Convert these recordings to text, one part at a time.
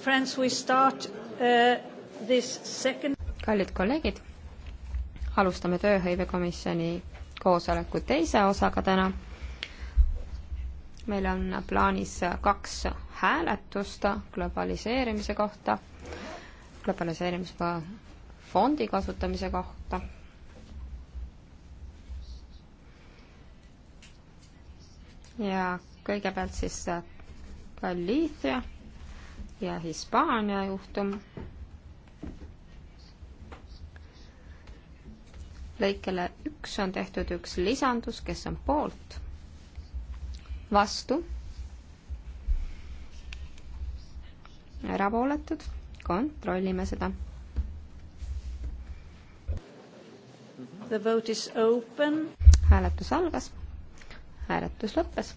Friends, we start uh, this second kallid kolleegid, alustame Tööhõivekomisjoni koosoleku teise osaga täna. meil on plaanis kaks hääletust globaliseerimise kohta, globaliseerimise fondi kasutamise kohta ja kõigepealt siis Galicia ja Hispaania juhtum. lõikele üks on tehtud üks lisandus, kes on poolt, vastu, erapooletud, kontrollime seda. The vote is open. hääletus algas, hääletus lõppes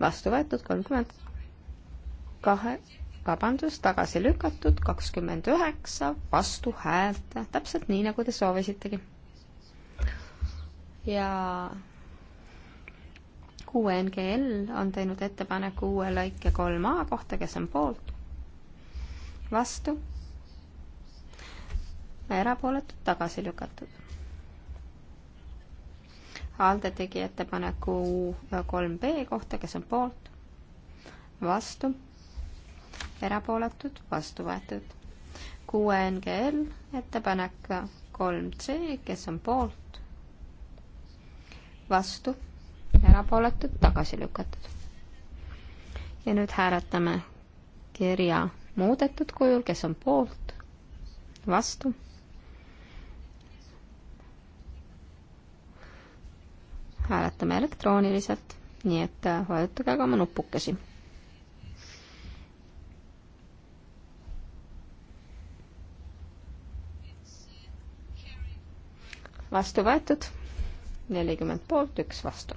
vastu võetud kolmkümmend kahe, vabandust, tagasi lükatud kakskümmend üheksa vastuhäält, täpselt nii, nagu te soovisitegi. ja QNGL on teinud ettepaneku uue lõike kolm A kohta, kes on poolt, vastu, erapooletud, tagasi lükatud Alde tegi ettepaneku kolm B kohta, kes on poolt, vastu, erapooletud, vastu võetud. QNGL ettepanek kolm C, kes on poolt, vastu, erapooletud, tagasi lükatud. ja nüüd hääletame kirja muudetud kujul, kes on poolt, vastu hääletame elektrooniliselt, nii et äh, vajutage ka oma nupukesi. vastu võetud, nelikümmend poolt, üks vastu.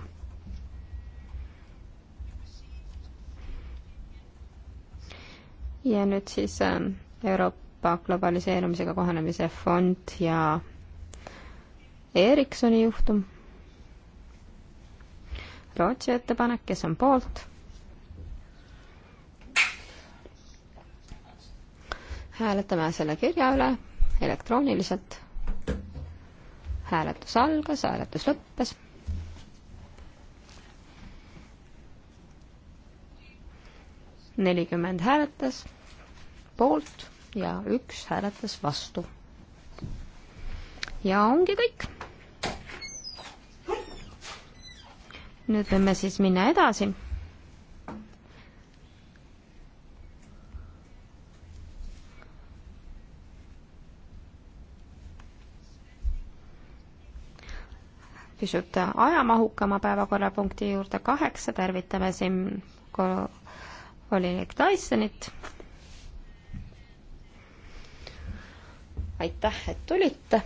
ja nüüd siis ähm, Euroopa globaliseerumisega kohanemise fond ja Ericssoni juhtum Rootsi ettepanek, kes on poolt? hääletame selle kirja üle elektrooniliselt. hääletus algas, hääletus lõppes. nelikümmend hääletas poolt ja üks hääletas vastu. ja ongi kõik nüüd võime siis minna edasi. pisut ajamahukama päevakorrapunkti juurde kaheksa, tervitame siin volinik Tysonit. aitäh, et tulite.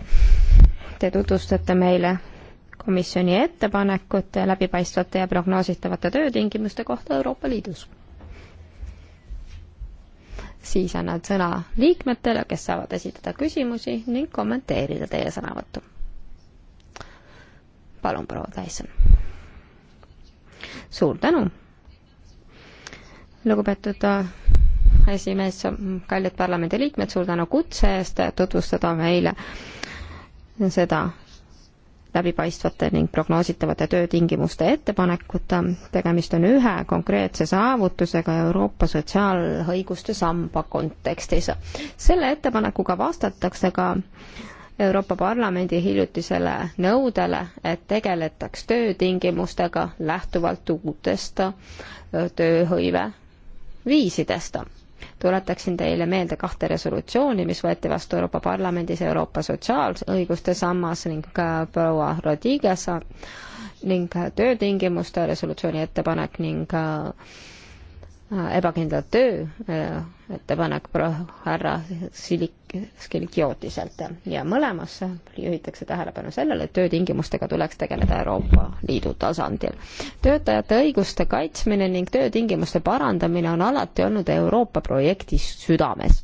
Te tutvustate meile komisjoni ettepanekut läbipaistvate ja prognoositavate töötingimuste kohta Euroopa Liidus. siis annan sõna liikmetele, kes saavad esitada küsimusi ning kommenteerida teie sõnavõttu. palun, proua Tyson. suur tänu, lugupeetud äh, esimees, kallid parlamendiliikmed, suur tänu kutse eest tutvustada meile seda läbipaistvate ning prognoositavate töötingimuste ettepanekute. tegemist on ühe konkreetse saavutusega Euroopa sotsiaalõiguste samba kontekstis. selle ettepanekuga vastatakse ka Euroopa Parlamendi hiljutisele nõudele, et tegeletaks töötingimustega lähtuvalt uutest tööhõive viisidest tuletaksin teile meelde kahte resolutsiooni, mis võeti vastu Euroopa Parlamendis Euroopa sotsiaalõiguste sammas ning ka proua Rodriguez ning töötingimuste resolutsiooni ettepanek ning äh, Äh, ebakindla töö äh, ettepanek härra Silik, Skilikiotiselt ja mõlemas juhitakse tähelepanu sellele, et töötingimustega tuleks tegeleda Euroopa Liidu tasandil. töötajate õiguste kaitsmine ning töötingimuste parandamine on alati olnud Euroopa projekti südames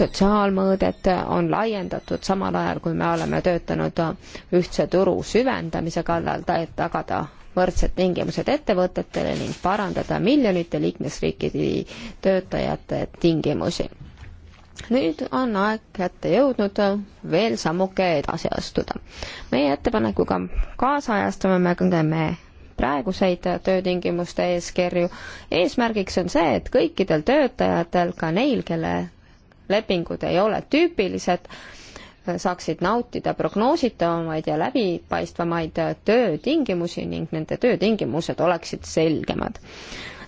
sotsiaalmõõdet on laiendatud samal ajal, kui me oleme töötanud ühtse turu süvendamise kallal, et tagada võrdsed tingimused ettevõtetele ning parandada miljonite liikmesriikide töötajate tingimusi. nüüd on aeg kätte jõudnud veel sammuke edasi astuda. meie ettepanekuga kaasajastame me, me praeguseid töötingimuste eeskirju. eesmärgiks on see, et kõikidel töötajatel, ka neil, kelle lepingud ei ole tüüpilised, saaksid nautida prognoositavamaid ja läbipaistvamaid töötingimusi ning nende töötingimused oleksid selgemad.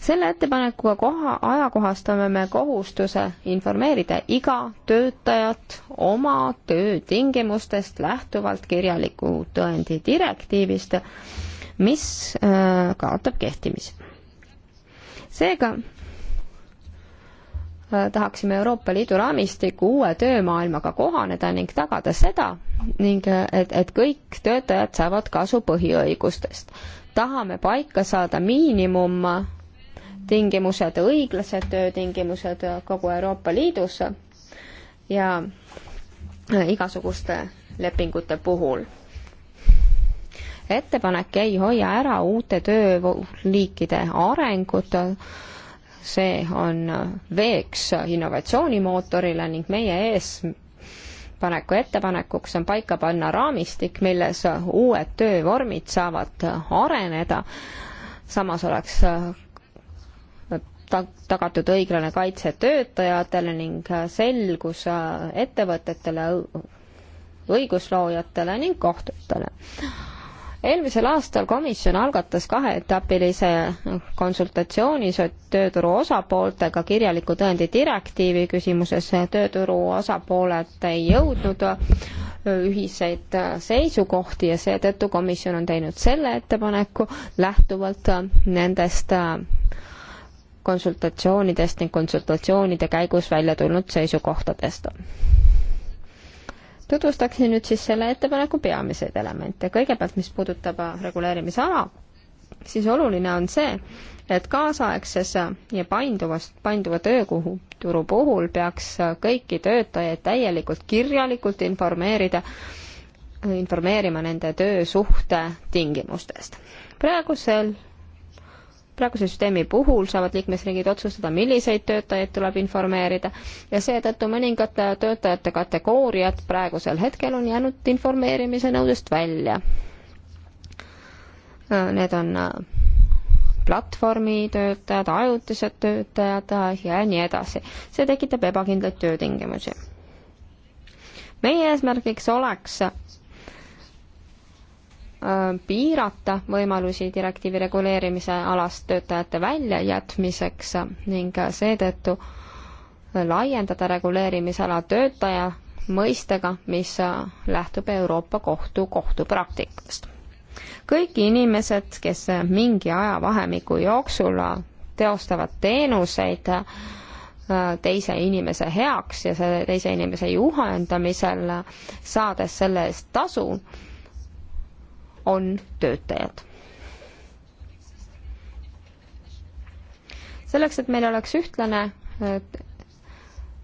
selle ettepanekuga koha, ajakohastame me kohustuse informeerida iga töötajat oma töötingimustest lähtuvalt kirjaliku tõendi direktiivist, mis äh, kaotab kehtimise. seega Äh, tahaksime Euroopa Liidu raamistiku uue töömaailmaga kohaneda ning tagada seda ning äh, et, et kõik töötajad saavad kasu põhiõigustest. tahame paika saada miinimumtingimused, õiglased töötingimused kogu Euroopa Liidus ja äh, igasuguste lepingute puhul. ettepanek ei hoia ära uute tööliikide arengut see on veeks innovatsioonimootorile ning meie ees paneku ettepanekuks on paika panna raamistik, milles uued töövormid saavad areneda. samas oleks ta-, tagatud õiglane kaitse töötajatele ning selgus ettevõtetele, õigusloojatele ning kohtutele eelmisel aastal komisjon algatas kaheetapilise konsultatsiooni tööturu osapooltega kirjaliku tõendi direktiivi küsimuses. tööturu osapooled ei jõudnud ühiseid seisukohti ja seetõttu komisjon on teinud selle ettepaneku lähtuvalt nendest konsultatsioonidest ning konsultatsioonide käigus välja tulnud seisukohtadest tutvustaksin nüüd siis selle ettepaneku peamiseid elemente. kõigepealt, mis puudutab äh, reguleerimisala, siis oluline on see, et kaasaegses ja painduvas, painduva tööturu puhul peaks äh, kõiki töötajaid täielikult kirjalikult informeerida, informeerima nende töösuhte tingimustest. praegusel praeguse süsteemi puhul saavad liikmesriigid otsustada, milliseid töötajaid tuleb informeerida ja seetõttu mõningad töötajate kategooriad praegusel hetkel on jäänud informeerimise nõudest välja. Need on äh, platvormitöötajad, ajutised töötajad äh, ja nii edasi. see tekitab ebakindlaid töötingimusi. meie eesmärgiks oleks Äh, piirata võimalusi direktiivi reguleerimise alast töötajate väljajätmiseks ning seetõttu laiendada reguleerimisala töötaja mõistega, mis lähtub Euroopa Kohtu kohtupraktikast. kõik inimesed, kes mingi ajavahemiku jooksul teostavad teenuseid äh, teise inimese heaks ja selle teise inimese juhendamisel, saades selle eest tasu, on töötajad. selleks, et meil oleks ühtlane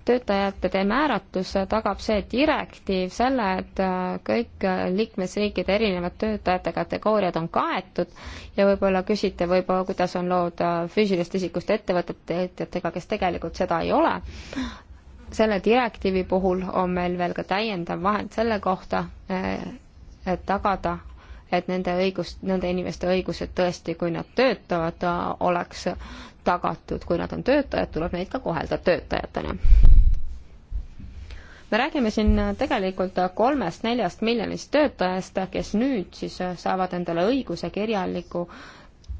töötajate demääratus, tagab see direktiiv selle, et kõik liikmesriikide erinevad töötajate kategooriad on kaetud ja võib-olla küsite võib-olla, kuidas on lood füüsilisest isikust ettevõtete ettevõtjatega, kes tegelikult seda ei ole. selle direktiivi puhul on meil veel ka täiendav vahend selle kohta, et tagada et nende õigus, nende inimeste õigused tõesti, kui nad töötavad, oleks tagatud, kui nad on töötajad, tuleb neid ka kohelda töötajatena. me räägime siin tegelikult kolmest-neljast miljonist töötajast, kes nüüd siis saavad endale õiguse kirjaliku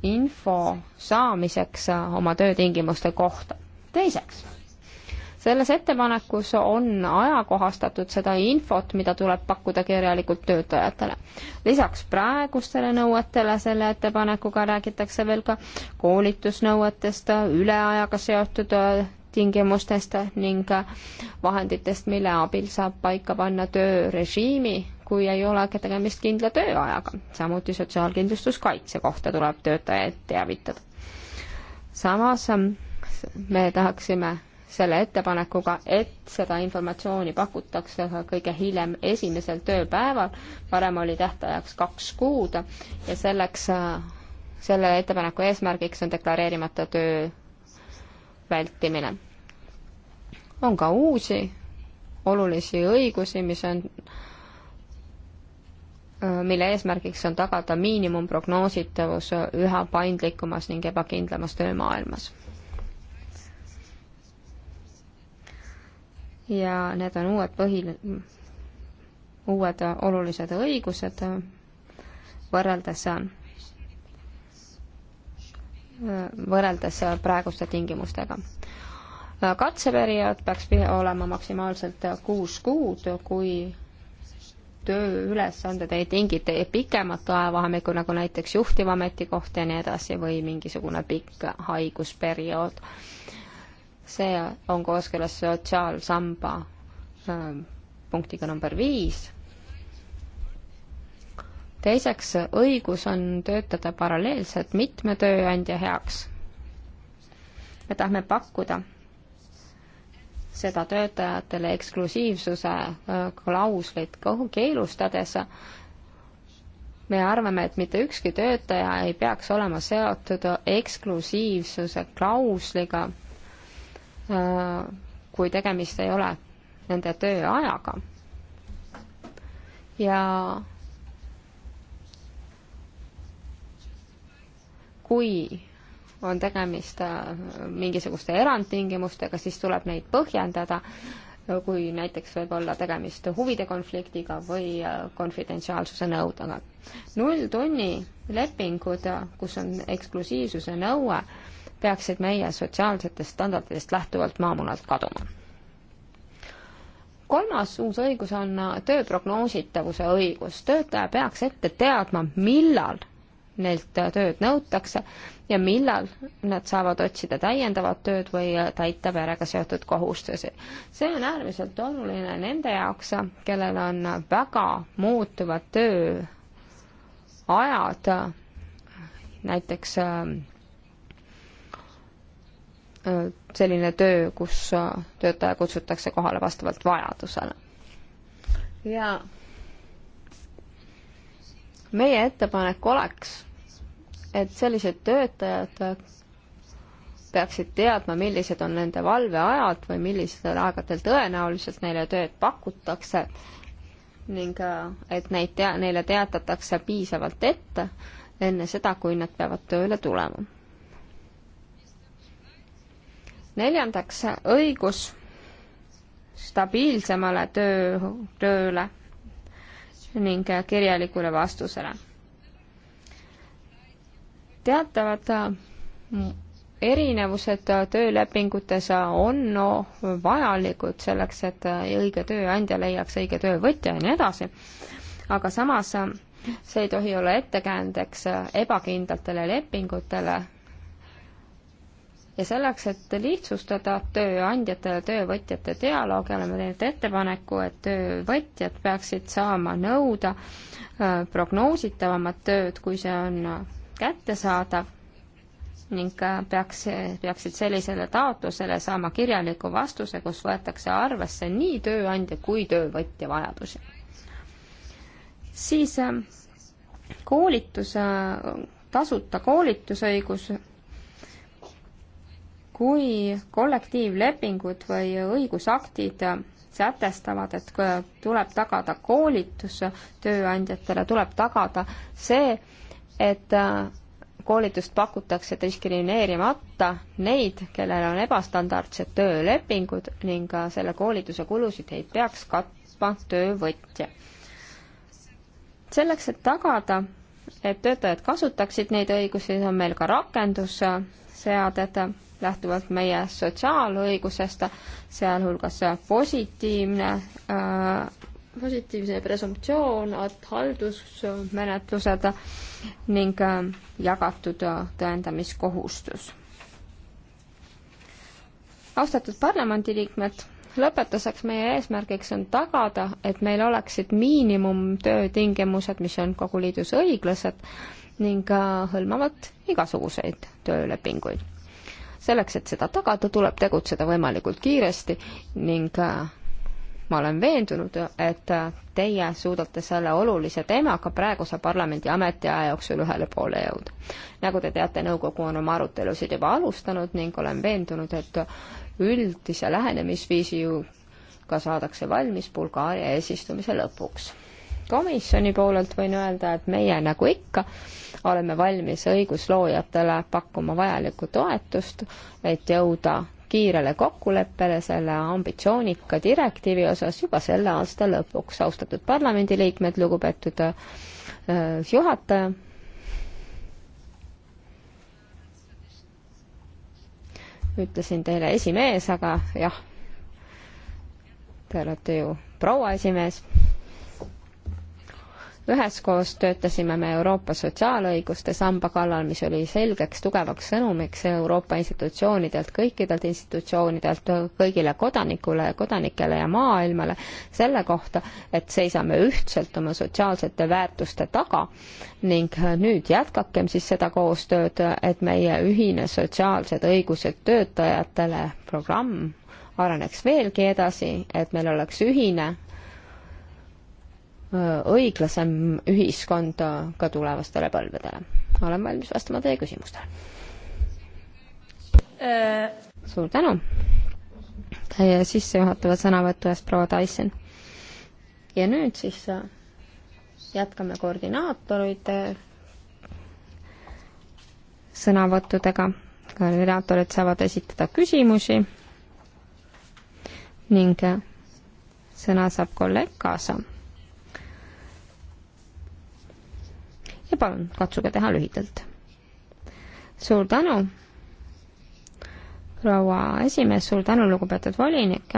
info saamiseks oma töötingimuste kohta. teiseks selles ettepanekus on ajakohastatud seda infot, mida tuleb pakkuda kirjalikult töötajatele. lisaks praegustele nõuetele selle ettepanekuga räägitakse veel ka koolitusnõuetest, üleajaga seotud äh, tingimustest ning äh, vahenditest, mille abil saab paika panna töörežiimi, kui ei ole tegemist kindla tööajaga. samuti sotsiaalkindlustuskaitse kohta tuleb töötajaid teavitada. samas ähm, me tahaksime selle ettepanekuga, et seda informatsiooni pakutakse kõige hiljem esimesel tööpäeval, varem oli tähtajaks kaks kuud ja selleks, selle ettepaneku eesmärgiks on deklareerimata töö vältimine. on ka uusi olulisi õigusi, mis on mille eesmärgiks on tagada miinimumprognoositavus üha paindlikumas ning ebakindlamas töömaailmas ja need on uued põhi, uued olulised õigused võrreldes võrreldes praeguste tingimustega. katseperiood peaks olema maksimaalselt kuus kuud, kui tööülesanded ei tingita pikemat ajavahemikku, nagu näiteks juhtiv ametikoht ja nii edasi, või mingisugune pikk haigusperiood see on kooskõlas sotsiaalsamba ähm, punktiga number viis. teiseks, õigus on töötada paralleelselt mitme tööandja heaks. me tahame pakkuda seda töötajatele eksklusiivsuse äh, klauslit keelustades. me arvame, et mitte ükski töötaja ei peaks olema seotud eksklusiivsuse klausliga Äh, kui tegemist ei ole nende tööajaga. ja kui on tegemist äh, mingisuguste erandtingimustega, siis tuleb neid põhjendada, kui näiteks võib olla tegemist huvide konfliktiga või äh, konfidentsiaalsuse nõudega. nulltunni lepingud, kus on eksklusiivsuse nõue, peaksid meie sotsiaalsetest standarditest lähtuvalt maamunalt kaduma. kolmas uus õigus on tööprognoositavuse õigus. töötaja peaks ette teadma, millal neilt tööd nõutakse ja millal nad saavad otsida täiendavat tööd või täita perega seotud kohustusi. see on äärmiselt oluline nende jaoks, kellel on väga muutuvad tööajad, näiteks ähm, selline töö, kus äh, töötaja kutsutakse kohale vastavalt vajadusele. ja meie ettepanek oleks, et sellised töötajad peaksid teadma, millised on nende valveajad või millistel aegadel tõenäoliselt neile tööd pakutakse ning äh, et neid tea-, neile teatatakse piisavalt ette enne seda, kui nad peavad tööle tulema neljandaks, õigus stabiilsemale töö, tööle ning kirjalikule vastusele. teatavad erinevused töölepingutes on no vajalikud selleks, et õige tööandja leiaks õige töövõtja ja nii edasi, aga samas see ei tohi olla ettekäändeks ebakindlatele lepingutele, ja selleks, et lihtsustada tööandjate ja töövõtjate dialoogi, oleme teinud ettepaneku, et töövõtjad peaksid saama nõuda äh, prognoositavamat tööd, kui see on kättesaadav ning äh, peaks, peaksid sellisele taotlusele saama kirjaliku vastuse, kus võetakse arvesse nii tööandja kui töövõtja vajadusi. siis äh, koolitus, tasuta koolitusõigus kui kollektiivlepingud või õigusaktid sätestavad, et tuleb tagada koolitus tööandjatele, tuleb tagada see, et äh, koolitust pakutakse diskrimineerimata neid, kellel on ebastandardsed töölepingud ning äh, selle koolituse kulusid ei peaks katma töövõtja. selleks, et tagada, et töötajad kasutaksid neid õigusi, on meil ka rakendusseaded lähtuvalt meie sotsiaalõigusest, sealhulgas positiivne äh, positiivse presumptsioon, haldusmenetlused ning äh, jagatud äh, tõendamiskohustus. austatud parlamendiliikmed, lõpetuseks meie eesmärgiks on tagada, et meil oleksid miinimumtöötingimused, mis on kogu liidus õiglased ning äh, hõlmavad igasuguseid töölepinguid selleks, et seda tagada, tuleb tegutseda võimalikult kiiresti ning äh, ma olen veendunud, et äh, teie suudate selle olulise teemaga praeguse parlamendi ametiaja jooksul ühele poole jõuda. nagu te teate, nõukogu on oma arutelusid juba alustanud ning olen veendunud, et üldise lähenemisviisi ju ka saadakse valmis Bulgaaria eesistumise lõpuks komisjoni poolelt võin öelda, et meie nagu ikka oleme valmis õigusloojatele pakkuma vajalikku toetust, et jõuda kiirele kokkuleppele selle ambitsioonika direktiivi osas juba selle aasta lõpuks. austatud parlamendiliikmed, lugupeetud äh, juhataja. ütlesin teile esimees, aga jah, te olete ju proua esimees üheskoos töötasime me Euroopa sotsiaalõiguste samba kallal, mis oli selgeks tugevaks sõnumiks Euroopa institutsioonidelt, kõikidelt institutsioonidelt, kõigile kodanikule, kodanikele ja maailmale selle kohta, et seisame ühtselt oma sotsiaalsete väärtuste taga ning nüüd jätkakem siis seda koostööd, et meie ühine sotsiaalsed õigused töötajatele programm areneks veelgi edasi, et meil oleks ühine õiglasem ühiskond ka tulevastele põlvedele. olen valmis vastama teie küsimustele äh.. suur tänu teie sissejuhatava sõnavõtu eest, proua Tyson. ja nüüd siis äh, jätkame koordinaatorite sõnavõttudega. koordinaatorid saavad esitada küsimusi ning äh, sõna saab kolleeg kaasa ja palun katsuge teha lühidalt. suur tänu, proua esimees, suur tänu, lugupeetud volinik.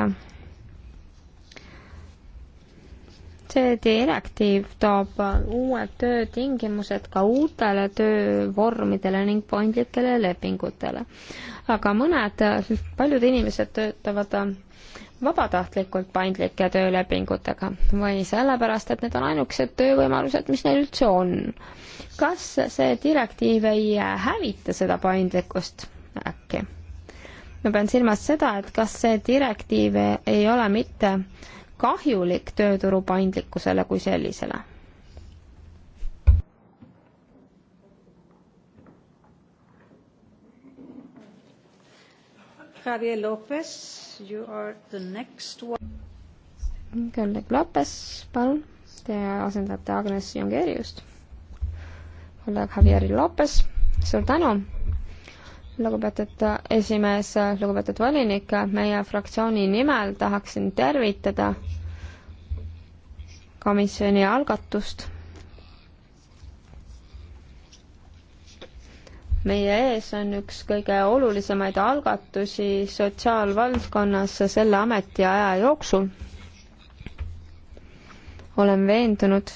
see direktiiv toob uued töötingimused ka uutele töövormidele ning paindlikele lepingutele. aga mõned, paljud inimesed töötavad vabatahtlikult paindlike töölepingutega või sellepärast, et need on ainukesed töövõimalused, mis neil üldse on. kas see direktiiv ei hävita seda paindlikkust äkki? ma pean silmas seda, et kas see direktiiv ei ole mitte kahjulik tööturu paindlikkusele kui sellisele Javier Lopez, you are the next one. kolleeg Lopez, palun, te asendate Agnes Jongeriust. kolleeg Javier Lopez, suur tänu lugupeetud esimees, lugupeetud volinik, meie fraktsiooni nimel tahaksin tervitada komisjoni algatust meie ees on üks kõige olulisemaid algatusi sotsiaalvaldkonnas selle ametiaja jooksul. olen veendunud,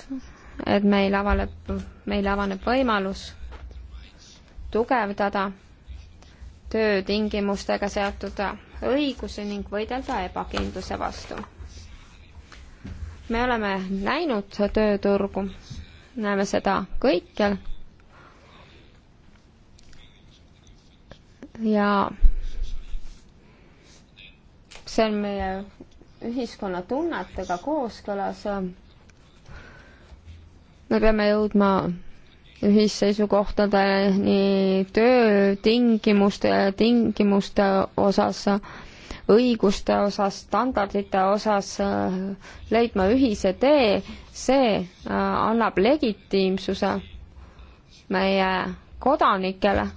et meil avaneb, meil avaneb võimalus tugevdada töötingimustega seotud õigusi ning võidelda ebakindluse vastu. me oleme näinud tööturgu, näeme seda kõikjal ja see on meie ühiskonna tunnetega kooskõlas. me peame jõudma ühisseisukohtadele nii töötingimuste, tingimuste osas, õiguste osas, standardite osas, leidma ühise tee, see äh, annab legitiimsuse meie kodanikele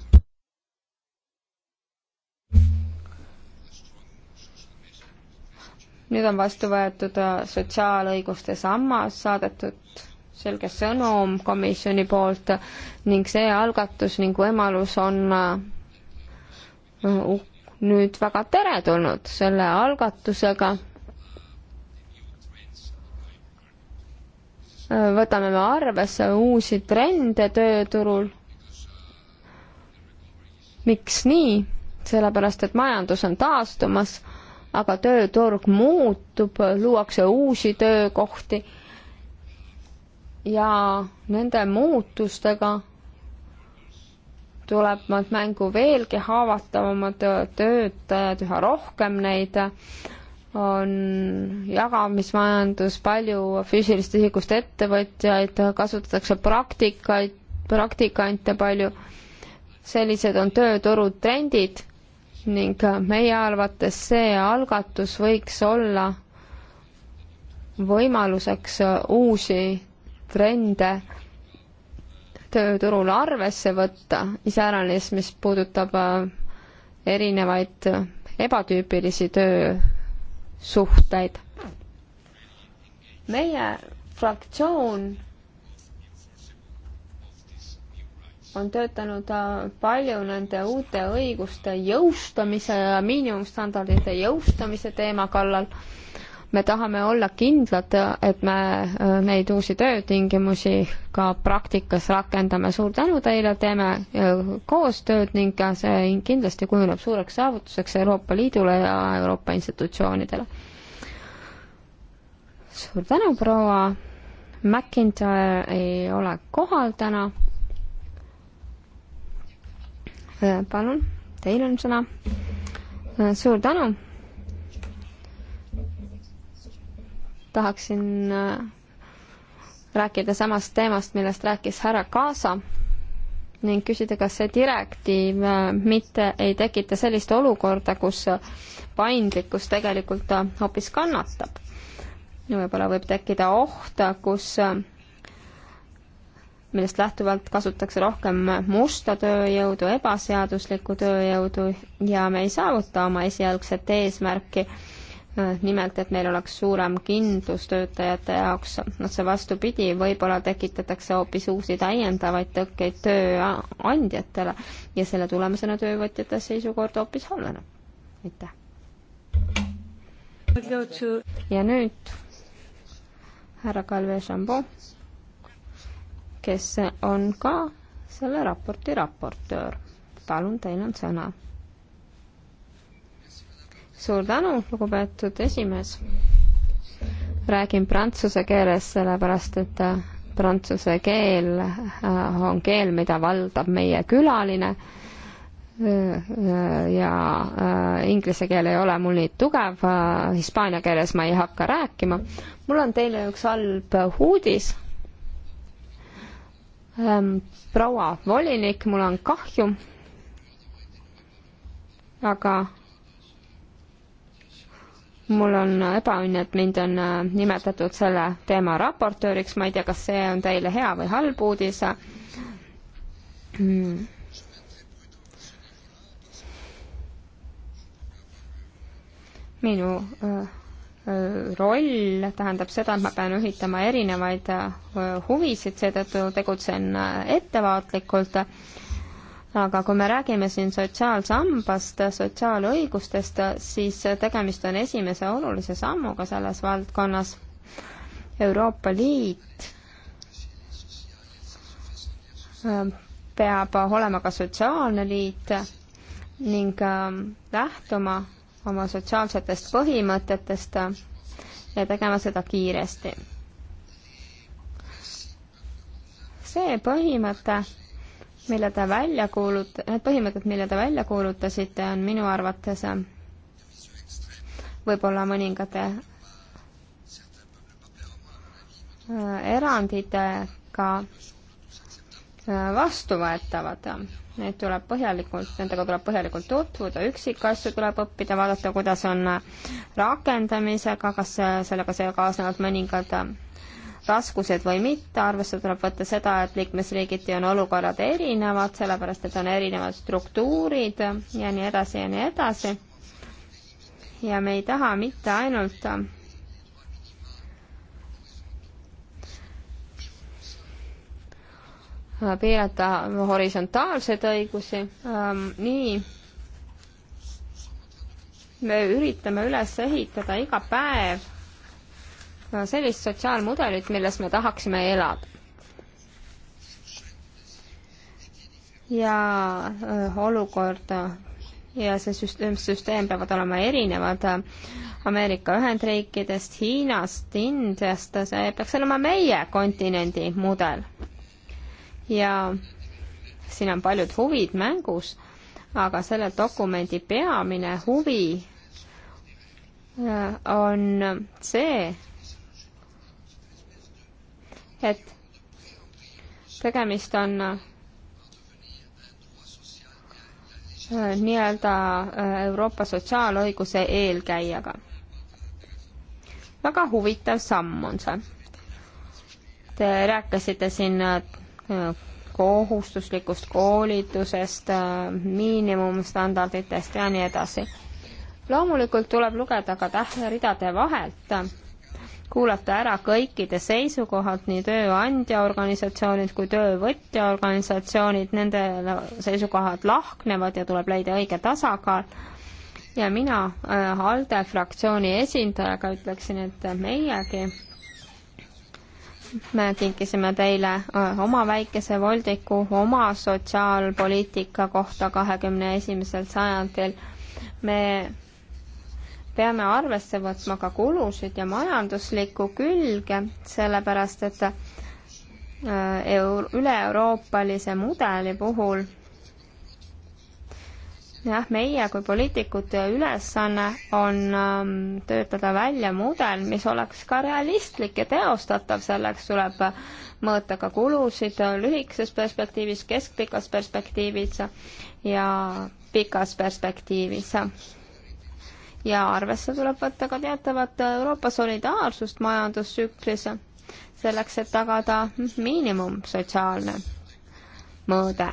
nüüd on vastu võetud äh, sotsiaalõiguste sammas, saadetud selge sõnum komisjoni poolt ning see algatus ning võimalus on äh, uh, nüüd väga teretulnud selle algatusega. Äh, võtame me arvesse uusi trende tööturul. miks nii? sellepärast, et majandus on taastumas aga tööturg muutub, luuakse uusi töökohti ja nende muutustega tulevad mängu veelgi haavatavamad töötajad, üha rohkem neid on jagamismajandus, palju füüsilist isikust ettevõtjaid, kasutatakse praktikaid, praktikante palju. sellised on tööturu trendid ning meie arvates see algatus võiks olla võimaluseks uusi trende tööturul arvesse võtta, iseäranis, mis puudutab äh, erinevaid ebatüüpilisi töösuhteid. meie fraktsioon on töötanud äh, palju nende uute õiguste jõustamise ja miinimumstandardite jõustamise teema kallal. me tahame olla kindlad, et me äh, neid uusi töötingimusi ka praktikas rakendame. suur tänu teile, teeme äh, koostööd ning see kindlasti kujuneb suureks saavutuseks Euroopa Liidule ja Euroopa institutsioonidele. suur tänu, proua McIntyre ei ole kohal täna Äh, palun, teil on sõna. Äh, suur tänu. tahaksin äh, rääkida samast teemast, millest rääkis härra Kaasa ning küsida, kas see direktiiv mitte ei tekita sellist olukorda, kus paindlikkus tegelikult hoopis kannatab. võib-olla võib tekkida oht, kus millest lähtuvalt kasutatakse rohkem musta tööjõudu, ebaseaduslikku tööjõudu ja me ei saavuta oma esialgset eesmärki, äh, nimelt et meil oleks suurem kindlus töötajate jaoks no,, otse vastupidi, võib-olla tekitatakse hoopis uusi täiendavaid tõkkeid tööandjatele ja selle tulemusena töövõtjate seisukord hoopis halveneb. aitäh! ja nüüd härra Kalve Šambo kes on ka selle raporti raportöör. palun, teil on sõna. suur tänu, lugupeetud esimees. räägin prantsuse keeles, sellepärast et prantsuse keel äh, on keel, mida valdab meie külaline äh, ja äh, inglise keel ei ole mul nii tugev, hispaania keeles ma ei hakka rääkima. mul on teile üks halb uudis ähm,. proua volinik, mul on kahju, aga mul on ebaõnn, et mind on äh, nimetatud selle teema raportööriks, ma ei tea, kas see on teile hea või halb uudis mm.. minu äh, roll tähendab seda, et ma pean ühitama erinevaid äh, huvisid, seetõttu tegutsen äh, ettevaatlikult. aga kui me räägime siin sotsiaalsambast, sotsiaalõigustest, siis tegemist on esimese olulise sammuga selles valdkonnas. Euroopa Liit äh, peab olema ka sotsiaalne liit ning lähtuma oma sotsiaalsetest põhimõtetest ja tegema seda kiiresti. see põhimõte, mille te välja kuulut-, need põhimõtted, mille te välja kuulutasite, on minu arvates võib-olla mõningate äh, eranditega äh, vastuvõetavad Neid tuleb põhjalikult, nendega tuleb põhjalikult tutvuda, üksikasju tuleb õppida, vaadata, kuidas on rakendamisega, kas sellega kaasnevad mõningad raskused või mitte, arvesse tuleb võtta seda, et liikmesriigiti on olukorrad erinevad, sellepärast et on erinevad struktuurid ja nii edasi ja nii edasi. ja me ei taha mitte ainult piirata horisontaalseid õigusi, ähm, nii me üritame üles ehitada iga päev äh, sellist sotsiaalmudelit, milles me tahaksime elada. ja äh, olukord ja see süsteem, süsteem peavad olema erinevad äh, Ameerika Ühendriikidest, Hiinast, Indiast, see peaks olema meie kontinendi mudel ja siin on paljud huvid mängus, aga selle dokumendi peamine huvi äh, on see, et tegemist on äh, nii-öelda äh, Euroopa sotsiaalõiguse eelkäijaga. väga huvitav samm on see. Te rääkisite siin kohustuslikust koolitusest, miinimumstandarditest ja nii edasi. loomulikult tuleb lugeda ka tähtridade vahelt, kuulata ära kõikide seisukohad, nii tööandja organisatsioonid kui töövõtja organisatsioonid, nende seisukohad lahknevad ja tuleb leida õige tasakaal ja mina äh, ALDE fraktsiooni esindajaga ütleksin, et meiegi me kinkisime teile äh, oma väikese voldiku oma sotsiaalpoliitika kohta kahekümne esimesel sajandil. me peame arvesse võtma ka kulusid ja majanduslikku külge, sellepärast et äh, euro-, üle-euroopalise mudeli puhul jah, meie kui poliitikute ülesanne on ähm, töötada välja mudel, mis oleks ka realistlik ja teostatav, selleks tuleb mõõta ka kulusid lühikeses perspektiivis, keskpikas perspektiivis ja pikas perspektiivis. ja arvesse tuleb võtta ka teatavat Euroopa solidaarsust majandustsüklis, selleks et tagada miinimum sotsiaalne mõõde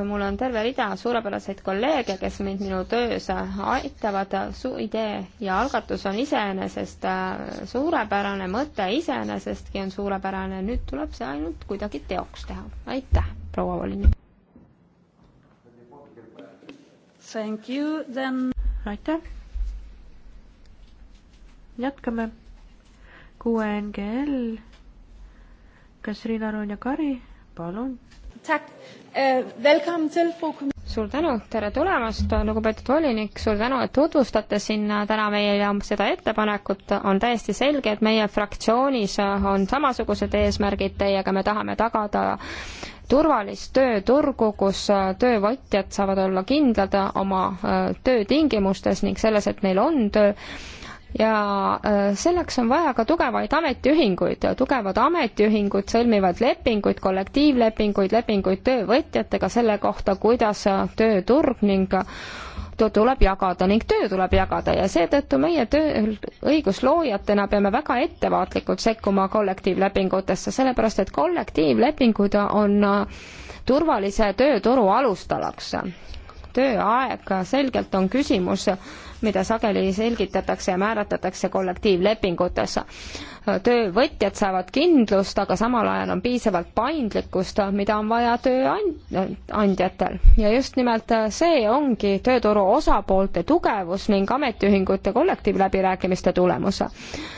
mul on terve rida suurepäraseid kolleege, kes mind minu töös aitavad, su idee ja algatus on iseenesest äh, suurepärane, mõte iseenesestki on suurepärane, nüüd tuleb see ainult kuidagi teoks teha. aitäh, proua volinik! Thank you, then... aitäh! jätkame. QNGL, kas Riina Roon ja Kari, palun? tack. Eh, suur tänu, tere tulemast, lugupeetud volinik, suur tänu, et tutvustate siin täna meile seda ettepanekut. on täiesti selge, et meie fraktsioonis on samasugused eesmärgid teiega, me tahame tagada turvalist tööturgu, kus töövõtjad saavad olla kindlad oma eh, töötingimustes ning selles, et neil on töö ja äh, selleks on vaja ka tugevaid ametiühinguid. tugevad ametiühingud sõlmivad lepinguid, kollektiivlepinguid, lepinguid töövõtjatega selle kohta, kuidas äh, tööturg ning äh, töö tuleb jagada ning töö tuleb jagada ja seetõttu meie töö õigusloojatena peame väga ettevaatlikult sekkuma kollektiivlepingutesse, sellepärast et kollektiivlepingud on turvalise tööturu alustalaks. tööaeg selgelt on küsimus mida sageli selgitatakse ja määratletakse kollektiivlepingutes. töövõtjad saavad kindlust, aga samal ajal on piisavalt paindlikkust, mida on vaja tööandjatel. ja just nimelt see ongi tööturu osapoolte tugevus ning ametiühingute kollektiivläbirääkimiste tulemus.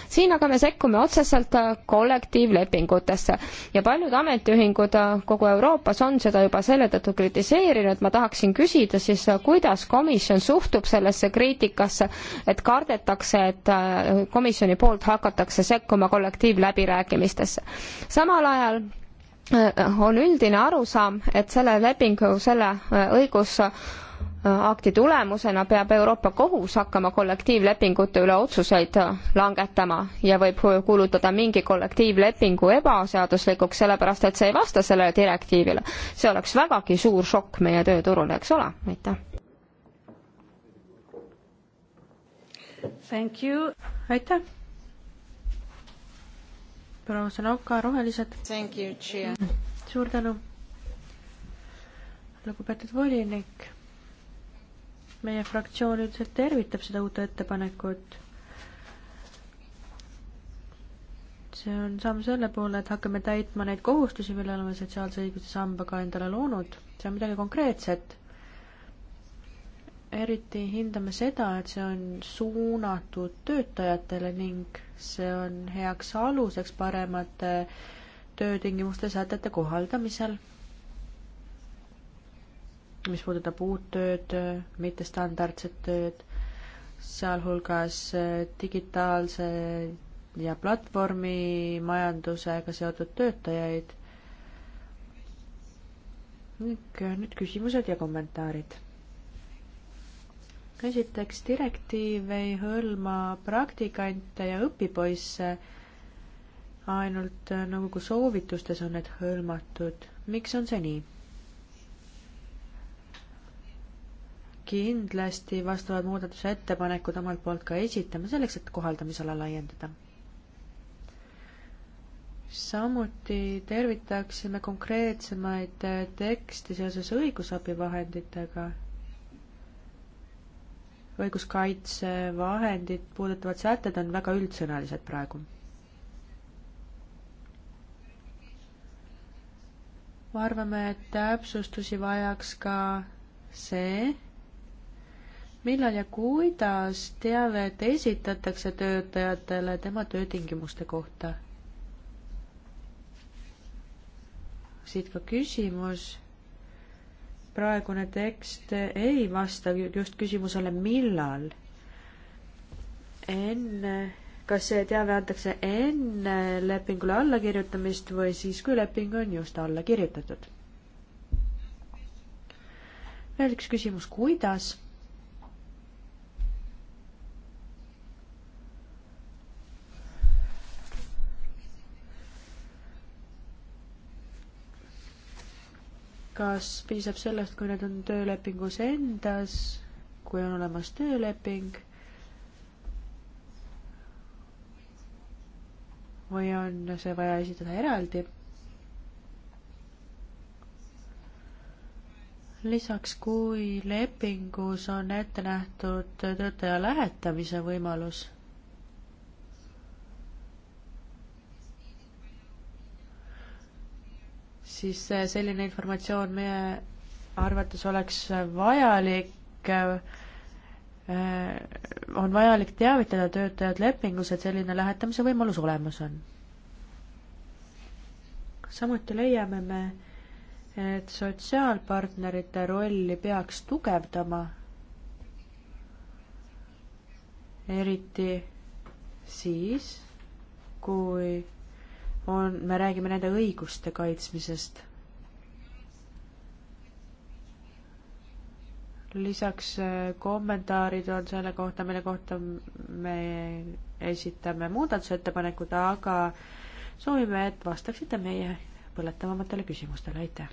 siin aga me sekkume otseselt kollektiivlepingutesse ja paljud ametiühingud kogu Euroopas on seda juba selle tõttu kritiseerinud, ma tahaksin küsida siis, kuidas komisjon suhtub sellesse kriitikasse, poliitikasse, et kardetakse, et äh, komisjoni poolt hakatakse sekkuma kollektiivläbirääkimistesse. samal ajal äh, on üldine arusaam, et selle lepingu, selle äh, õigus akti tulemusena peab Euroopa Kohus hakkama kollektiivlepingute üle otsuseid langetama ja võib kuulutada mingi kollektiivlepingu ebaseaduslikuks, sellepärast et see ei vasta sellele direktiivile. see oleks vägagi suur šokk meie tööturule, eks ole, aitäh. aitäh. proua Sõnauka, Rohelised. suur tänu. lugupeetud volinik, meie fraktsioon üldiselt tervitab seda uut ettepanekut see on samm selle poole, et hakkame täitma neid kohustusi, mille oleme sotsiaalse õiguse sambaga endale loonud. see on midagi konkreetset eriti hindame seda, et see on suunatud töötajatele ning see on heaks aluseks paremate töötingimuste sätete kohaldamisel, mis puudutab uut tööd, mittestandardset tööd, sealhulgas digitaalse ja platvormimajandusega seotud töötajaid. ning nüüd küsimused ja kommentaarid esiteks, direktiiv ei hõlma praktikante ja õpipoisse, ainult nõukogu äh, nagu soovitustes on need hõlmatud. miks on see nii? kindlasti vastavad muudatusettepanekud omalt poolt ka esitame selleks, et kohaldamisala laiendada. samuti tervitaksime konkreetsemaid tekste seoses õigusabivahenditega õiguskaitsevahendid puudutavad sätted on väga üldsõnalised praegu. me arvame, et täpsustusi vajaks ka see, millal ja kuidas teavet esitatakse töötajatele tema töötingimuste kohta. siit ka küsimus praegune tekst ei vasta just küsimusele, millal. enne, kas see teave antakse enne lepingule allakirjutamist või siis, kui leping on just alla kirjutatud? veel üks küsimus, kuidas kas piisab sellest, kui need on töölepingus endas, kui on olemas tööleping või on see vaja esitada eraldi? lisaks, kui lepingus on ette nähtud töötaja lähetamise võimalus siis selline informatsioon meie arvates oleks vajalik, äh, on vajalik teavitada töötajad lepingus, et selline lähetamise võimalus olemas on. samuti leiame me, et sotsiaalpartnerite rolli peaks tugevdama, eriti siis, kui on, me räägime nende õiguste kaitsmisest. lisaks äh, kommentaarid on selle kohta, mille kohta me esitame muudatusettepanekud, aga soovime, et vastaksite meie põletavamatele küsimustele, aitäh!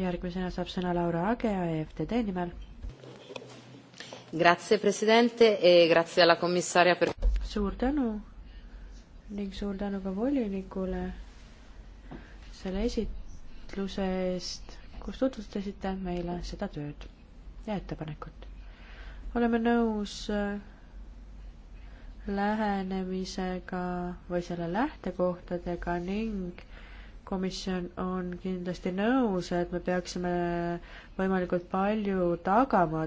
järgmisena saab sõna Laura Age EFTD nimel Grazie Presidente e grazie alla commissaria per... suur tänu ning suur tänu ka volinikule selle esitluse eest, kus tutvustasite meile seda tööd ja ettepanekut. oleme nõus äh, lähenemisega või selle lähtekohtadega ning komisjon on kindlasti nõus, et me peaksime võimalikult palju tagama,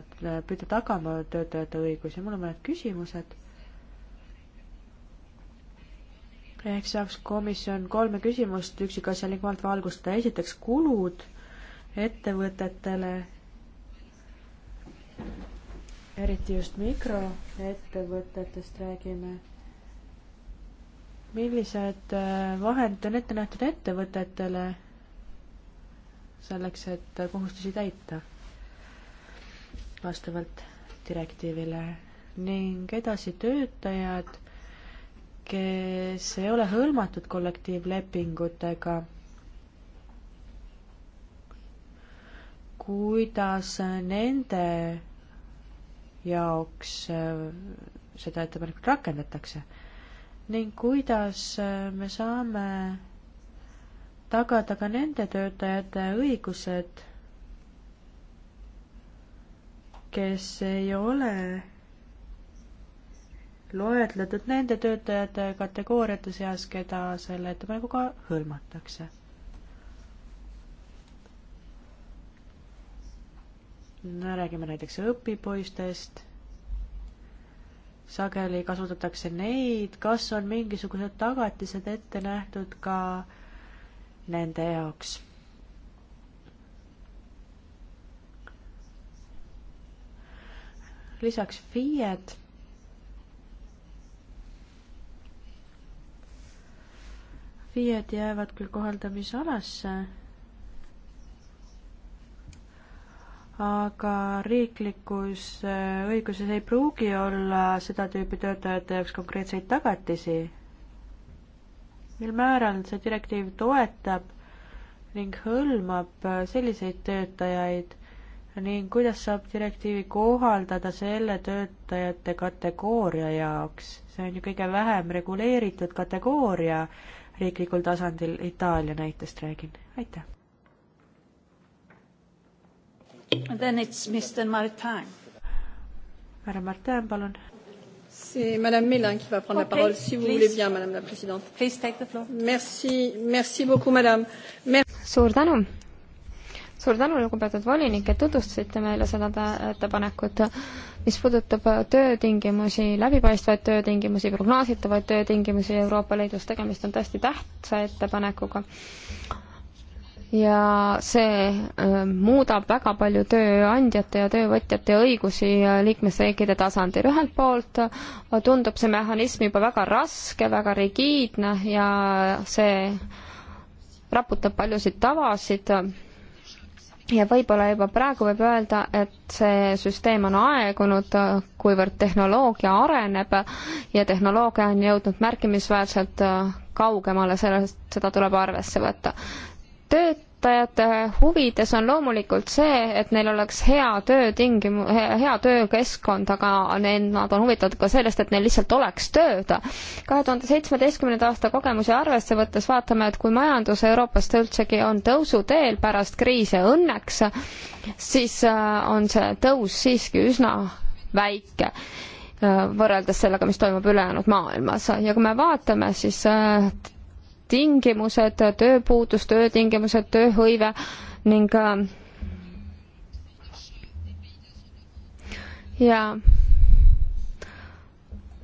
püüda tagama töötajate õigusi. mul on mõned küsimused. ehk saaks komisjon kolme küsimust üksikasjalikumalt valgustada. esiteks kulud ettevõtetele, eriti just mikroettevõtetest räägime millised äh, vahendid on ette nähtud ettevõtetele selleks, et kohustusi täita vastavalt direktiivile ning edasi töötajad, kes ei ole hõlmatud kollektiivlepingutega, kuidas nende jaoks äh, seda ettepanekut rakendatakse ning kuidas äh, me saame tagada ka nende töötajate õigused, kes ei ole loetletud nende töötajate kategooriate seas, keda selle ettepanekuga hõlmatakse. räägime näiteks õpipoistest sageli kasutatakse neid, kas on mingisugused tagatised ette nähtud ka nende jaoks? lisaks FIE-d FIE-d jäävad küll kohaldamisalasse aga riiklikus äh, õiguses ei pruugi olla seda tüüpi töötajate jaoks konkreetseid tagatisi. mil määral see direktiiv toetab ning hõlmab äh, selliseid töötajaid ning kuidas saab direktiivi kohaldada selle töötajate kategooria jaoks? see on ju kõige vähem reguleeritud kategooria riiklikul tasandil, Itaalia näitest räägin, aitäh. Then it's Mr Martin. härra Martin, palun. C'est Madame Mélin qui va prendre okay, la parole, si vous please. voulez bien, Madame la Présidente. Please take the floor. Merci, merci beaucoup, Madame. Mer suur tänu. suur tänu, lugupeetud volinik, et tutvustasite meile seda ettepanekut, mis puudutab töötingimusi, läbipaistvaid töötingimusi, prognoositavaid töötingimusi Euroopa Liidus, tegemist on tõesti tähtsa ettepanekuga ja see äh, muudab väga palju tööandjate ja töövõtjate õigusi liikmesriikide tasandil. ühelt poolt tundub see mehhanism juba väga raske, väga rigiidne ja see raputab paljusid tavasid ja võib-olla juba praegu võib öelda, et see süsteem on aegunud, kuivõrd tehnoloogia areneb ja tehnoloogia on jõudnud märkimisväärselt kaugemale, sellest, seda tuleb arvesse võtta töötajate huvides on loomulikult see, et neil oleks hea töötingimu-, hea töökeskkond, aga need, nad on huvitatud ka sellest, et neil lihtsalt oleks tööd. kahe tuhande seitsmeteistkümnenda aasta kogemusi arvesse võttes vaatame, et kui majandus Euroopas üldsegi on tõusuteel pärast kriise õnneks, siis äh, on see tõus siiski üsna väike äh, võrreldes sellega, mis toimub ülejäänud maailmas ja kui me vaatame, siis äh, tingimused, tööpuudus, töötingimused, tööhõive ning äh, ja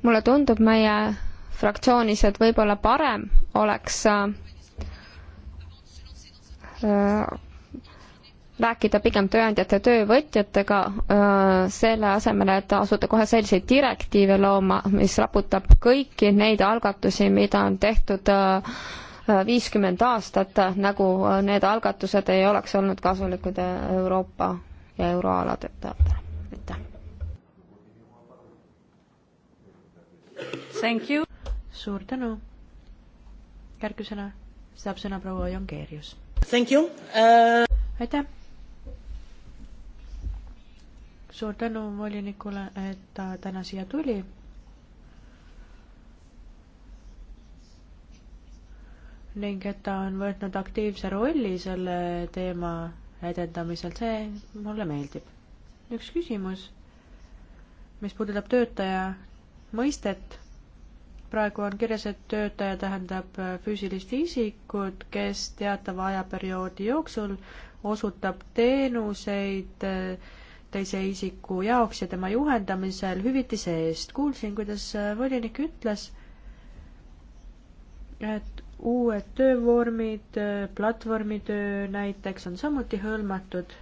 mulle tundub meie fraktsioonis, et võib-olla parem oleks äh, rääkida pigem tööandjate ja töövõtjatega, selle asemel, et asuda kohe selliseid direktiive looma, mis raputab kõiki neid algatusi, mida on tehtud viiskümmend aastat, nagu need algatused ei oleks olnud kasulikud Euroopa ja euroala töötajatele. aitäh! suur tänu! järgmisena saab sõna proua Jongeerius. Uh... aitäh! suur tänu volinikule, et ta täna siia tuli. ning et ta on võtnud aktiivse rolli selle teema edendamisel, see mulle meeldib. üks küsimus, mis puudutab töötaja mõistet praegu on kirjas, et töötaja tähendab füüsilist isikut, kes teatava ajaperioodi jooksul osutab teenuseid teise isiku jaoks ja tema juhendamisel hüvitise eest. kuulsin, kuidas äh, volinik ütles, et uued töövormid, äh, platvormitöö näiteks on samuti hõlmatud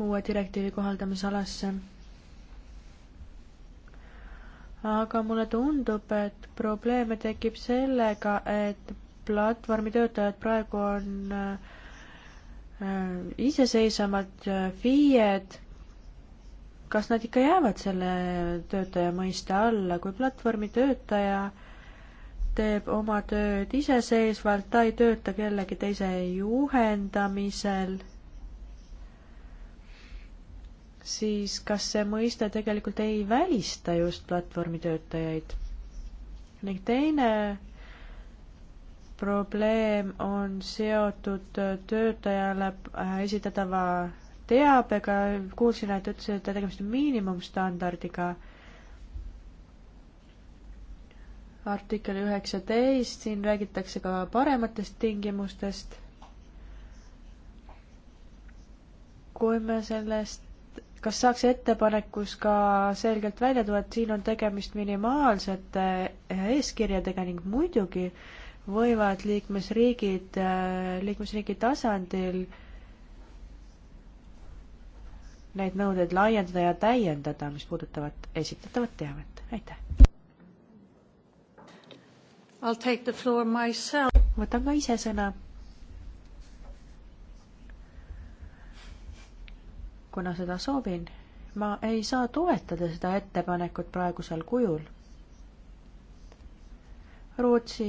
uue direktiivi kohaldamisalasse. aga mulle tundub, et probleeme tekib sellega, et platvormitöötajad praegu on äh, Äh, iseseisvamad äh, FIE-d, kas nad ikka jäävad selle töötaja mõiste alla, kui platvormi töötaja teeb oma tööd iseseisvalt, ta ei tööta kellegi teise juhendamisel, siis kas see mõiste tegelikult ei välista just platvormi töötajaid? ning teine probleem on seotud töötajale esitatava teabega, kuulsin, et ütlesid, et tegemist on miinimumstandardiga. artikkel üheksateist, siin räägitakse ka parematest tingimustest. kui me sellest, kas saaks ettepanekus ka selgelt välja tuua, et siin on tegemist minimaalsete eeskirjadega ning muidugi äh, võivad liikmesriigid, liikmesriigi tasandil neid nõudeid laiendada ja täiendada, mis puudutavad esitatavat teavet. aitäh! võtan ka ise sõna. kuna seda soovin, ma ei saa toetada seda ettepanekut praegusel kujul Rootsi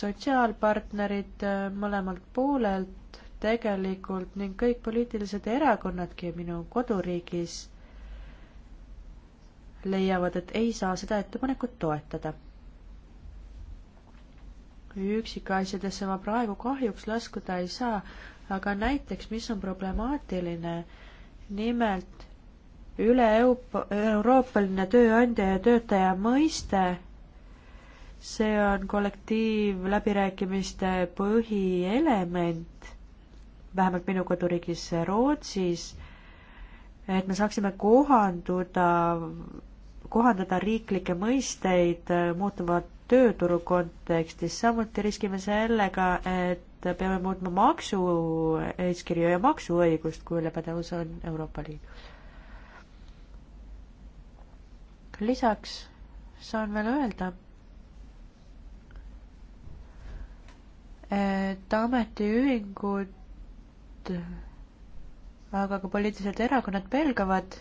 sotsiaalpartnerid äh, mõlemalt poolelt tegelikult ning kõik poliitilised erakonnadki minu koduriigis leiavad, et ei saa seda ettepanekut toetada. üksikasjadesse ma praegu kahjuks laskuda ei saa, aga näiteks, mis on problemaatiline, nimelt üle-euroopaline tööandja ja töötaja mõiste see on kollektiivläbirääkimiste põhielement, vähemalt minu koduriigis Rootsis, et me saaksime kohanduda, kohandada riiklikke mõisteid muutuva tööturu kontekstis, samuti riskime sellega, et peame muutma maksueeskirju ja maksuõigust, kui lebedeus on Euroopa Liidus. lisaks saan veel öelda et ametiühingud, aga ka poliitilised erakonnad pelgavad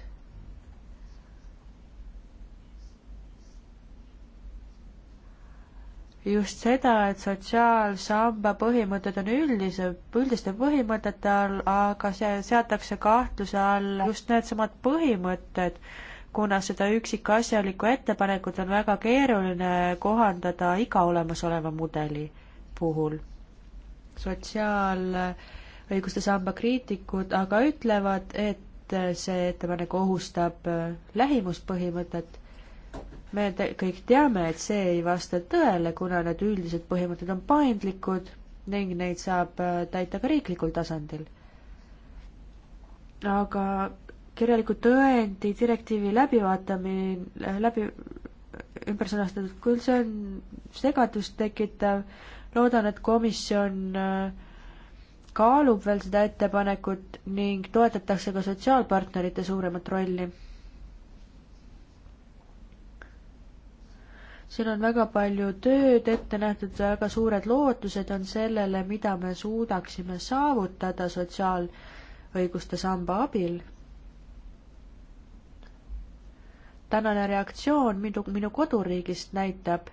just seda, et sotsiaalsamba põhimõtted on üldise, üldiste põhimõtete all, aga see seatakse kahtluse alla just needsamad põhimõtted, kuna seda üksikasjalikku ettepanekut on väga keeruline kohandada iga olemasoleva mudeli puhul sotsiaalõiguste samba kriitikud aga ütlevad, et see ettepanek ohustab äh, lähimuspõhimõtet. me te kõik teame, et see ei vasta tõele, kuna need üldised põhimõtted on paindlikud ning neid saab äh, täita ka riiklikul tasandil. aga kirjaliku tõendi direktiivi läbivaatamine, läbi, läbi ümber sõnastatud, küll see on segadust tekitav, loodan, et komisjon äh, kaalub veel seda ettepanekut ning toetatakse ka sotsiaalpartnerite suuremat rolli. siin on väga palju tööd ette nähtud, väga suured lootused on sellele, mida me suudaksime saavutada sotsiaalõiguste samba abil. tänane reaktsioon minu, minu koduriigist näitab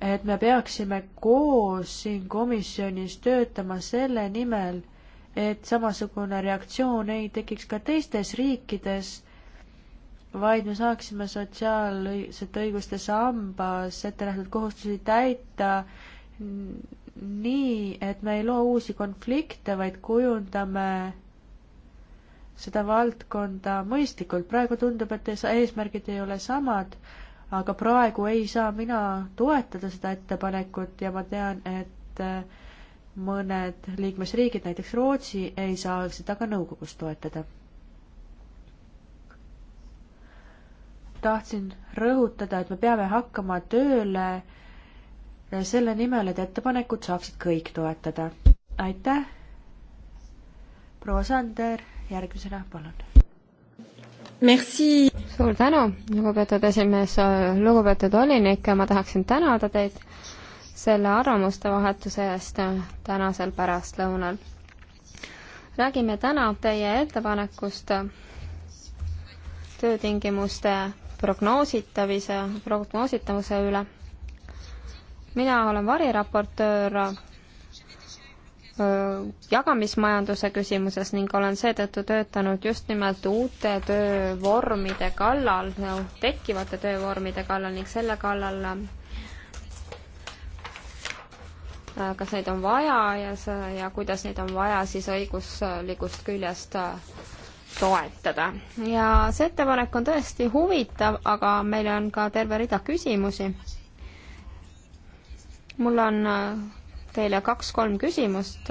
et me peaksime koos siin komisjonis töötama selle nimel, et samasugune reaktsioon ei tekiks ka teistes riikides, vaid me saaksime sotsiaalsete õiguste sambas ette nähtud kohustusi täita nii, et me ei loo uusi konflikte, vaid kujundame seda valdkonda mõistlikult. praegu tundub, et eesmärgid ei ole samad aga praegu ei saa mina toetada seda ettepanekut ja ma tean, et äh, mõned liikmesriigid, näiteks Rootsi, ei saa seda ka nõukogus toetada. tahtsin rõhutada, et me peame hakkama tööle selle nimel, et ettepanekut saaksid kõik toetada. aitäh, proua Sander, järgmisena palun Merci! suur tänu, lugupeetud esimees, lugupeetud volinik, ma tahaksin tänada teid selle arvamuste vahetuse eest tänasel pärastlõunal. räägime täna teie ettepanekust töötingimuste prognoositavise, prognoositavuse üle. mina olen variraportöör jagamismajanduse küsimuses ning olen seetõttu töötanud just nimelt uute töövormide kallal no,, tekkivate töövormide kallal ning selle kallal, kas neid on vaja ja see, ja kuidas neid on vaja siis õiguslikust küljest toetada. ja see ettepanek on tõesti huvitav, aga meil on ka terve rida küsimusi. mul on teile kaks-kolm küsimust,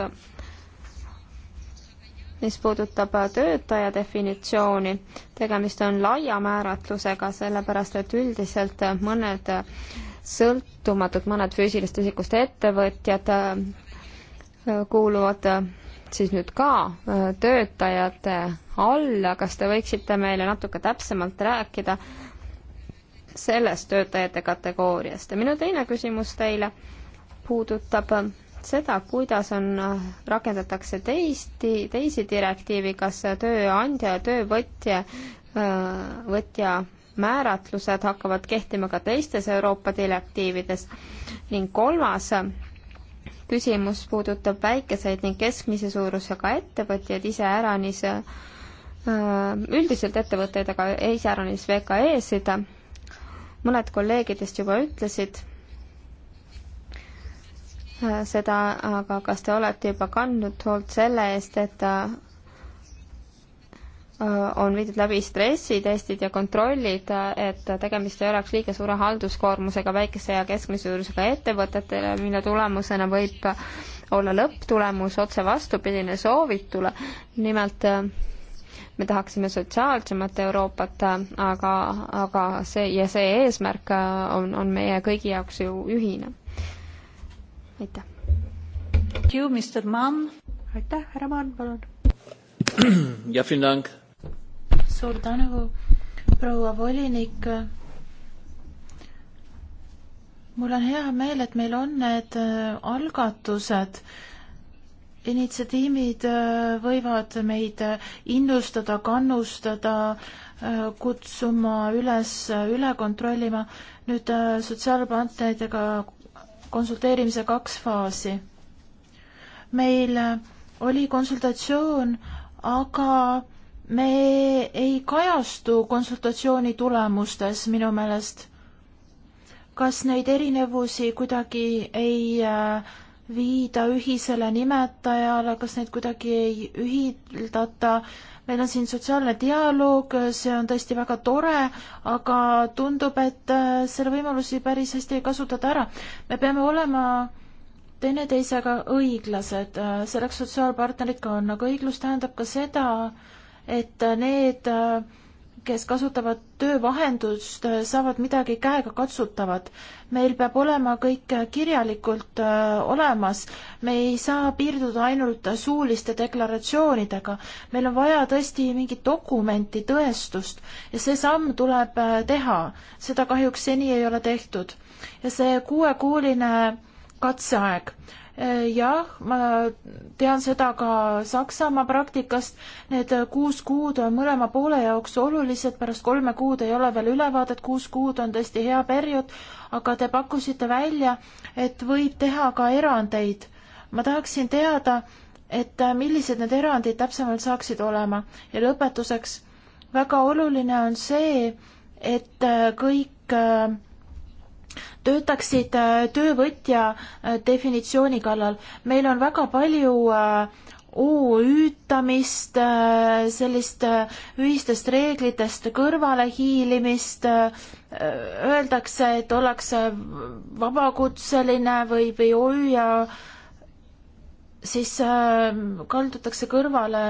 mis puudutab töötaja definitsiooni. tegemist on laia määratlusega, sellepärast et üldiselt mõned sõltumatud, mõned füüsilisest isikust ettevõtjad äh, kuuluvad äh, siis nüüd ka äh, töötajate alla, kas te võiksite meile natuke täpsemalt rääkida sellest töötajate kategooriast ja minu teine küsimus teile puudutab seda, kuidas on, rakendatakse teist, teisi direktiivi, kas tööandja ja töövõtja, võtja määratlused hakkavad kehtima ka teistes Euroopa direktiivides ning kolmas küsimus puudutab väikeseid ning keskmise suurusega ettevõtjaid iseäranis, üldiselt ettevõtteid, aga iseäranis VKE-sid. mõned kolleegidest juba ütlesid Äh, seda, aga kas te olete juba kandnud hoolt selle eest, et äh, on viidud läbi stressitestid ja kontrollid, et tegemist ei oleks liiga suure halduskoormusega väikese ja keskmise suurusega ettevõtetele, mille tulemusena võib olla lõpptulemus otse vastupidine soovitule. nimelt äh, me tahaksime sotsiaalsemat Euroopat, aga, aga see ja see eesmärk on, on meie kõigi jaoks ju ühine aitäh. aitäh, härra Mann, palun. jah, Finland. suur tänu, proua volinik. mul on hea meel, et meil on need äh, algatused initsiatiivid äh, võivad meid äh, innustada, kannustada, kutsuma üles üle kontrollima. nüüd sotsiaalpartneritega konsulteerimise kaks faasi. meil oli konsultatsioon, aga me ei kajastu konsultatsiooni tulemustes minu meelest. kas neid erinevusi kuidagi ei äh, viida ühisele nimetajale, kas neid kuidagi ei ühildata. meil on siin sotsiaalne dialoog, see on tõesti väga tore, aga tundub, et äh, selle võimalusi päris hästi ei kasutata ära. me peame olema teineteisega õiglased, äh, selleks sotsiaalpartnerid ka on, aga õiglus tähendab ka seda, et äh, need äh, kes kasutavad töövahendust, saavad midagi käegakatsutavat. meil peab olema kõik kirjalikult äh, olemas, me ei saa piirduda ainult suuliste deklaratsioonidega. meil on vaja tõesti mingit dokumenti, tõestust ja see samm tuleb äh, teha. seda kahjuks seni ei ole tehtud. ja see kuuekuuline katseaeg Äh, jah, ma tean seda ka Saksamaa praktikast, need kuus kuud on mõlema poole jaoks olulised, pärast kolme kuud ei ole veel ülevaadet, kuus kuud on tõesti hea periood, aga te pakkusite välja, et võib teha ka erandeid. ma tahaksin teada, et millised need erandid täpsemalt saaksid olema ja lõpetuseks, väga oluline on see, et kõik äh, töötaksid äh, töövõtja äh, definitsiooni kallal. meil on väga palju OÜ-tamist, äh, sellist ühistest reeglitest kõrvalehiilimist, öeldakse, et ollakse vabakutseline või, või OÜ ja siis kaldutakse kõrvale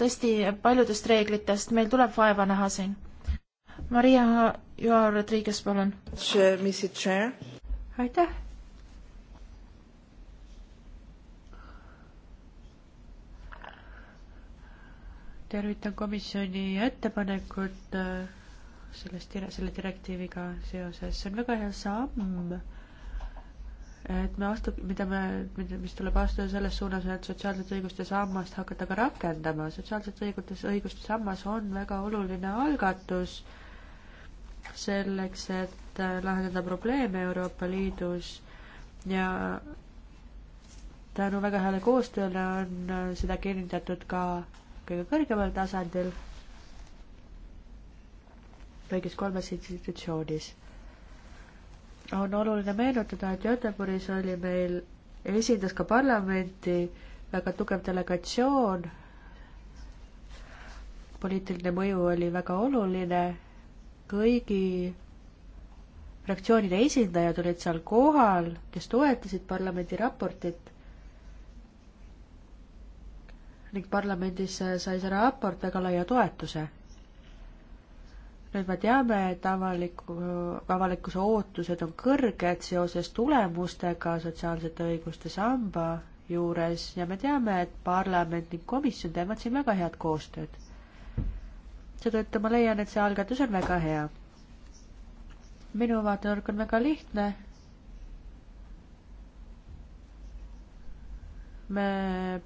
tõesti paljudest reeglitest, meil tuleb vaeva näha siin Maria Joa-Rodriguez, palun. aitäh. tervitan komisjoni ettepanekut äh, sellest, selle direktiiviga seoses, see on väga hea samm et me astu-, mida me, mis tuleb astuda selles suunas, et sotsiaalsete õiguste sammast hakata ka rakendama. sotsiaalsete õigutes, õiguste sammas on väga oluline algatus äh, selleks, et äh, lahendada probleeme Euroopa Liidus ja tänu väga heale koostööle on äh, seda kinnitatud ka kõige kõrgemal tasandil kõigis kolmes institutsioonis. on oluline meenutada, et Göteborgis oli meil, esindas ka parlamenti väga tugev delegatsioon, poliitiline mõju oli väga oluline kõigi fraktsioonide esindajad olid seal kohal, kes toetasid parlamendi raportit ning parlamendis sai see raport väga laia toetuse. nüüd me teame, et avaliku, avalikkuse ootused on kõrged seoses tulemustega sotsiaalsete õiguste samba juures ja me teame, et parlament ning komisjon teevad siin väga head koostööd seetõttu ma leian, et see algatus on väga hea. minu vaatenurk on väga lihtne. me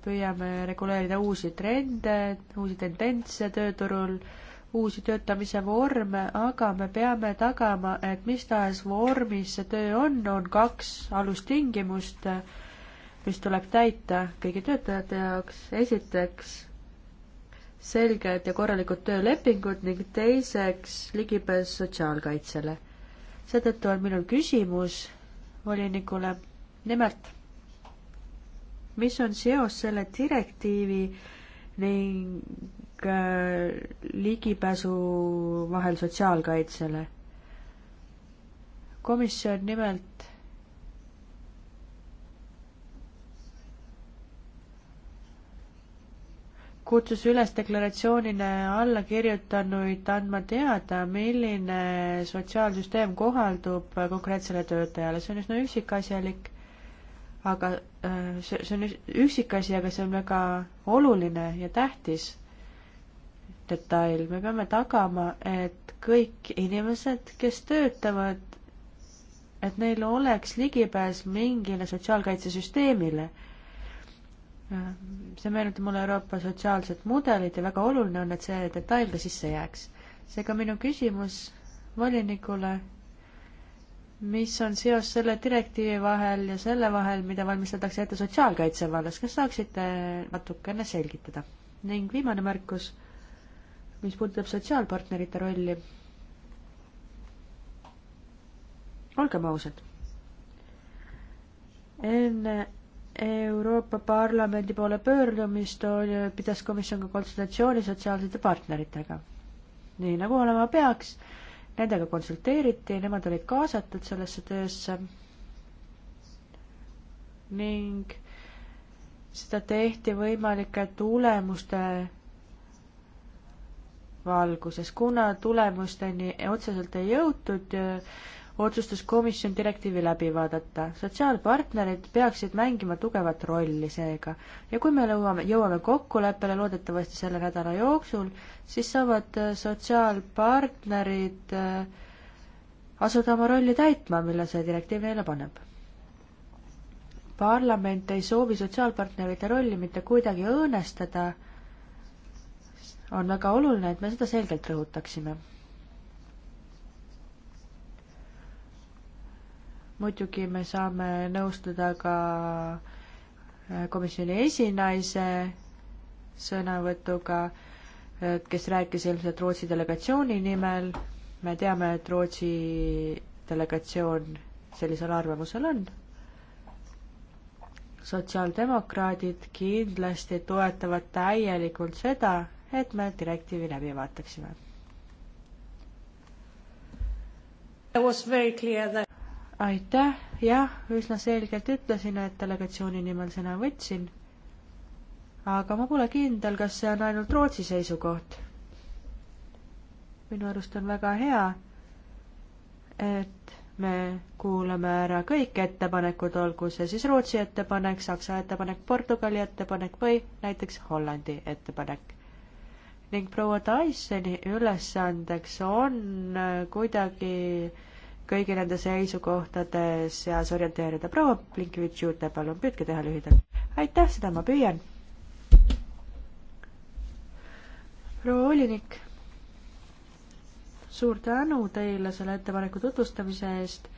püüame reguleerida uusi trende, uusi tendentse tööturul, uusi töötamise vorme, aga me peame tagama, et mis tahes vormis see töö on, on kaks alustingimust, mis tuleb täita kõigi töötajate jaoks. esiteks selged ja korralikud töölepingud ning teiseks ligipääs sotsiaalkaitsele. seetõttu on minul küsimus volinikule, nimelt, mis on seos selle direktiivi ning äh, ligipääsu vahel sotsiaalkaitsele? komisjon nimelt kutsus üles deklaratsioonile alla kirjutanuid andma teada, milline sotsiaalsüsteem kohaldub konkreetsele töötajale, see on üsna üksikasjalik, aga äh, see, see on üksikasi, aga see on väga oluline ja tähtis detail, me peame tagama, et kõik inimesed, kes töötavad, et neil oleks ligipääs mingile sotsiaalkaitsesüsteemile see meenutab mulle Euroopa sotsiaalset mudelit ja väga oluline on, et see detail ka sisse jääks. seega minu küsimus volinikule, mis on seos selle direktiivi vahel ja selle vahel, mida valmistatakse ette sotsiaalkaitse vallas, kas saaksite natukene selgitada? ning viimane märkus, mis puudutab sotsiaalpartnerite rolli. olgem ausad, enne Euroopa Parlamendi poole pöördumist pidas komisjon ka konsultatsiooni sotsiaalsete partneritega. nii nagu olema peaks, nendega konsulteeriti, nemad olid kaasatud sellesse töösse ning seda tehti võimalike tulemuste valguses, kuna tulemusteni otseselt ei jõutud, otsustas komisjon direktiivi läbi vaadata. sotsiaalpartnerid peaksid mängima tugevat rolli seega ja kui me lõuame, jõuame kokkuleppele loodetavasti selle nädala jooksul, siis saavad äh, sotsiaalpartnerid äh, asuda oma rolli täitma, mille see direktiiv neile paneb. parlament ei soovi sotsiaalpartnerite rolli mitte kuidagi õõnestada, on väga oluline, et me seda selgelt rõhutaksime muidugi me saame nõustuda ka äh, komisjoni esinaise sõnavõtuga, äh, kes rääkis ilmselt Rootsi delegatsiooni nimel. me teame, et Rootsi delegatsioon sellisel arvamusel on. sotsiaaldemokraadid kindlasti toetavad täielikult seda, et me direktiivi läbi vaataksime. It was very clear that aitäh, jah, üsna selgelt ütlesin, et delegatsiooni nimel sõna võtsin. aga ma pole kindel, kas see on ainult Rootsi seisukoht. minu arust on väga hea, et me kuulame ära kõik ettepanekud, olgu see siis Rootsi ettepanek, Saksa ettepanek, Portugali ettepanek või näiteks Hollandi ettepanek ning proua Dysoni ülesandeks on kuidagi äh, kõigi nende seisukohtade seas orienteerida. proua Blinkevitš juurde, palun, püüdke teha lühidalt. aitäh, seda ma püüan. proua volinik, suur tänu teile selle ettepaneku tutvustamise eest.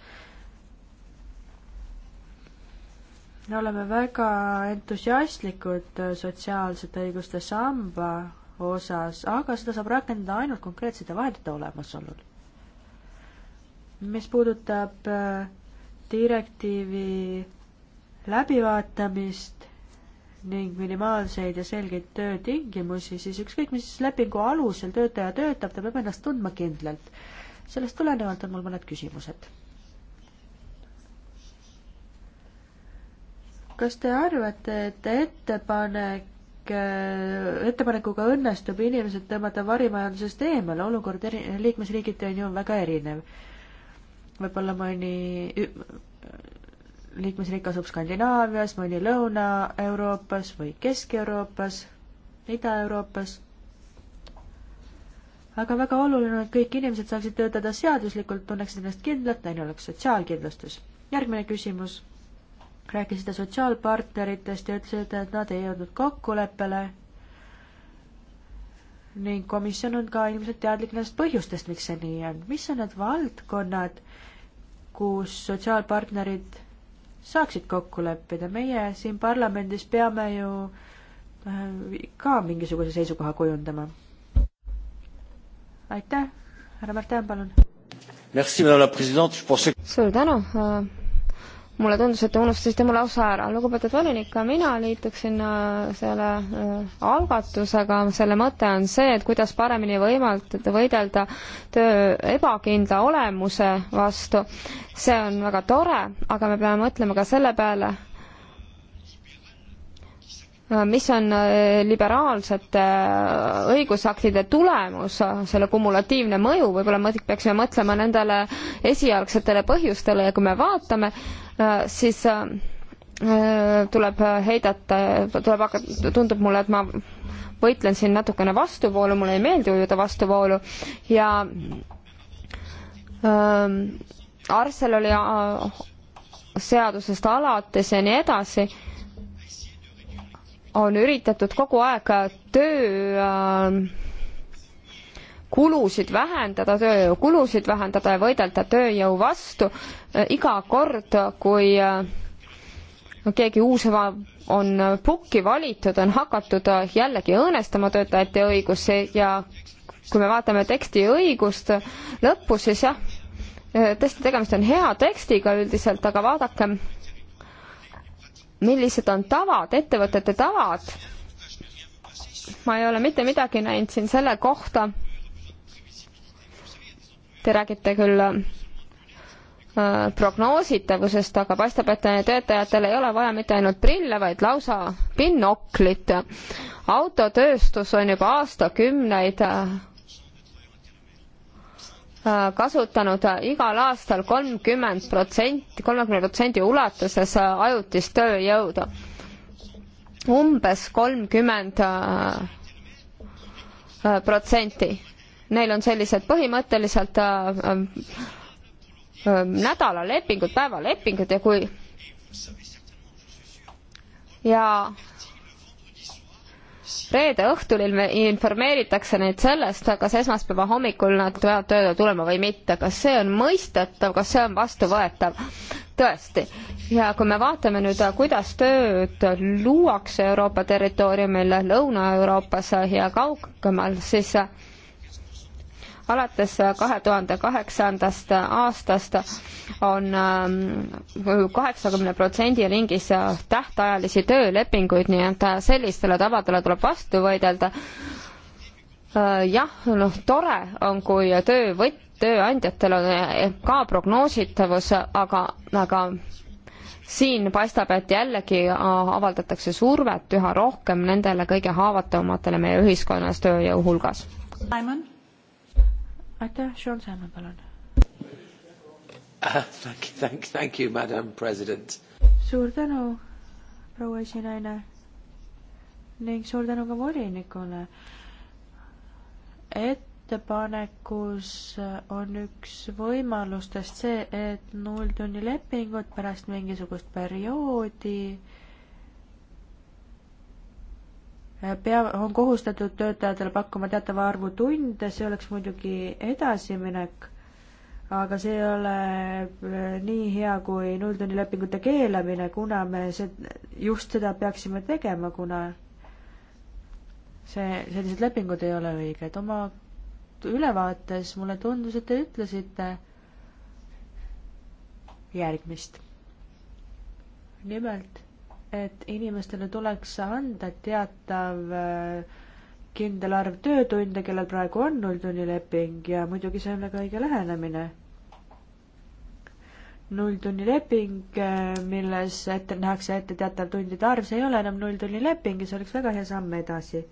me oleme väga entusiastlikud sotsiaalsete õiguste samba osas, aga seda saab rakendada ainult konkreetsete vahendite olemasolul mis puudutab äh, direktiivi läbivaatamist ning minimaalseid ja selgeid töötingimusi, siis ükskõik, mis lepingu alusel töötaja töötab, ta peab ennast tundma kindlalt. sellest tulenevalt on mul mõned küsimused. kas te arvate, et ettepanek, äh, ettepanekuga õnnestub inimesed tõmmata varimajandusest eemale, olukord eri, liikmesriigiti on ju väga erinev võib-olla mõni liikmesriik asub Skandinaavias, mõni Lõuna-Euroopas või Kesk-Euroopas, Ida-Euroopas. aga väga oluline on, et kõik inimesed saaksid töötada seaduslikult, tunneksid ennast kindlalt, neil oleks sotsiaalkindlustus. järgmine küsimus. rääkisite sotsiaalpartneritest ja ütlesite, et nad ei jõudnud kokkuleppele ning komisjon on ka ilmselt teadlik nendest põhjustest, miks see nii on. mis on need valdkonnad, kus sotsiaalpartnerid saaksid kokku leppida. meie siin parlamendis peame ju äh, ka mingisuguse seisukoha kujundama. aitäh, härra Martin, palun. suur tänu äh, mulle tundus, et te unustasite mu lausa ära. lugupeetud volinik, ka mina liituksin äh, selle äh, algatusega, selle mõte on see, et kuidas paremini võimaldada, võidelda töö ebakindla olemuse vastu. see on väga tore, aga me peame mõtlema ka selle peale, äh, mis on liberaalsete õigusaktide tulemus, selle kumulatiivne mõju, võib-olla me peaksime mõtlema nendele esialgsetele põhjustele ja kui me vaatame, Äh, siis äh, äh, tuleb heidata, tuleb hakata, tundub mulle, et ma võitlen siin natukene vastuvoolu, mulle ei meeldi ujuda vastuvoolu ja ähm, Arssel oli äh, seadusest alates ja nii edasi, on üritatud kogu aeg töö äh, kulusid vähendada, tööjõukulusid vähendada ja võidelda tööjõu vastu. Eh, iga kord, kui eh, keegi uus on pukki valitud, on hakatud eh, jällegi õõnestama töötajate õigusi ja kui me vaatame teksti õigust lõppu, siis jah, tõesti tegemist on hea tekstiga üldiselt, aga vaadakem, millised on tavad, ettevõtete tavad. ma ei ole mitte midagi näinud siin selle kohta Te räägite küll äh, prognoositavusest, aga paistab, et töötajatel ei ole vaja mitte ainult prille, vaid lausa binoklit. autotööstus on juba aastakümneid äh, kasutanud igal aastal kolmkümmend protsenti, kolmekümne protsendi ulatuses ajutist tööjõudu. umbes kolmkümmend äh, protsenti neil on sellised põhimõtteliselt äh, äh, äh, nädalalepingud, päevalepingud ja kui ja reede õhtul informeeritakse neid sellest, kas esmaspäeva hommikul nad peavad tööle tulema või mitte, kas see on mõistetav, kas see on vastuvõetav? tõesti. ja kui me vaatame nüüd, kuidas tööd luuakse Euroopa territooriumil, Lõuna-Euroopas ja kaugemal, siis alates kahe tuhande kaheksandast aastast on ähm, kaheksakümne protsendi ringis tähtajalisi töölepinguid, nii et sellistele tavadele tuleb vastu võidelda. Äh, jah, noh, tore on, kui töövõtt, tööandjatel on äh, ka prognoositavus, aga, aga siin paistab, et jällegi äh, avaldatakse survet üha rohkem nendele kõige haavatavamatele meie ühiskonnas tööjõu hulgas. Simon? aitäh, Sean Sämme, palun uh,. Thank, thank, thank you, madam president. suur tänu, proua esinaine ning suur tänu ka volinikule. ettepanekus on üks võimalustest see, et nulltunnilepingud pärast mingisugust perioodi pea, on kohustatud töötajatele pakkuma teatava arvu tunde, see oleks muidugi edasiminek, aga see ei ole äh, nii hea kui nulltunnilepingute keelamine, kuna me see, just seda peaksime tegema, kuna see, sellised lepingud ei ole õiged. oma ülevaates mulle tundus, et te ütlesite järgmist. nimelt et inimestele tuleks anda teatav äh, kindel arv töötunde, kellel praegu on nulltunnileping ja muidugi see on väga õige lähenemine. nulltunnileping, äh, milles ette nähakse ette teatav tundide arv, see ei ole enam nulltunnileping ja see oleks väga hea samm edasi.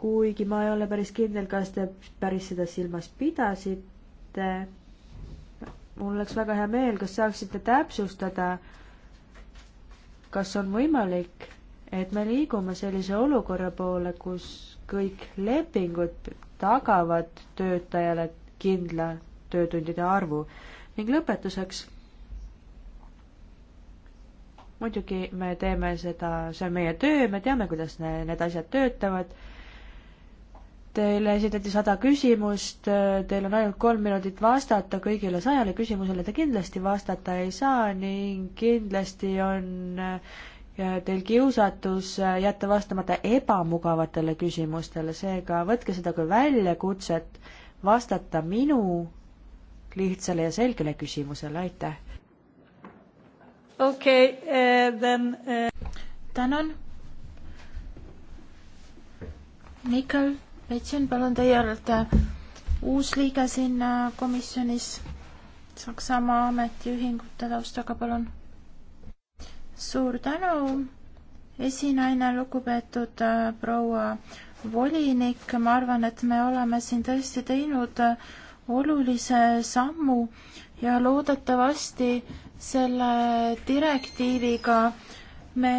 kuigi ma ei ole päris kindel, kas te päris seda silmas pidasite. mul oleks väga hea meel, kas saaksite täpsustada äh, kas on võimalik, et me liigume sellise olukorra poole, kus kõik lepingud tagavad töötajale kindla töötundide arvu ning lõpetuseks muidugi me teeme seda, see on meie töö, me teame, kuidas ne, need asjad töötavad Teile esitati sada küsimust, teil on ainult kolm minutit vastata, kõigile sajale küsimusele te kindlasti vastata ei saa ning kindlasti on teil kiusatus jätta vastamata ebamugavatele küsimustele, seega võtke seda kui väljakutset vastata minu lihtsale ja selgele küsimusele, aitäh! okei okay, uh,, then uh.... tänan. Mikkel Petsen, palun, teie olete uus liige siin äh, komisjonis, Saksamaa ametiühingute taustaga, palun. suur tänu, esinaine, lugupeetud äh, proua volinik, ma arvan, et me oleme siin tõesti teinud äh, olulise sammu ja loodetavasti selle direktiiviga me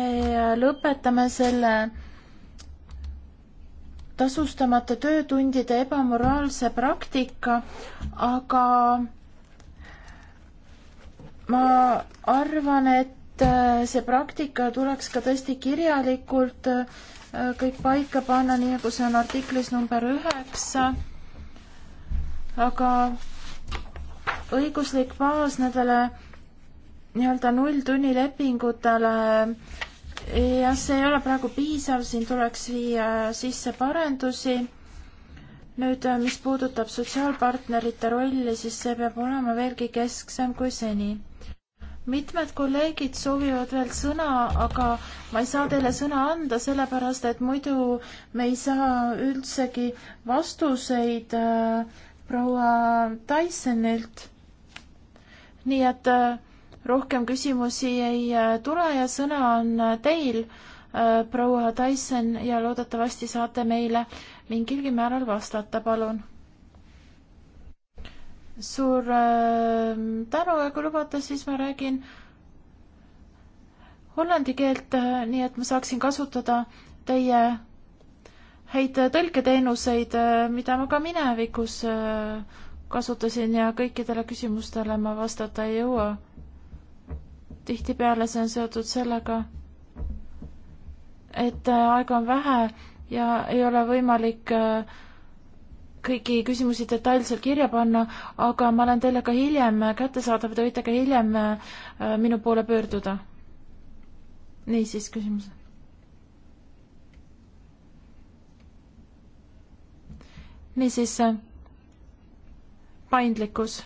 lõpetame selle tasustamata töötundide ebamoraalse praktika, aga ma arvan, et äh, see praktika tuleks ka tõesti kirjalikult äh, kõik paika panna, nii nagu see on artiklis number üheksa. aga õiguslik baas nendele nii-öelda nulltunnilepingutele jah, see ei ole praegu piisav, siin tuleks viia sisse parendusi. nüüd, äh, mis puudutab sotsiaalpartnerite rolli, siis see peab olema veelgi kesksem kui seni. mitmed kolleegid soovivad veel sõna, aga ma ei saa teile sõna anda, sellepärast et muidu me ei saa üldsegi vastuseid äh, proua Tysonilt. nii et äh, rohkem küsimusi ei äh, tule ja sõna on äh, teil, äh, proua Tyson, ja loodetavasti saate meile mingilgi määral vastata, palun. suur tänu ja kui lubate, siis ma räägin hollandi keelt, nii et ma saaksin kasutada teie häid tõlketeenuseid, mida ma ka minevikus kasutasin ja kõikidele küsimustele ma vastata ei jõua tihtipeale see on seotud sellega, et äh, aega on vähe ja ei ole võimalik äh, kõiki küsimusi detailselt kirja panna, aga ma olen teile ka hiljem kättesaadav, te võite ka hiljem äh, minu poole pöörduda. niisiis, küsimus. niisiis, paindlikkus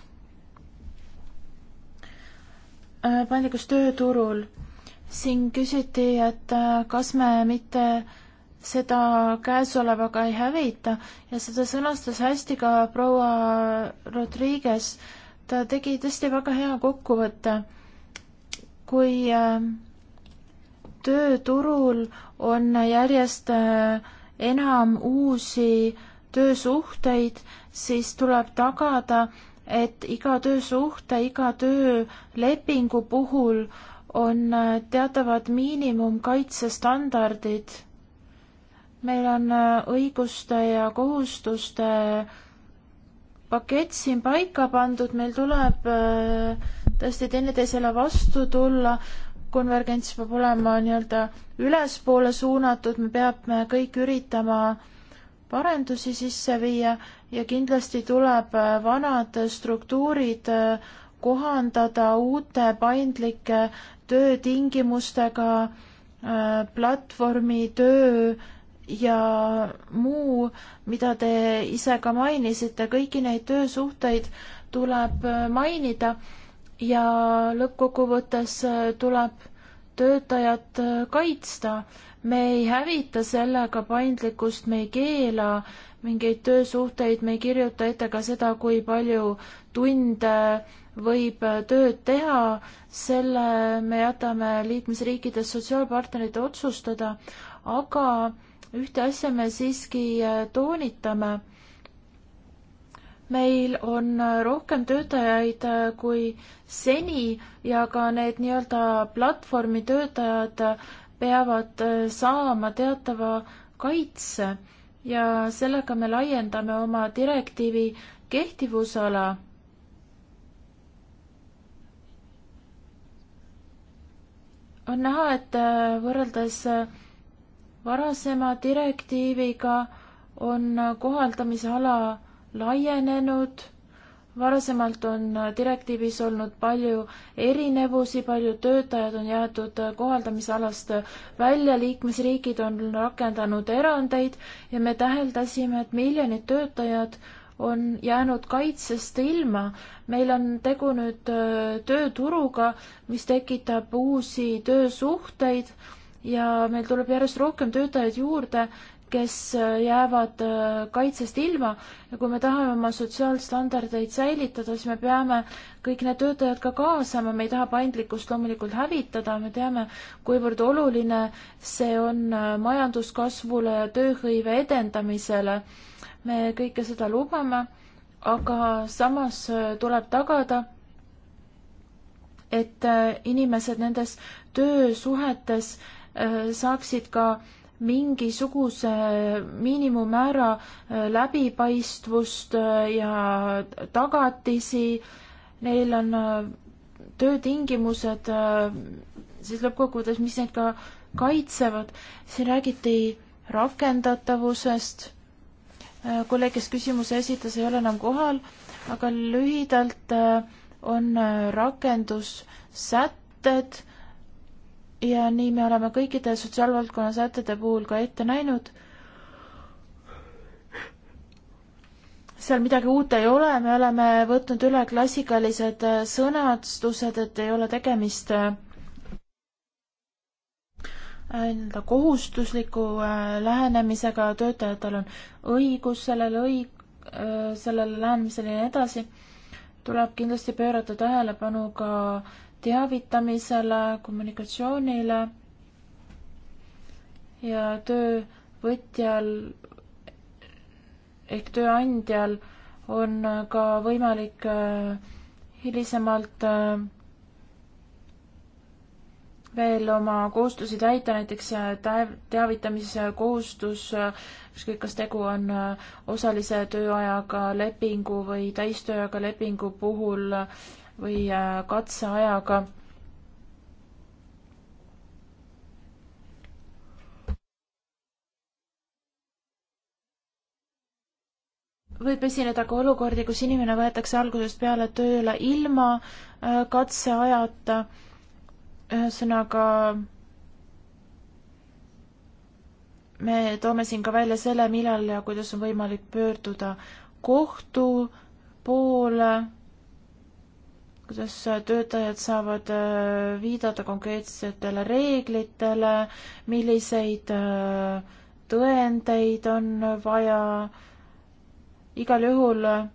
Äh, paindlikkus tööturul. siin küsiti, et äh, kas me mitte seda käesolevaga ei hävita ja seda sõnastas hästi ka proua Rodriguez. ta tegi tõesti väga hea kokkuvõtte. kui äh, tööturul on järjest enam uusi töösuhteid, siis tuleb tagada, et iga töösuhte, iga töölepingu puhul on äh, teatavad miinimumkaitsestandardid. meil on äh, õiguste ja kohustuste pakett siin paika pandud, meil tuleb äh, tõesti teineteisele vastu tulla, konvergents peab olema nii-öelda ülespoole suunatud, me peame kõik üritama äh, parendusi sisse viia ja kindlasti tuleb äh, vanad struktuurid äh, kohandada uute paindlike töötingimustega, äh, platvormitöö ja muu, mida te ise ka mainisite, kõiki neid töösuhteid tuleb mainida ja lõppkokkuvõttes tuleb töötajat kaitsta me ei hävita sellega paindlikkust, me ei keela mingeid töösuhteid, me ei kirjuta ette ka seda, kui palju tunde võib tööd teha, selle me jätame liikmesriikides sotsiaalpartnerite otsustada, aga ühte asja me siiski toonitame. meil on rohkem töötajaid kui seni ja ka need nii-öelda platvormi töötajad peavad äh, saama teatava kaitse ja sellega me laiendame oma direktiivi kehtivusala. on näha, et äh, võrreldes äh, varasema direktiiviga on kohaldamise ala laienenud varasemalt on direktiivis olnud palju erinevusi, paljud töötajad on jäetud kohaldamisalast välja, liikmesriigid on rakendanud erandeid ja me täheldasime, et miljonid töötajad on jäänud kaitsest ilma. meil on tegu nüüd äh, tööturuga, mis tekitab uusi töösuhteid ja meil tuleb järjest rohkem töötajaid juurde, kes äh, jäävad äh, kaitsest ilma ja kui me tahame oma sotsiaalstandardeid säilitada, siis me peame kõik need töötajad ka kaasama, me ei taha paindlikkust loomulikult hävitada, me teame, kuivõrd oluline see on äh, majanduskasvule ja tööhõive edendamisele. me kõike seda lubame, aga samas tuleb tagada, et inimesed nendes töösuhetes saaksid ka äh, mingisuguse miinimummäära äh, läbipaistvust äh, ja tagatisi, neil on äh, töötingimused siis lõppkokkuvõttes, mis neid ka kaitsevad, siin räägiti rakendatavusest, kolleeg, kes küsimuse esitas, ei ole enam kohal, aga lühidalt on rakendussätted ja nii me oleme kõikide sotsiaalvaldkonna sätete puhul ka ette näinud. seal midagi uut ei ole, me oleme võtnud üle klassikalised äh, sõnastused, et ei ole tegemist äh, nii-öelda kohustusliku äh, lähenemisega, töötajatel on õigus sellele õig-, sellele lähenemisele ja nii edasi, tuleb kindlasti pöörata tähelepanu ka äh, teavitamisele, kommunikatsioonile ja töövõtjal ehk tööandjal on ka võimalik äh, hilisemalt äh, veel oma kohustusi täita, näiteks äh, teavitamise kohustus, ükskõik kas tegu on osalise tööajaga lepingu või täistööajaga lepingu puhul äh, või äh, katseajaga. võib esineda ka olukordi, kus inimene võetakse algusest peale tööle ilma äh, katseajata. ühesõnaga me toome siin ka välja selle, millal ja kuidas on võimalik pöörduda kohtu poole kuidas töötajad saavad äh, viidata konkreetsetele reeglitele, milliseid äh, tõendeid on vaja, igal juhul äh,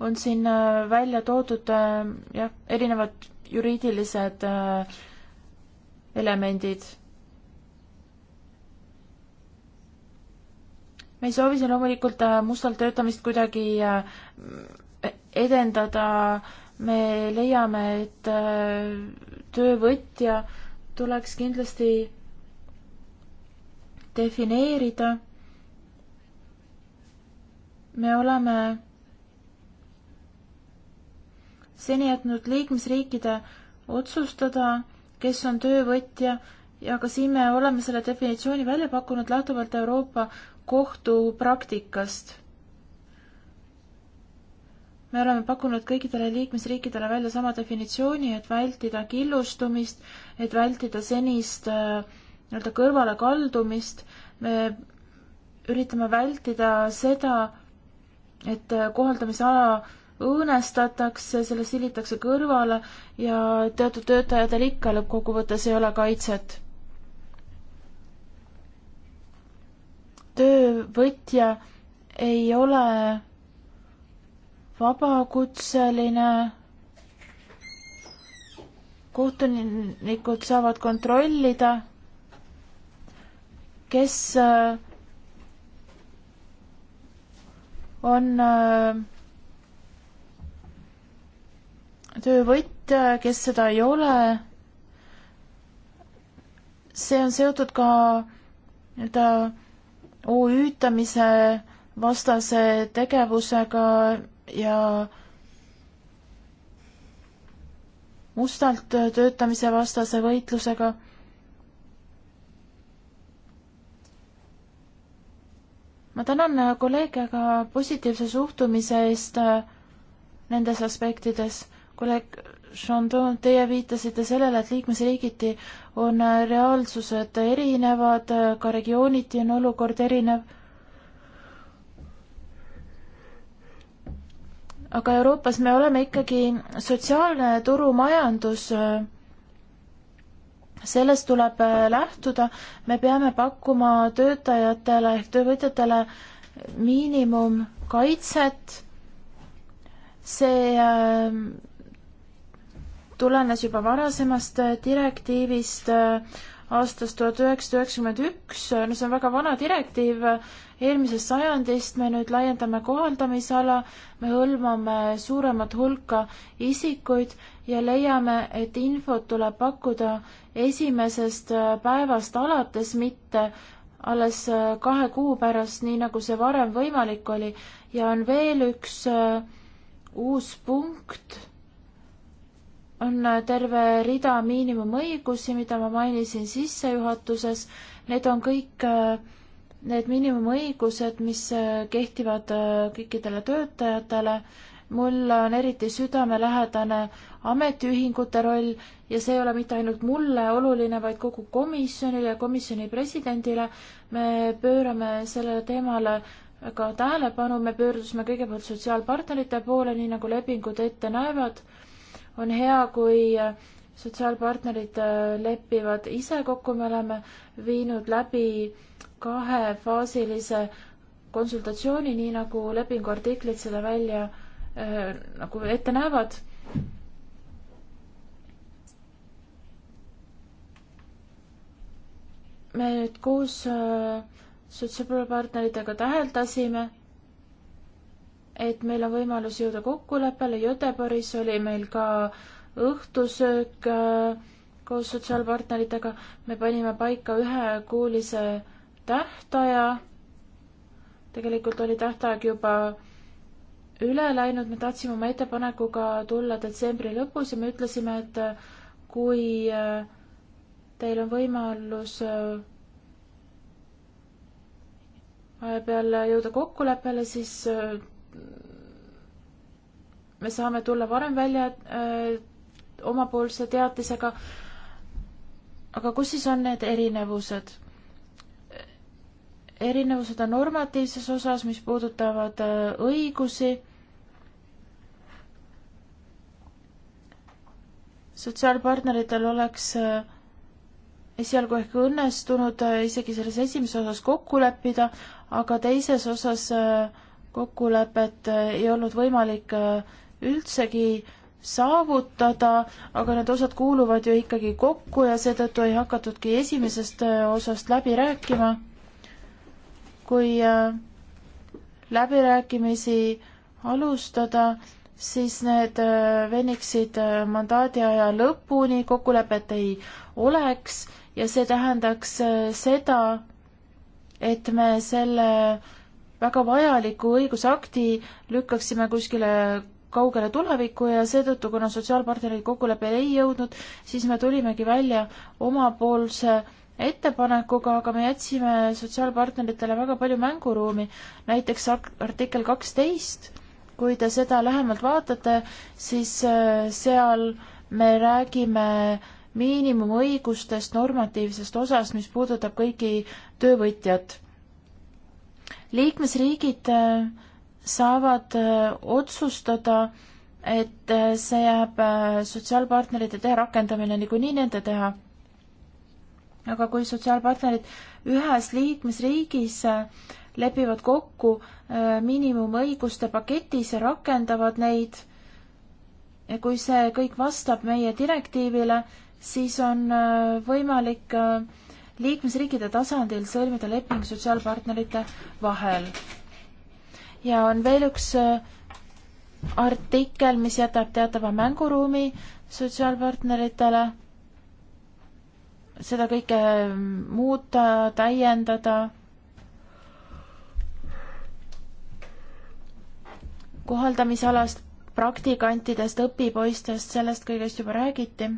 on siin välja toodud jah, erinevad juriidilised elemendid. me ei soovi siin loomulikult mustalt töötamist kuidagi edendada. me leiame, et äh, töövõtja tuleks kindlasti defineerida. me oleme seni jätnud liikmesriikide otsustada, kes on töövõtja ja ka siin me oleme selle definitsiooni välja pakkunud lähtuvalt Euroopa kohtu praktikast me oleme pakkunud kõikidele liikmesriikidele välja sama definitsiooni, et vältida killustumist, et vältida senist äh, nii-öelda kõrvalekaldumist. me üritame vältida seda, et äh, kohaldamisala õõnestatakse, sellest silitakse kõrvale ja teatud töötajatel ikka lõppkokkuvõttes ei ole kaitset. töövõtja ei ole vabakutseline kohtunikud saavad kontrollida, kes äh, on äh, töövõtja, kes seda ei ole. see on seotud ka nii-öelda OÜ-tamise vastase tegevusega ja mustalt töötamise vastase võitlusega. ma tänan kolleege ka positiivse suhtumise eest äh, nendes aspektides. kolleeg Chandon, teie viitasite sellele, et liikmesriigiti on äh, reaalsused erinevad, äh, ka regiooniti on olukord erinev aga Euroopas me oleme ikkagi sotsiaalne turumajandus. sellest tuleb äh, lähtuda, me peame pakkuma töötajatele ehk töövõtjatele miinimumkaitset. see äh, tulenes juba varasemast äh, direktiivist aastast tuhat üheksasada üheksakümmend üks, no see on väga vana direktiiv eelmisest sajandist me nüüd laiendame kohaldamisala, me hõlmame suuremat hulka isikuid ja leiame, et infot tuleb pakkuda esimesest äh, päevast alates, mitte alles äh, kahe kuu pärast, nii nagu see varem võimalik oli. ja on veel üks äh, uus punkt on terve rida miinimumõigusi, mida ma mainisin sissejuhatuses, need on kõik äh, need miinimumõigused, mis äh, kehtivad äh, kõikidele töötajatele, mul on eriti südamelähedane ametiühingute roll ja see ei ole mitte ainult mulle oluline, vaid kogu komisjonile ja komisjoni presidendile. me pöörame sellele teemale väga tähelepanu, me pöördusime kõigepealt sotsiaalpartnerite poole, nii nagu lepingud ette näevad. on hea, kui äh, sotsiaalpartnerid lepivad ise kokku, me oleme viinud läbi kahefaasilise konsultatsiooni, nii nagu lepingu artiklid seda välja äh, nagu ette näevad. me nüüd koos äh, sotsiaalpartneritega täheldasime, et meil on võimalus jõuda kokkuleppele, Göteborgis oli meil ka õhtusöök äh, koos sotsiaalpartneritega, me panime paika ühekuulise tähtaja. tegelikult oli tähtaeg juba üle läinud, me tahtsime oma ettepanekuga tulla detsembri lõpus ja me ütlesime, et kui äh, teil on võimalus vahepeal äh, jõuda kokkuleppele, siis äh, me saame tulla varem välja öö, omapoolse teatisega. aga kus siis on need erinevused? erinevused on normatiivses osas, mis puudutavad äh, õigusi. sotsiaalpartneritel oleks äh, esialgu ehk õnnestunud äh, isegi selles esimeses osas kokku leppida, aga teises osas kokkulepet ei olnud võimalik üldsegi saavutada, aga need osad kuuluvad ju ikkagi kokku ja seetõttu ei hakatudki esimesest osast läbi rääkima kui äh, läbirääkimisi alustada, siis need äh, veniksid äh, mandaadi aja lõpuni, kokkulepet ei oleks ja see tähendaks seda, et me selle väga vajaliku õigusakti lükkaksime kuskile kaugele tulevikku ja seetõttu, kuna sotsiaalpartnerid kokkuleppele ei jõudnud, siis me tulimegi välja omapoolse ettepanekuga, aga me jätsime sotsiaalpartneritele väga palju mänguruumi, näiteks artikkel kaksteist, kui te seda lähemalt vaatate, siis äh, seal me räägime miinimumõigustest normatiivsest osast, mis puudutab kõiki töövõtjat. liikmesriigid äh, saavad äh, otsustada, et see jääb sotsiaalpartnerite teha rakendamine niikuinii nende teha aga kui sotsiaalpartnerid ühes liikmesriigis äh, lepivad kokku äh, miinimumõiguste paketis ja rakendavad neid, kui see kõik vastab meie direktiivile, siis on äh, võimalik liikmesriikide tasandil sõlmida leping sotsiaalpartnerite vahel. ja on veel üks artikkel, mis jätab teatava mänguruumi sotsiaalpartneritele seda kõike muuta, täiendada. kohaldamisalast, praktikantidest, õpipoistest, sellest kõigest juba räägiti.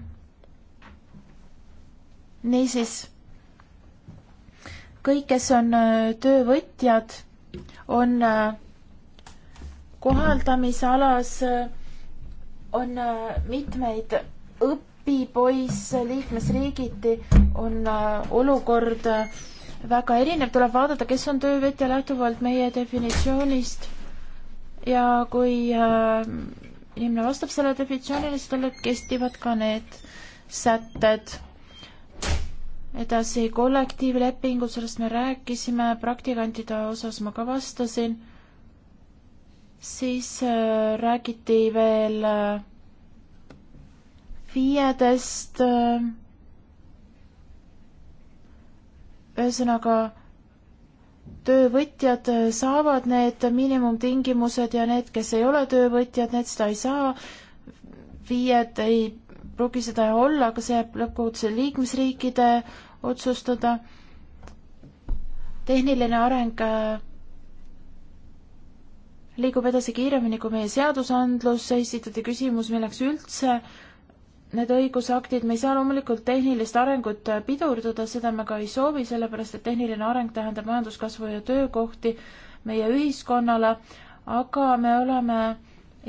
niisiis, kõik, kes on äh, töövõtjad, on äh, kohaldamisalas, äh, on mitmeid õpp-, õpipoiss liikmesriigiti on äh, olukord äh, väga erinev, tuleb vaadata, kes on töövõtja lähtuvalt meie definitsioonist ja kui äh, inimene vastab sellele definitsioonile, siis talle kestivad ka need sätted. edasi kollektiivlepingud, sellest me rääkisime, praktikantide osas ma ka vastasin. siis äh, räägiti veel äh, FIE-dest äh, ühesõnaga töövõtjad äh, saavad need miinimumtingimused ja need, kes ei ole töövõtjad, need seda ei saa. FIE-d ei pruugi seda olla, aga see jääb lõppkokkuvõttes liikmesriikide otsustada. tehniline areng äh, liigub edasi kiiremini kui meie seadusandlus, esitati küsimus, milleks üldse need õigusaktid, me ei saa loomulikult tehnilist arengut äh, pidurdada, seda me ka ei soovi, sellepärast et tehniline areng tähendab majanduskasvu ja töökohti meie ühiskonnale, aga me oleme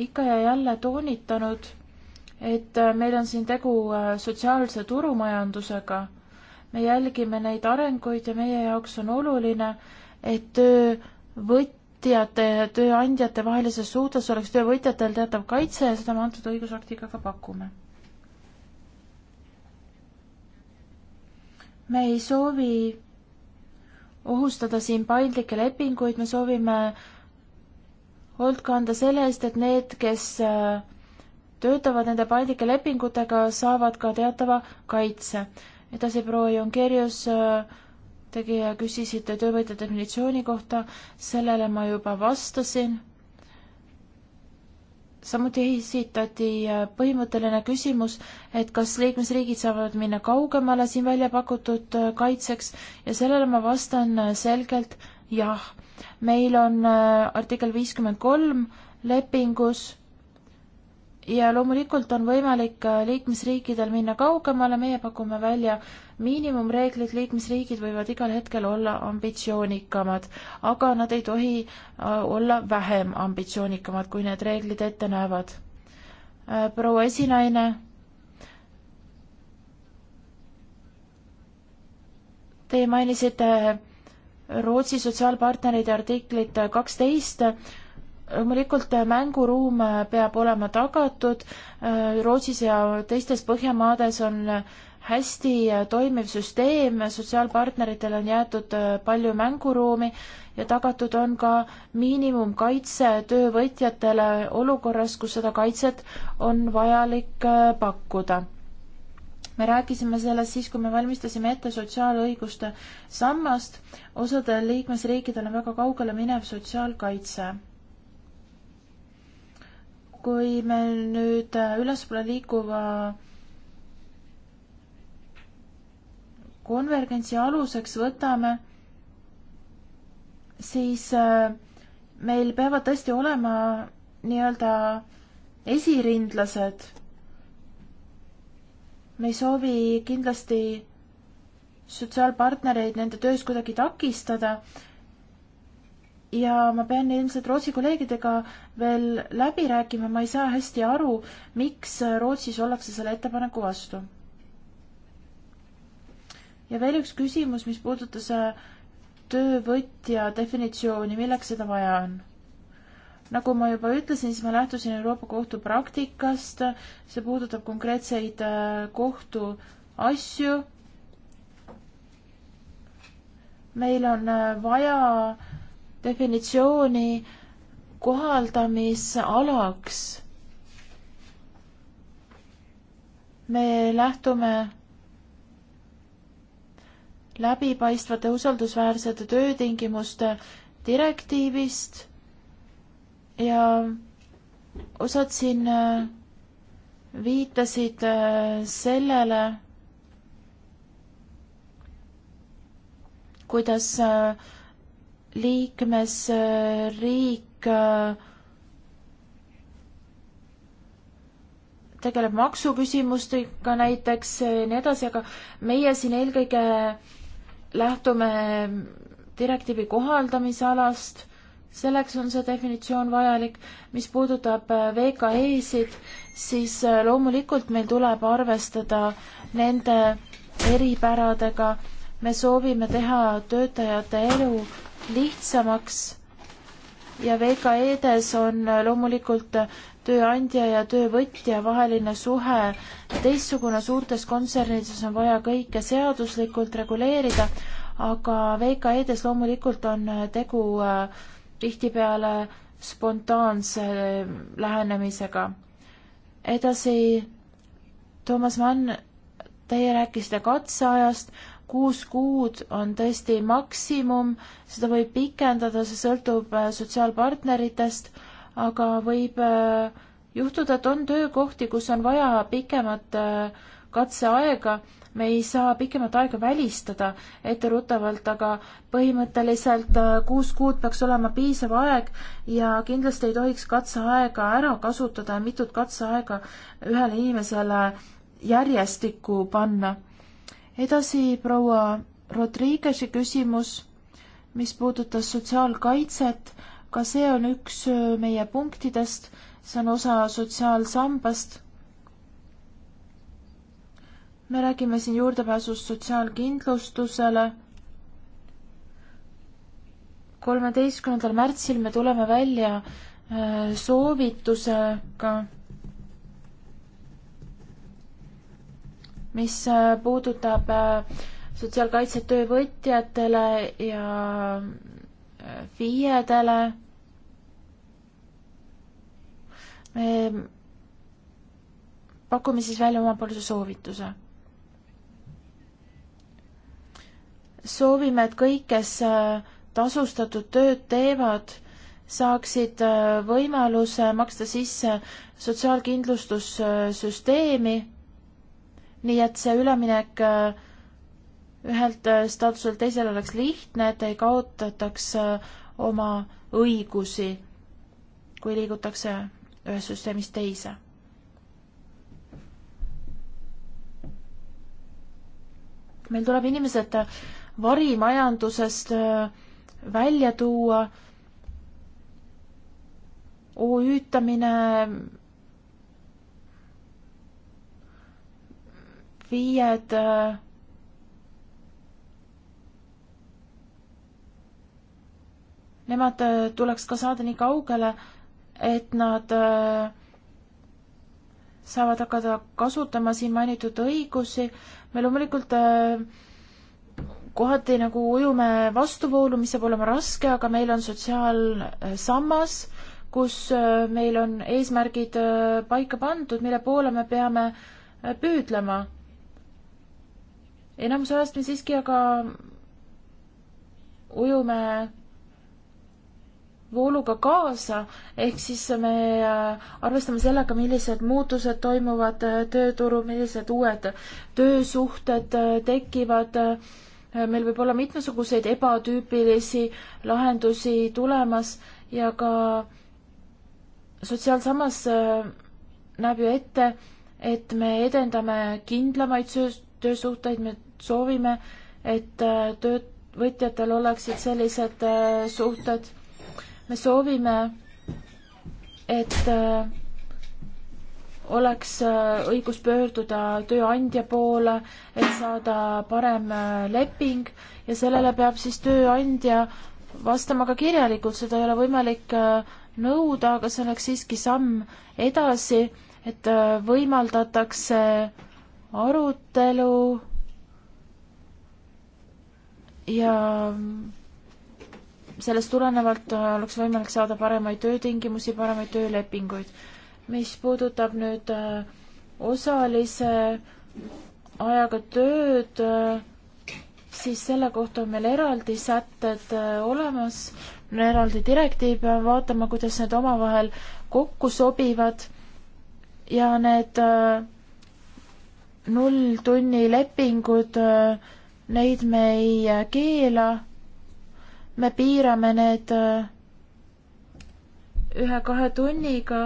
ikka ja jälle toonitanud, et äh, meil on siin tegu äh, sotsiaalse turumajandusega. me jälgime neid arenguid ja meie jaoks on oluline, et töövõtjate ja tööandjate vahelises suhtes oleks töövõtjatel teatav kaitse ja seda me antud õigusaktiga ka pakume me ei soovi ohustada siin paindlikke lepinguid, me soovime hoolt kanda selle eest, et need, kes äh, töötavad nende paindlike lepingutega, saavad ka teatava kaitse. edasi proua Jongeerius äh, tegi ja küsisite töövõtja definitsiooni kohta, sellele ma juba vastasin samuti esitati äh, põhimõtteline küsimus, et kas liikmesriigid saavad minna kaugemale siin välja pakutud äh, kaitseks ja sellele ma vastan äh, selgelt jah. meil on artikkel viiskümmend kolm lepingus ja loomulikult on võimalik liikmesriikidel minna kaugemale, meie pakume välja miinimumreeglid, liikmesriigid võivad igal hetkel olla ambitsioonikamad, aga nad ei tohi äh, olla vähem ambitsioonikamad, kui need reeglid ette näevad. Äh, proua esinaine. Te mainisite Rootsi sotsiaalpartneride artiklit kaksteist loomulikult äh, mänguruum äh, peab olema tagatud, äh, Rootsis ja teistes Põhjamaades on hästi toimiv süsteem, sotsiaalpartneritele on jäetud palju mänguruumi ja tagatud on ka miinimumkaitse töövõtjatele olukorras, kus seda kaitset on vajalik pakkuda. me rääkisime sellest siis, kui me valmistasime ette sotsiaalõiguste sammast, osadel liikmesriikidel on väga kaugele minev sotsiaalkaitse kui meil nüüd äh, ülespoole liikuva konvergentsi aluseks võtame, siis äh, meil peavad tõesti olema nii-öelda esirindlased. me ei soovi kindlasti sotsiaalpartnereid nende töös kuidagi takistada, ja ma pean ilmselt Rootsi kolleegidega veel läbi rääkima, ma ei saa hästi aru, miks Rootsis ollakse selle ettepaneku vastu. ja veel üks küsimus, mis puudutas töövõtja definitsiooni, milleks seda vaja on? nagu ma juba ütlesin, siis ma lähtusin Euroopa Kohtu praktikast, see puudutab konkreetseid äh, kohtuasju. meil on äh, vaja äh, definitsiooni kohaldamisalaks. me lähtume läbipaistvate usaldusväärsete töötingimuste direktiivist ja osad siin äh, viitasid äh, sellele, kuidas äh, liikmesriik äh, tegeleb maksuküsimustega näiteks äh, ja nii edasi, aga meie siin eelkõige lähtume direktiivi kohaldamisalast, selleks on see definitsioon vajalik. mis puudutab äh, VKE-sid, siis loomulikult meil tuleb arvestada nende eripäradega. me soovime teha töötajate elu lihtsamaks ja VKE-des on loomulikult tööandja ja töövõtja vaheline suhe teistsugune, suurtes kontsernides on vaja kõike seaduslikult reguleerida, aga VKE-des loomulikult on tegu äh, tihtipeale spontaanse äh, lähenemisega. edasi, Toomas Mann, teie rääkisite katseajast, kuus kuud on tõesti maksimum, seda võib pikendada, see sõltub äh, sotsiaalpartneritest, aga võib äh, juhtuda, et on töökohti, kus on vaja pikemat äh, katseaega, me ei saa pikemat aega välistada etteruttavalt, aga põhimõtteliselt kuus kuud peaks olema piisav aeg ja kindlasti ei tohiks katseaega ära kasutada ja mitut katseaega ühele inimesele järjestikku panna edasi proua Rodriguez'i küsimus, mis puudutas sotsiaalkaitset, ka see on üks äh, meie punktidest, see on osa sotsiaalsambast. me räägime siin juurdepääsust sotsiaalkindlustusele. kolmeteistkümnendal märtsil me tuleme välja äh, soovitusega mis äh, puudutab äh, sotsiaalkaitset töövõtjatele ja äh, FIE-dele. me pakume siis välja omapoolse soovituse. soovime, et kõik, kes tasustatud tööd teevad, saaksid võimaluse maksta sisse sotsiaalkindlustussüsteemi nii et see üleminek äh, ühelt äh, staatuselt teisele oleks lihtne, et ei kaotataks äh, oma õigusi, kui liigutakse ühest süsteemist teise. meil tuleb inimesed varimajandusest välja tuua, OÜ-tamine FIE-d Nemad äh, tuleks ka saada nii kaugele, et nad äh, saavad hakata kasutama siin mainitud õigusi. me loomulikult äh, kohati nagu ujume vastuvoolu, mis saab olema raske, aga meil on sotsiaalsammas, kus meil on eesmärgid paika pandud, mille poole me peame püüdlema enamuse ajast me siiski aga ujume vooluga kaasa, ehk siis me äh, arvestame sellega, millised muutused toimuvad äh, tööturul, millised uued töösuhted äh, tekivad, meil võib olla mitmesuguseid ebatüüpilisi lahendusi tulemas ja ka sotsiaalsammas näeb ju ette, et me edendame kindlamaid töösuhteid, me soovime, et äh, töövõtjatel oleksid sellised äh, suhted. me soovime, et äh, oleks õigus pöörduda tööandja poole, et saada parem leping ja sellele peab siis tööandja vastama ka kirjalikult, seda ei ole võimalik nõuda, aga see oleks siiski samm edasi, et võimaldatakse arutelu ja sellest tulenevalt äh, oleks võimalik saada paremaid töötingimusi, paremaid töölepinguid. mis puudutab nüüd äh, osalise ajaga tööd, äh, siis selle kohta on meil eraldi sätted olemas, eraldi direktiiv, peame vaatama, kuidas need omavahel kokku sobivad ja need nulltunnilepingud äh, neid me ei äh, keela, me piirame need äh, ühe-kahe tunniga.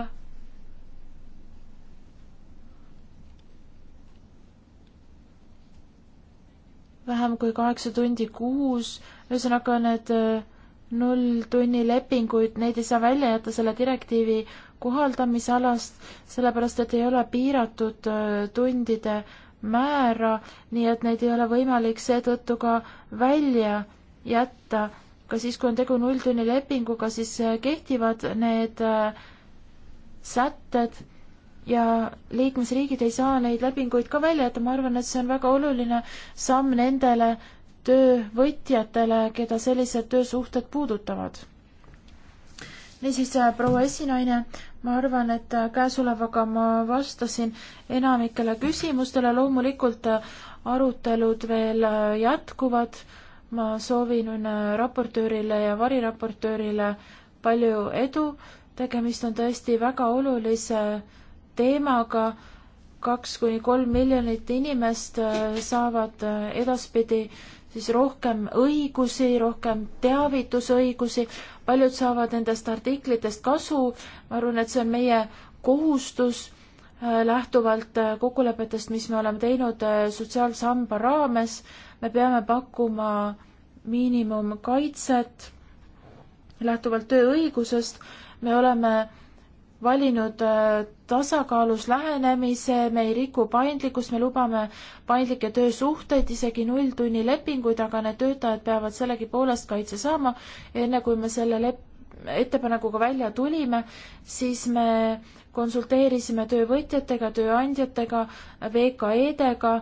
vähem kui kaheksa tundi kuus, ühesõnaga need äh, nulltunnilepinguid, neid ei saa välja jätta selle direktiivi kohaldamisalast, sellepärast et ei ole piiratud tundide määra, nii et neid ei ole võimalik seetõttu ka välja jätta. ka siis, kui on tegu nulltunnilepinguga, siis äh, kehtivad need äh, sätted ja liikmesriigid ei saa neid lepinguid ka välja jätta, ma arvan, et see on väga oluline samm nendele töövõtjatele, keda sellised töösuhted puudutavad niisiis, äh, proua esinaine, ma arvan, et äh, käesolevaga ma vastasin enamikele küsimustele, loomulikult äh, arutelud veel äh, jätkuvad, ma soovin raportöörile ja variraportöörile palju edu, tegemist on tõesti väga olulise teemaga, kaks kuni kolm miljonit inimest saavad edaspidi siis rohkem õigusi, rohkem teavitusõigusi, paljud saavad nendest artiklitest kasu, ma arvan, et see on meie kohustus äh, lähtuvalt äh, kokkulepetest, mis me oleme teinud äh, sotsiaalsamba raames, me peame pakkuma miinimumkaitset lähtuvalt tööõigusest, me oleme valinud äh, tasakaalus lähenemise, me ei riku paindlikkust, me lubame paindlikke töösuhteid, isegi nulltunnilepinguid, aga need töötajad peavad sellegipoolest kaitse saama. enne kui me selle lep-, ettepanekuga välja tulime, siis me konsulteerisime töövõtjatega, tööandjatega, VKE-dega,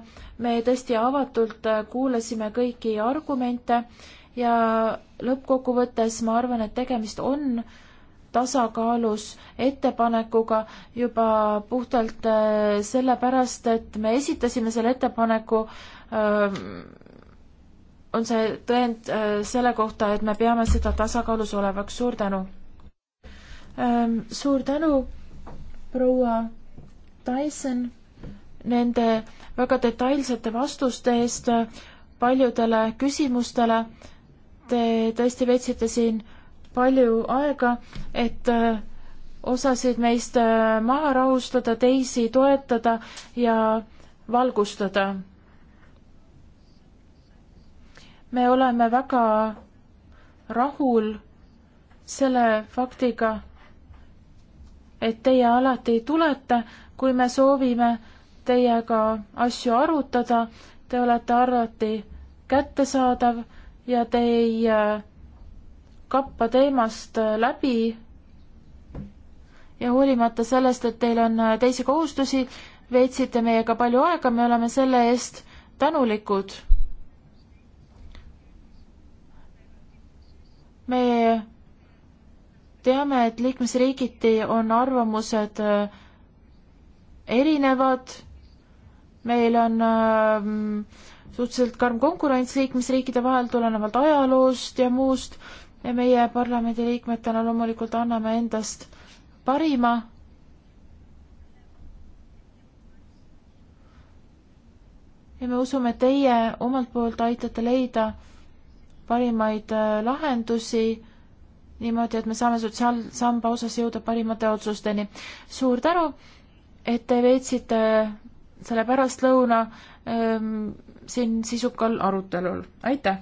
me tõesti avatult äh, kuulasime kõiki argumente ja lõppkokkuvõttes ma arvan, et tegemist on äh, tasakaalus ettepanekuga juba puhtalt äh, sellepärast, et me esitasime selle ettepaneku, ähm, on see tõend äh, selle kohta, et me peame seda tasakaalus olevaks, suur tänu. Ähm, suur tänu, proua Tyson, nende väga detailsete vastuste eest äh, paljudele küsimustele. Te tõesti veetsite siin palju aega, et äh, osasid meist äh, maha rahustada, teisi toetada ja valgustada. me oleme väga rahul selle faktiga, et teie alati tulete, kui me soovime teiega asju arutada, te olete alati kättesaadav ja te ei äh, kappa teemast äh, läbi ja hoolimata sellest, et teil on äh, teisi kohustusi, veetsite meiega palju aega, me oleme selle eest tänulikud. me teame, et liikmesriigiti on arvamused äh, erinevad, meil on äh, suhteliselt karm konkurents liikmesriikide vahel tulenevalt ajaloost ja muust äh,, ja meie parlamendiliikmetena loomulikult anname endast parima. ja me usume, et teie omalt poolt aitate leida parimaid äh, lahendusi niimoodi, et me saame sotsiaalsamba osas jõuda parimate otsusteni. suur tänu, et te veetsite selle pärastlõuna ähm, siin sisukal arutelul, aitäh!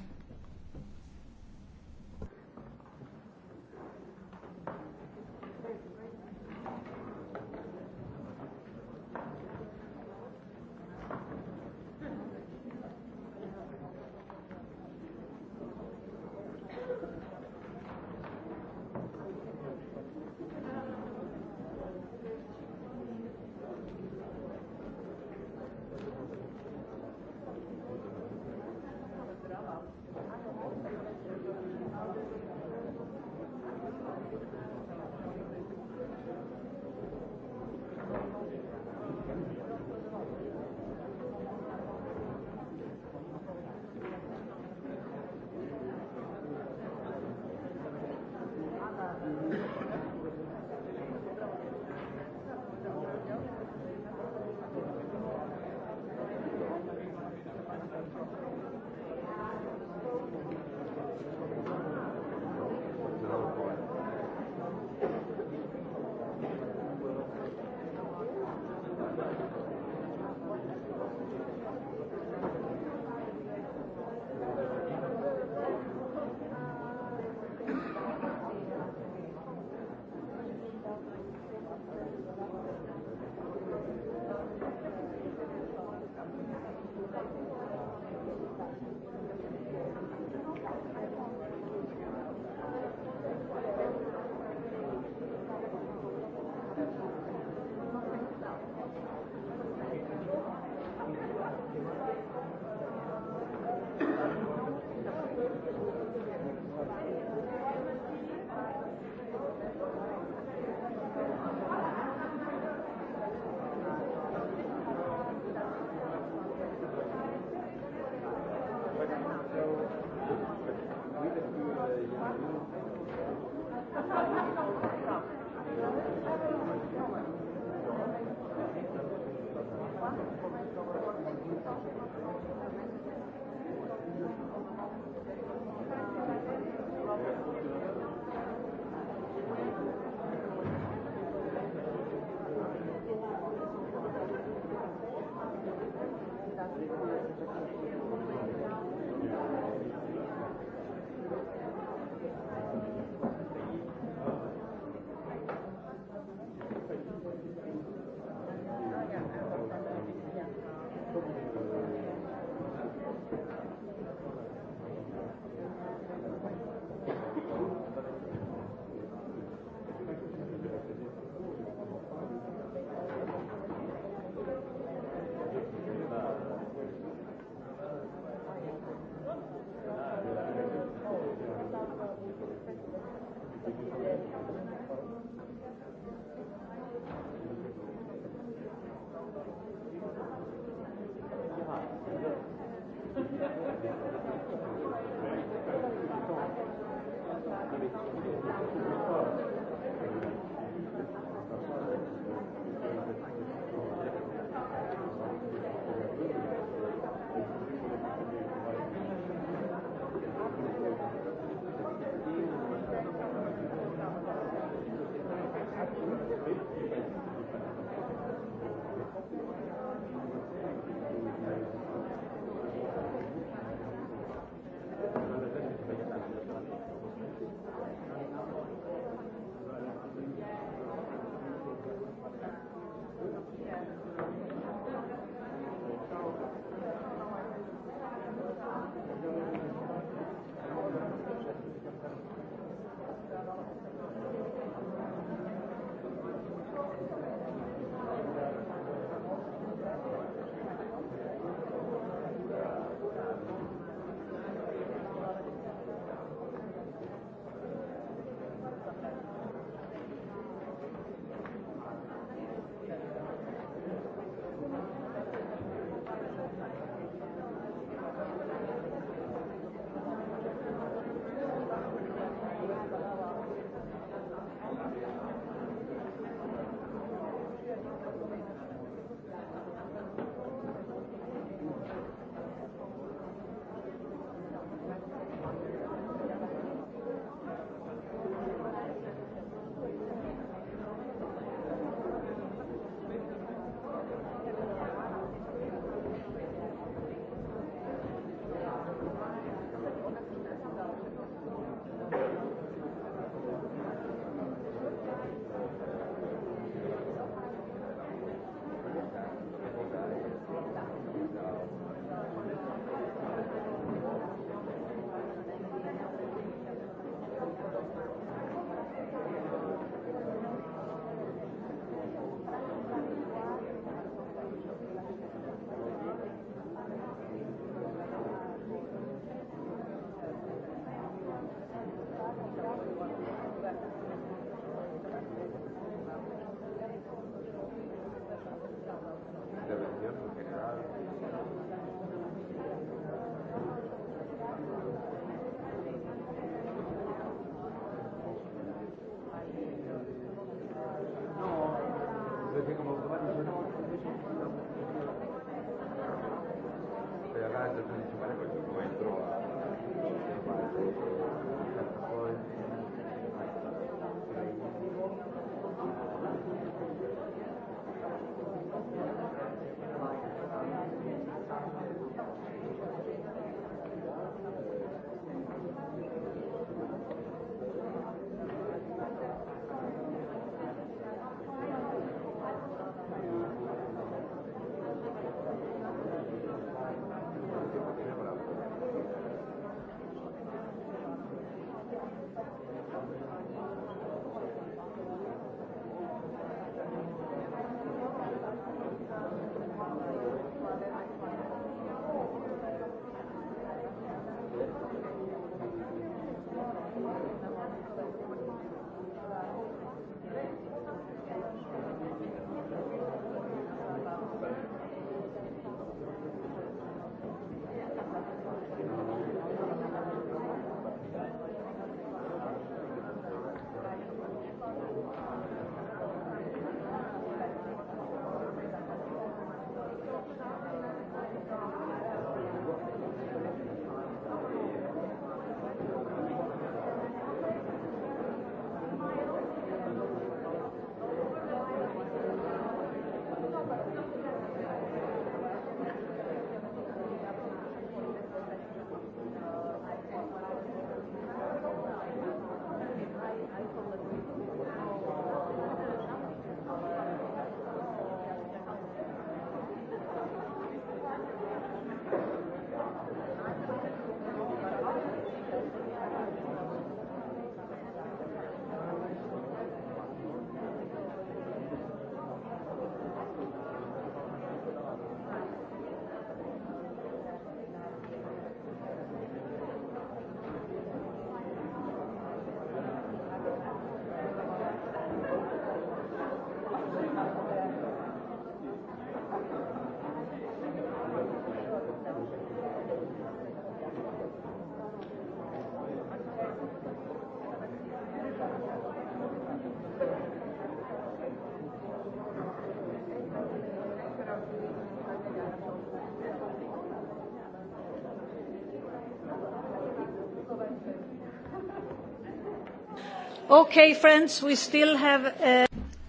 okei okay,, friends, we still have uh...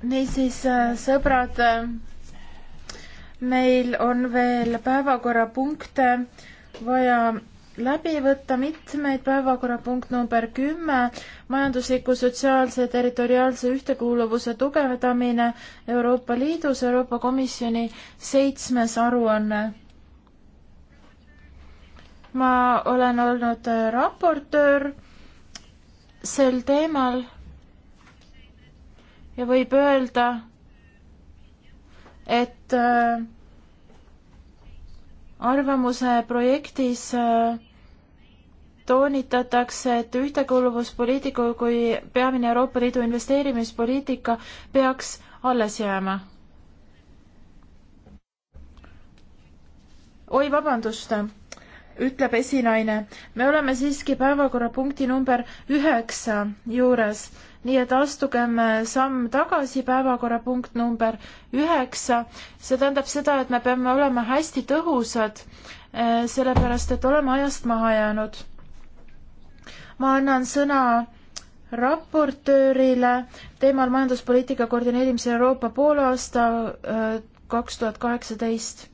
niisiis, äh, sõbrad, äh, meil on veel päevakorrapunkte vaja läbi võtta mitmeid päevakorrapunkt number kümme, majandusliku, sotsiaalse, territoriaalse ühtekuuluvuse tugevdamine Euroopa Liidus, Euroopa Komisjoni seitsmes aruanne. ma olen olnud äh, raportöör sel teemal ja võib öelda, et äh, arvamuse projektis äh, toonitatakse, et ühtekuuluvuspoliitiku kui peamine Euroopa Liidu investeerimispoliitika peaks alles jääma. oi, vabandust ütleb esinaine. me oleme siiski päevakorrapunkti number üheksa juures, nii et astugem äh, samm tagasi, päevakorrapunkt number üheksa. see tähendab seda, et me peame olema hästi tõhusad, äh, sellepärast et oleme ajast maha jäänud. ma annan sõna raportöörile teemal majanduspoliitika koordineerimise Euroopa poolaasta äh, kaks tuhat kaheksateist.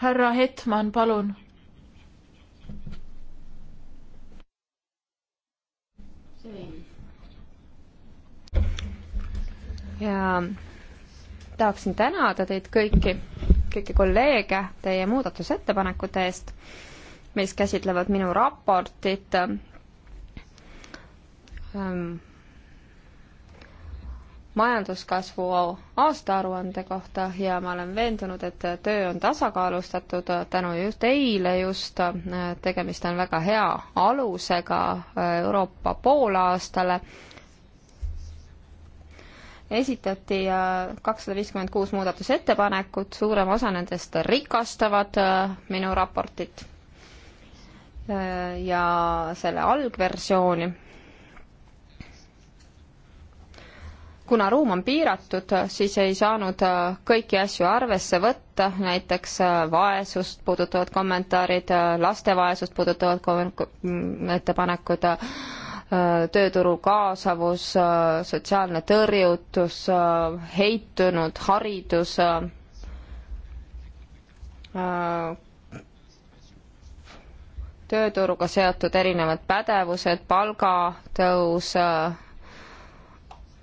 härra Hetman, palun ja tahaksin tänada teid kõiki, kõiki kolleege teie muudatusettepanekute eest, mis käsitlevad minu raportit ähm, majanduskasvu aastaaruande kohta ja ma olen veendunud, et töö on tasakaalustatud tänu just eile just, tegemist on väga hea alusega Euroopa poolaastale esitati äh, kakssada viiskümmend kuus muudatusettepanekut, suurem osa nendest rikastavad äh, minu raportit äh, ja selle algversiooni. kuna ruum on piiratud, siis ei saanud äh, kõiki asju arvesse võtta, näiteks äh, vaesust puudutavad kommentaarid, äh, laste vaesust puudutavad mm, ettepanekud, tööturu kaasavus, sotsiaalne tõrjutus, heitunud haridus, tööturuga seotud erinevad pädevused, palgatõus,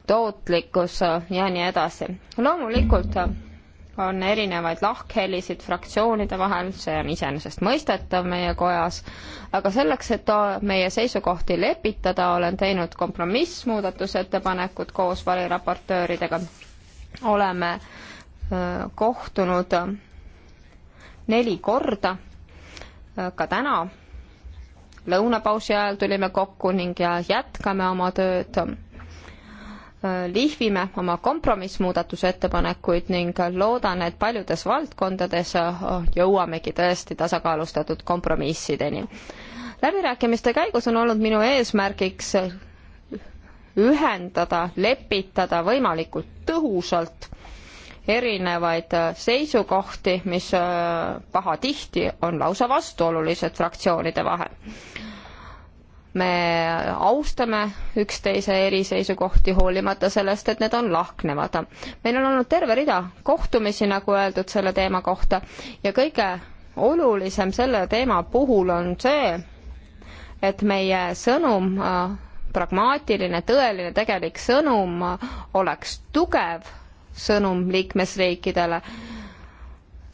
tootlikkus ja nii edasi. loomulikult on erinevaid lahkhelisid fraktsioonide vahel, see on iseenesestmõistetav meie kojas, aga selleks, et meie seisukohti lepitada, olen teinud kompromissmuudatusettepanekud koos variraportööridega. oleme kohtunud neli korda, ka täna lõunapausi ajal tulime kokku ning jätkame oma tööd Äh, lihvime oma kompromissmuudatusettepanekuid ning loodan, et paljudes valdkondades äh, jõuamegi tõesti tasakaalustatud kompromissideni. läbirääkimiste käigus on olnud minu eesmärgiks ühendada, lepitada võimalikult tõhusalt erinevaid äh, seisukohti, mis pahatihti on lausa vastuolulised fraktsioonide vahel me austame üksteise eriseisukohti, hoolimata sellest, et need on lahknevad. meil on olnud terve rida kohtumisi, nagu öeldud, selle teema kohta ja kõige olulisem selle teema puhul on see, et meie sõnum, äh, pragmaatiline, tõeline, tegelik sõnum oleks tugev sõnum liikmesriikidele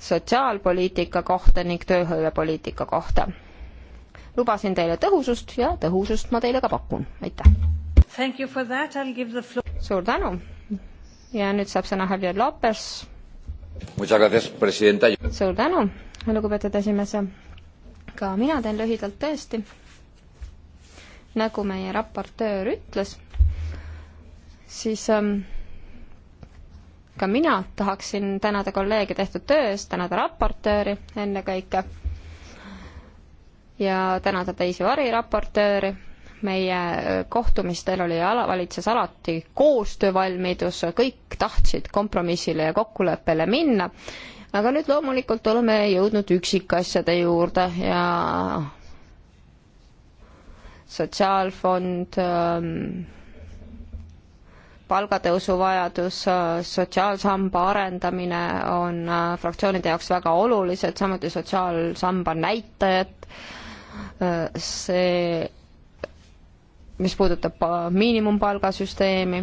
sotsiaalpoliitika kohta ning tööhõivepoliitika kohta lubasin teile tõhusust ja tõhusust ma teile ka pakun, aitäh! suur tänu ja nüüd saab sõna Javier Lopes. suur tänu, lugupeetud esimees. ka mina teen lühidalt tõesti. nagu meie raportöör ütles, siis ähm, ka mina tahaksin tänada kolleege tehtud töö eest, tänada raportööri ennekõike ja tänada teisi variraportööre. meie äh, kohtumistel oli ala, valitses alati koostöövalmidus, kõik tahtsid kompromissile ja kokkuleppele minna. aga nüüd loomulikult oleme jõudnud üksikasjade juurde ja sotsiaalfond ähm,, palgatõusu vajadus, äh, sotsiaalsamba arendamine on äh, fraktsioonide jaoks väga olulised, samuti sotsiaalsamba näitajad Äh, see, mis puudutab äh, miinimumpalgasüsteemi.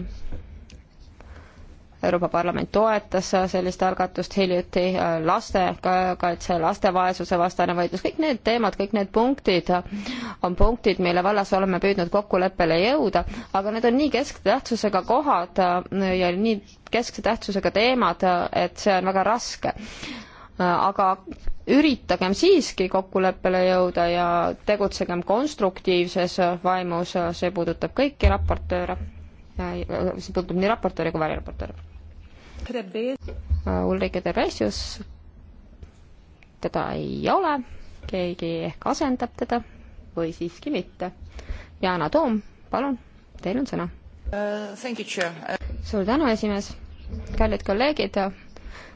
Euroopa Parlament toetas äh, sellist algatust hiljuti, lastekaitse, laste vaesuse vastane võitlus, kõik need teemad, kõik need punktid on punktid, mille vallas oleme püüdnud kokkuleppele jõuda, aga need on nii kesktähtsusega kohad ja nii keskse tähtsusega teemad, et see on väga raske aga üritagem siiski kokkuleppele jõuda ja tegutsegem konstruktiivses vaimus, see puudutab kõiki raportööre, see puudutab nii raportööri kui väliraportööri. Ulrike Teresius, teda ei ole, keegi ehk asendab teda või siiski mitte. Yana Toom, palun, teil on sõna uh,. suur tänu, esimees, kallid kolleegid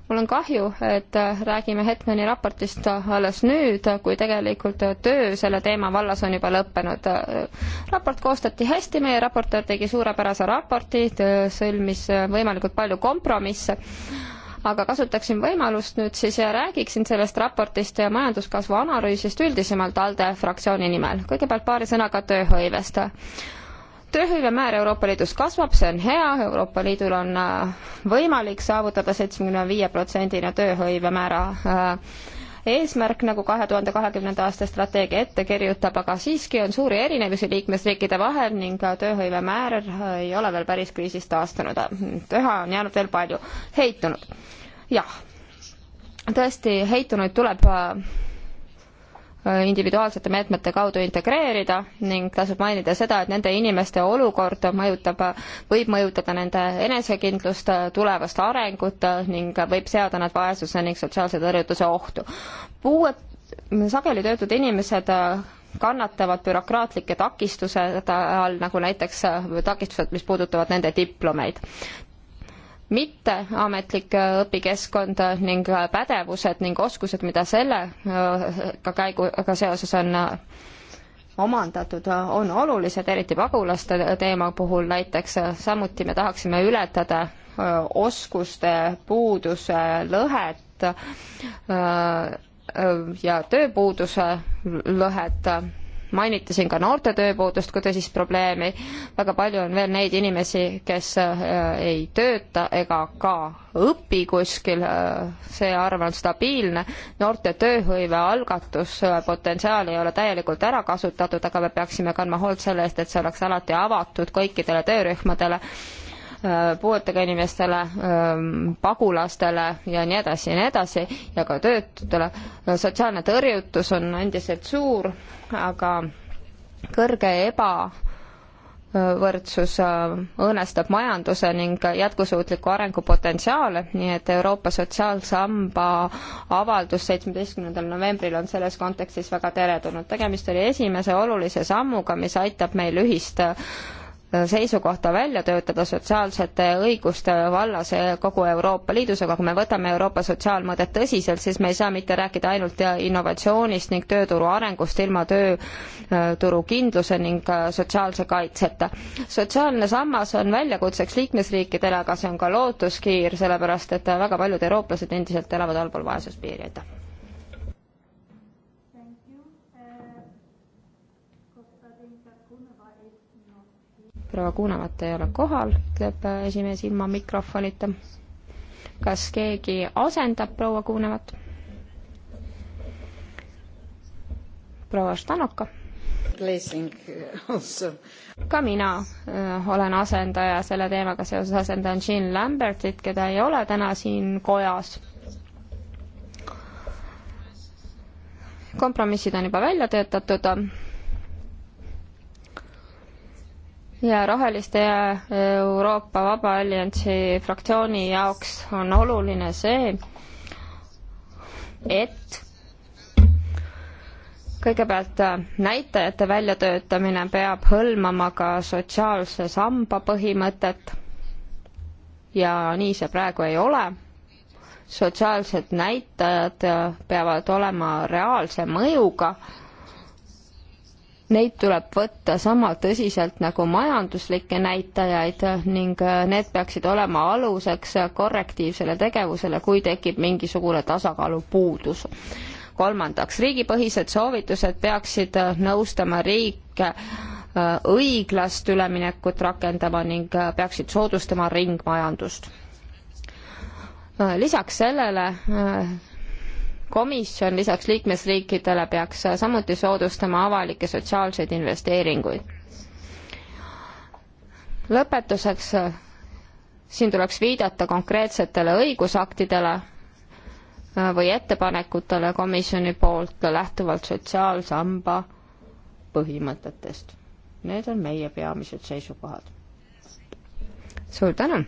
mul on kahju, et räägime Hetmani raportist alles nüüd, kui tegelikult töö selle teema vallas on juba lõppenud. raport koostati hästi, meie raportöör tegi suurepärase raporti, sõlmis võimalikult palju kompromisse, aga kasutaksin võimalust nüüd siis ja räägiksin sellest raportist ja majanduskasvu analüüsist üldisemalt ALDE fraktsiooni nimel. kõigepealt paari sõnaga tööhõivest tööhõivemäär Euroopa Liidus kasvab, see on hea, Euroopa Liidul on äh, võimalik saavutada seitsmekümne viie protsendine tööhõivemäära äh, eesmärk, nagu kahe tuhande kahekümnenda aasta strateegia ette kirjutab, aga siiski on suuri erinevusi liikmesriikide vahel ning äh, tööhõive määr ei ole veel päris kriisist taastunud. teha on jäänud veel palju. heitunud. jah, tõesti, heitunuid tuleb individuaalsete meetmete kaudu integreerida ning tasub mainida seda, et nende inimeste olukord mõjutab, võib mõjutada nende enesekindlust, tulevast arengut ning võib seada nad vaesuse ning sotsiaalse tõrjutuse ohtu. puued, sageli töötud inimesed kannatavad bürokraatlike takistuse all, nagu näiteks takistused, mis puudutavad nende diplomeid mitteametlik äh, õpikeskkond ning äh, pädevused ning oskused, mida sellega äh, käiguga seoses on omandatud, on olulised, eriti pagulaste teema puhul näiteks, samuti me tahaksime ületada oskuste puuduse lõhet ja tööpuuduse lõhet mainiti siin ka noorte tööpuudust kui tõsist probleemi, väga palju on veel neid inimesi, kes äh, ei tööta ega ka õpi kuskil, äh, see arv on stabiilne, noorte tööhõive algatus, äh, potentsiaali ei ole täielikult ära kasutatud, aga me peaksime kandma hoolt selle eest, et see oleks alati avatud kõikidele töörühmadele Äh, puuetega inimestele, ähm, pagulastele ja nii edasi ja nii edasi ja ka töötutele. sotsiaalne tõrjutus on endiselt suur, aga kõrge ebavõrdsus äh, õõnestab majanduse ning jätkusuutliku arengu potentsiaale, nii et Euroopa Sotsiaalsamba avaldus seitsmeteistkümnendal novembril on selles kontekstis väga teretulnud. tegemist oli esimese olulise sammuga, mis aitab meil ühist seisukohta välja töötada sotsiaalsete õiguste vallas kogu Euroopa Liidus, aga kui me võtame Euroopa sotsiaalmõõdet tõsiselt, siis me ei saa mitte rääkida ainult innovatsioonist ning tööturu arengust ilma tööturu kindluse ning sotsiaalse kaitseta. sotsiaalne sammas on väljakutseks liikmesriikidele, aga see on ka lootuskiir, sellepärast et väga paljud eurooplased endiselt elavad allpool vaesuspiiri, aitäh! proua Kuunavat ei ole kohal, ütleb äh, esimees ilma mikrofonita. kas keegi asendab proua Kuunavat? proua Štanoka. Äh, ka mina äh, olen asendaja selle teemaga seoses, asendan Jean Lambertit, keda ei ole täna siin kojas. kompromissid on juba välja töötatud ja Roheliste ja Euroopa Vaba Alliansi fraktsiooni jaoks on oluline see, et kõigepealt äh, näitajate väljatöötamine peab hõlmama ka sotsiaalse samba põhimõtet ja nii see praegu ei ole. sotsiaalsed näitajad äh, peavad olema reaalse mõjuga neid tuleb võtta sama tõsiselt nagu majanduslikke näitajaid ning äh, need peaksid olema aluseks korrektiivsele tegevusele, kui tekib mingisugune tasakaalu puudus kolmandaks, riigipõhised soovitused peaksid äh, nõustama riike äh, õiglast üleminekut rakendama ning peaksid soodustama ringmajandust. lisaks sellele komisjon lisaks liikmesriikidele peaks samuti soodustama avalikke sotsiaalseid investeeringuid. lõpetuseks, siin tuleks viidata konkreetsetele õigusaktidele äh, või ettepanekutele komisjoni poolt lähtuvalt sotsiaalsamba põhimõtetest. Need on meie peamised seisukohad. suur tänu!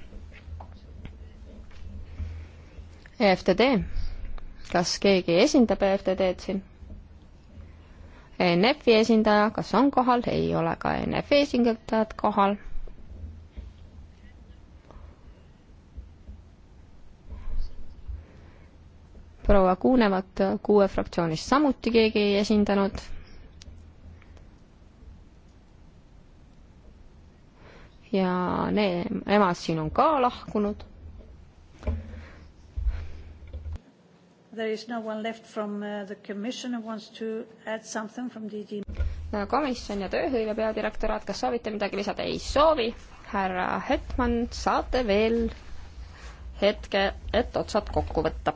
EFTD kas keegi esindab EFTD-d siin? ENF-i esindaja, kas on kohal? ei ole ka ENF-i esindajat kohal. proua Kuunevat kuue fraktsioonist samuti keegi ei esindanud. ja ne-, nemad siin on ka lahkunud there is no one left from uh, the commission who wants to add something from DG. komisjon ja tööhõive peadirektoraat, kas soovite midagi lisada? ei soovi. härra Hetman, saate veel hetke, et otsad kokku võtta.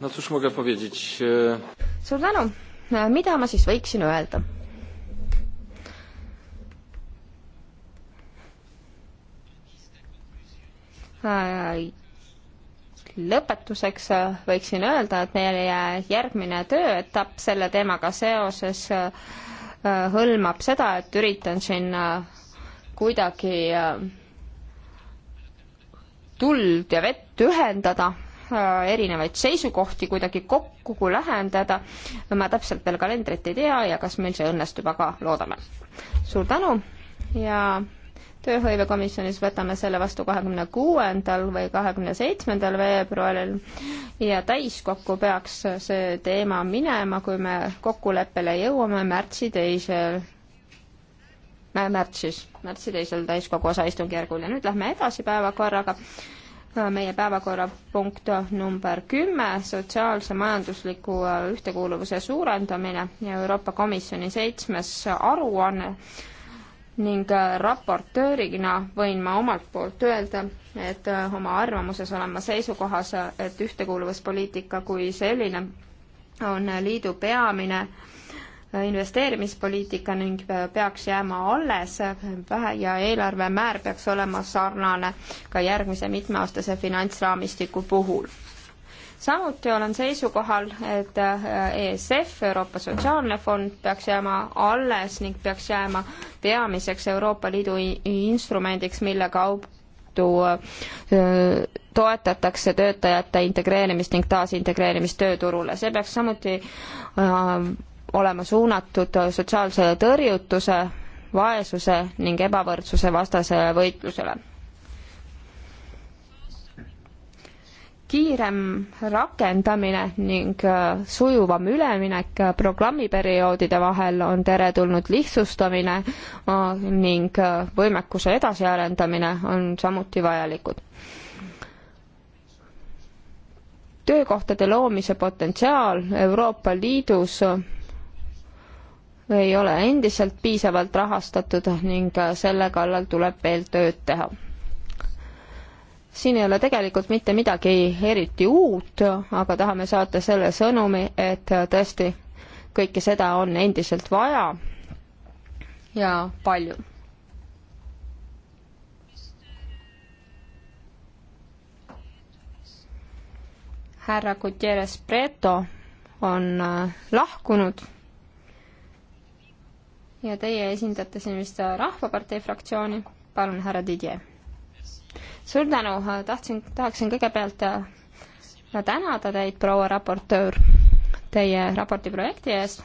no cóż mogę powiedzieć. E, suur tänu. mida ma siis võiksin öelda? ai, ai lõpetuseks äh, võiksin öelda, et meie järgmine tööetapp selle teemaga seoses äh, äh, hõlmab seda, et üritan siin kuidagi tuld ja vett ühendada, erinevaid seisukohti kuidagi kokku lähendada. ma täpselt veel kalendrit ei tea ja kas meil see õnnestub, aga loodame. suur tänu ja tööhõivekomisjonis võtame selle vastu kahekümne kuuendal või kahekümne seitsmendal veebruaril ja täiskokku peaks see teema minema, kui me kokkuleppele jõuame märtsi teisel märtsis, märtsi teisel täiskogu osaistungjärgul ja nüüd lähme edasi päevakorraga. meie päevakorrapunkt number kümme, sotsiaalse majandusliku ühtekuuluvuse suurendamine ja Euroopa Komisjoni seitsmes aruanne ning äh, raportöörina võin ma omalt poolt öelda, et äh, oma arvamuses olen ma seisukohas, et ühtekuuluvuspoliitika kui selline on liidu peamine äh, investeerimispoliitika ning peaks jääma alles ja eelarvemäär peaks olema sarnane ka järgmise mitmeaastase finantsraamistiku puhul samuti olen seisukohal, et äh, ESF, Euroopa Sotsiaalne Fond, peaks jääma alles ning peaks jääma peamiseks Euroopa Liidu instrumendiks, mille kaudu äh, toetatakse töötajate integreerimist ning taasintegreerimist tööturule. see peaks samuti äh, olema suunatud sotsiaalse tõrjutuse, vaesuse ning ebavõrdsuse vastasele võitlusele kiirem rakendamine ning äh, sujuvam üleminek äh, programmiperioodide vahel on teretulnud, lihtsustamine äh, ning võimekuse edasiarendamine on samuti vajalikud. töökohtade loomise potentsiaal Euroopa Liidus ei ole endiselt piisavalt rahastatud ning selle kallal tuleb veel tööd teha siin ei ole tegelikult mitte midagi eriti uut, aga tahame saata selle sõnumi, et tõesti kõike seda on endiselt vaja ja palju. härra Gutierrez Preto on äh, lahkunud ja teie esindate siin vist Rahvapartei fraktsiooni. palun, härra Didier suur tänu, tahtsin, tahaksin kõigepealt äh, tänada teid, proua raportöör, teie raporti projekti eest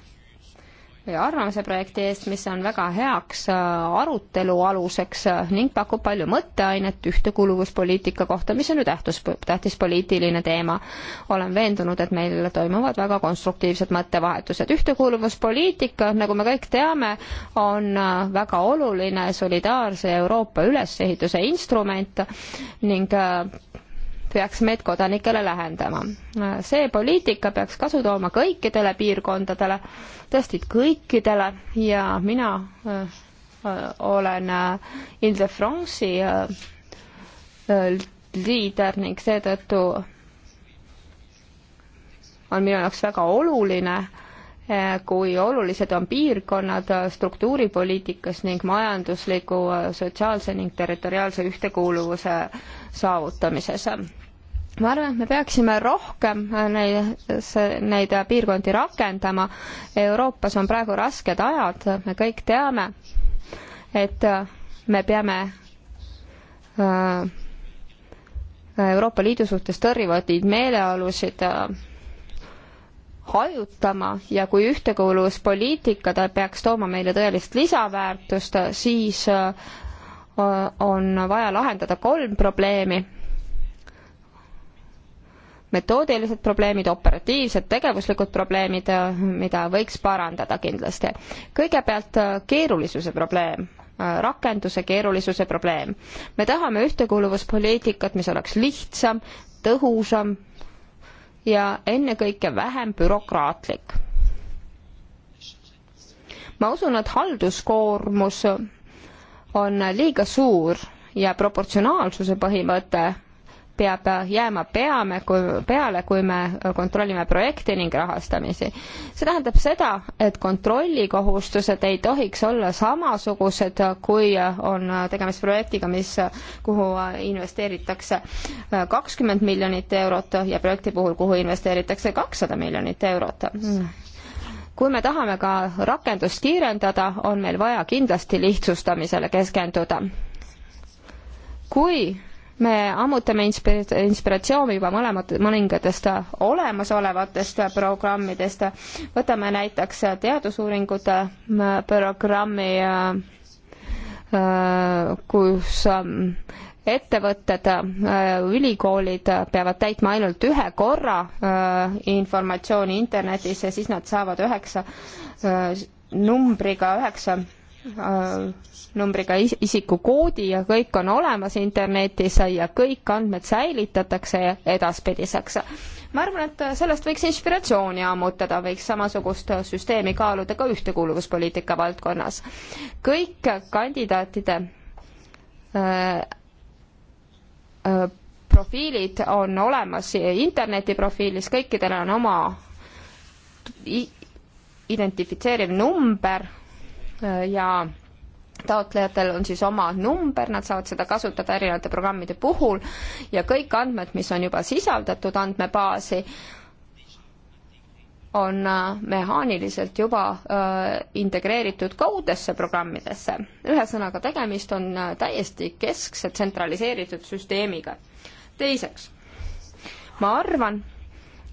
arvamuse projekti eest, mis on väga heaks äh, arutelu aluseks äh, ning pakub palju mõtteainet ühtekuuluvuspoliitika kohta, mis on ju tähtus, tähtis poliitiline teema. olen veendunud, et meil toimuvad väga konstruktiivsed mõttevahetused. ühtekuuluvuspoliitika, nagu me kõik teame, on äh, väga oluline solidaarse Euroopa ülesehituse instrument ning peaks meid kodanikele lähendama. see poliitika peaks kasu tooma kõikidele piirkondadele, tõesti kõikidele ja mina äh, olen äh, Il de France'i äh, liider ning seetõttu on minu jaoks väga oluline, kui olulised on piirkonnad struktuuripoliitikas ning majandusliku, sotsiaalse ning territoriaalse ühtekuuluvuse saavutamises ma arvan, et me peaksime rohkem äh, neid, neid äh, piirkondi rakendama. Euroopas on praegu rasked ajad, me kõik teame, et äh, me peame Euroopa Liidu suhtes tõrjuvaid meeleolusid hajutama ja kui ühtekuuluvuspoliitika ta peaks tooma meile tõelist lisaväärtust, siis on vaja lahendada kolm probleemi metoodilised probleemid, operatiivsed, tegevuslikud probleemid, äh, mida võiks parandada kindlasti. kõigepealt äh, keerulisuse probleem äh, rakenduse keerulisuse probleem. me tahame ühtekuuluvuspoliitikat, mis oleks lihtsam, tõhusam ja ennekõike vähem bürokraatlik. ma usun, et halduskoormus on liiga suur ja proportsionaalsuse põhimõte peab jääma peame, kui, peale, kui me kontrollime projekte ning rahastamisi. see tähendab seda, et kontrollikohustused ei tohiks olla samasugused, kui on tegemist projektiga, mis, kuhu investeeritakse kakskümmend miljonit eurot ja projekti puhul, kuhu investeeritakse kakssada miljonit eurot mm kui me tahame ka rakendust kiirendada, on meil vaja kindlasti lihtsustamisele keskenduda. kui me ammutame insp-, inspiratsiooni juba mõlemat, mõningatest olemasolevatest programmidest, võtame näiteks teadusuuringute äh, programmi, äh, äh, kus ähm, ettevõtted, ülikoolid peavad täitma ainult ühe korra informatsiooni internetis ja siis nad saavad üheksa numbriga üheksa Äh, numbriga isikukoodi ja kõik on olemas internetis ja kõik andmed säilitatakse edaspidiseks. ma arvan, et sellest võiks inspiratsiooni ammutada, võiks samasugust süsteemi kaaluda ka ühtekuuluvuspoliitika valdkonnas. kõik kandidaatide äh, äh, profiilid on olemas internetiprofiilis, kõikidel on oma identifitseeriv number ja taotlejatel on siis oma number, nad saavad seda kasutada erinevate programmide puhul ja kõik andmed, mis on juba sisaldatud andmebaasi, on äh, mehaaniliselt juba äh, integreeritud kaudesse programmidesse. ühesõnaga, tegemist on äh, täiesti keskse tsentraliseeritud süsteemiga. teiseks, ma arvan,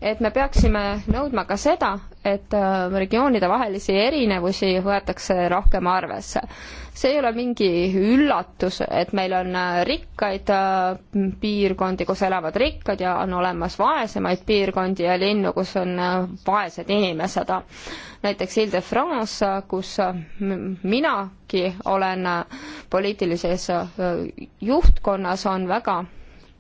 et me peaksime nõudma ka seda, et äh, regioonide vahelisi erinevusi võetakse rohkem arvesse. see ei ole mingi üllatus, et meil on äh, rikkaid äh, piirkondi, kus elavad rikkad ja on olemas vaesemaid piirkondi ja linnu, kus on vaesed inimesed. näiteks Ile-de-France, kus minagi olen poliitilises juhtkonnas, on väga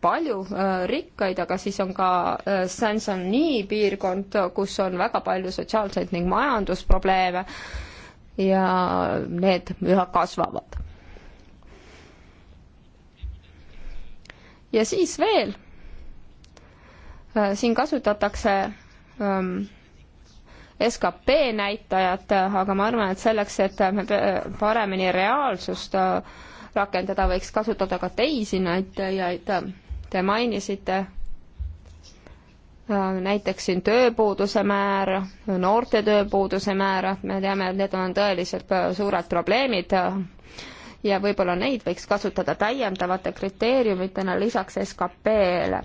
palju äh, rikkaid, aga siis on ka äh, Sansoni piirkond, kus on väga palju sotsiaalseid ning majandusprobleeme ja need üha kasvavad. ja siis veel, äh, siin kasutatakse ähm, skp näitajat, aga ma arvan, et selleks, et me paremini reaalsust rakendada, võiks kasutada ka teisi näitajaid et Te mainisite äh, näiteks siin tööpuuduse määra, noorte tööpuuduse määra, me teame, et need on tõeliselt äh, suured probleemid äh, ja võib-olla neid võiks kasutada täiendavate kriteeriumitena lisaks SKP-le.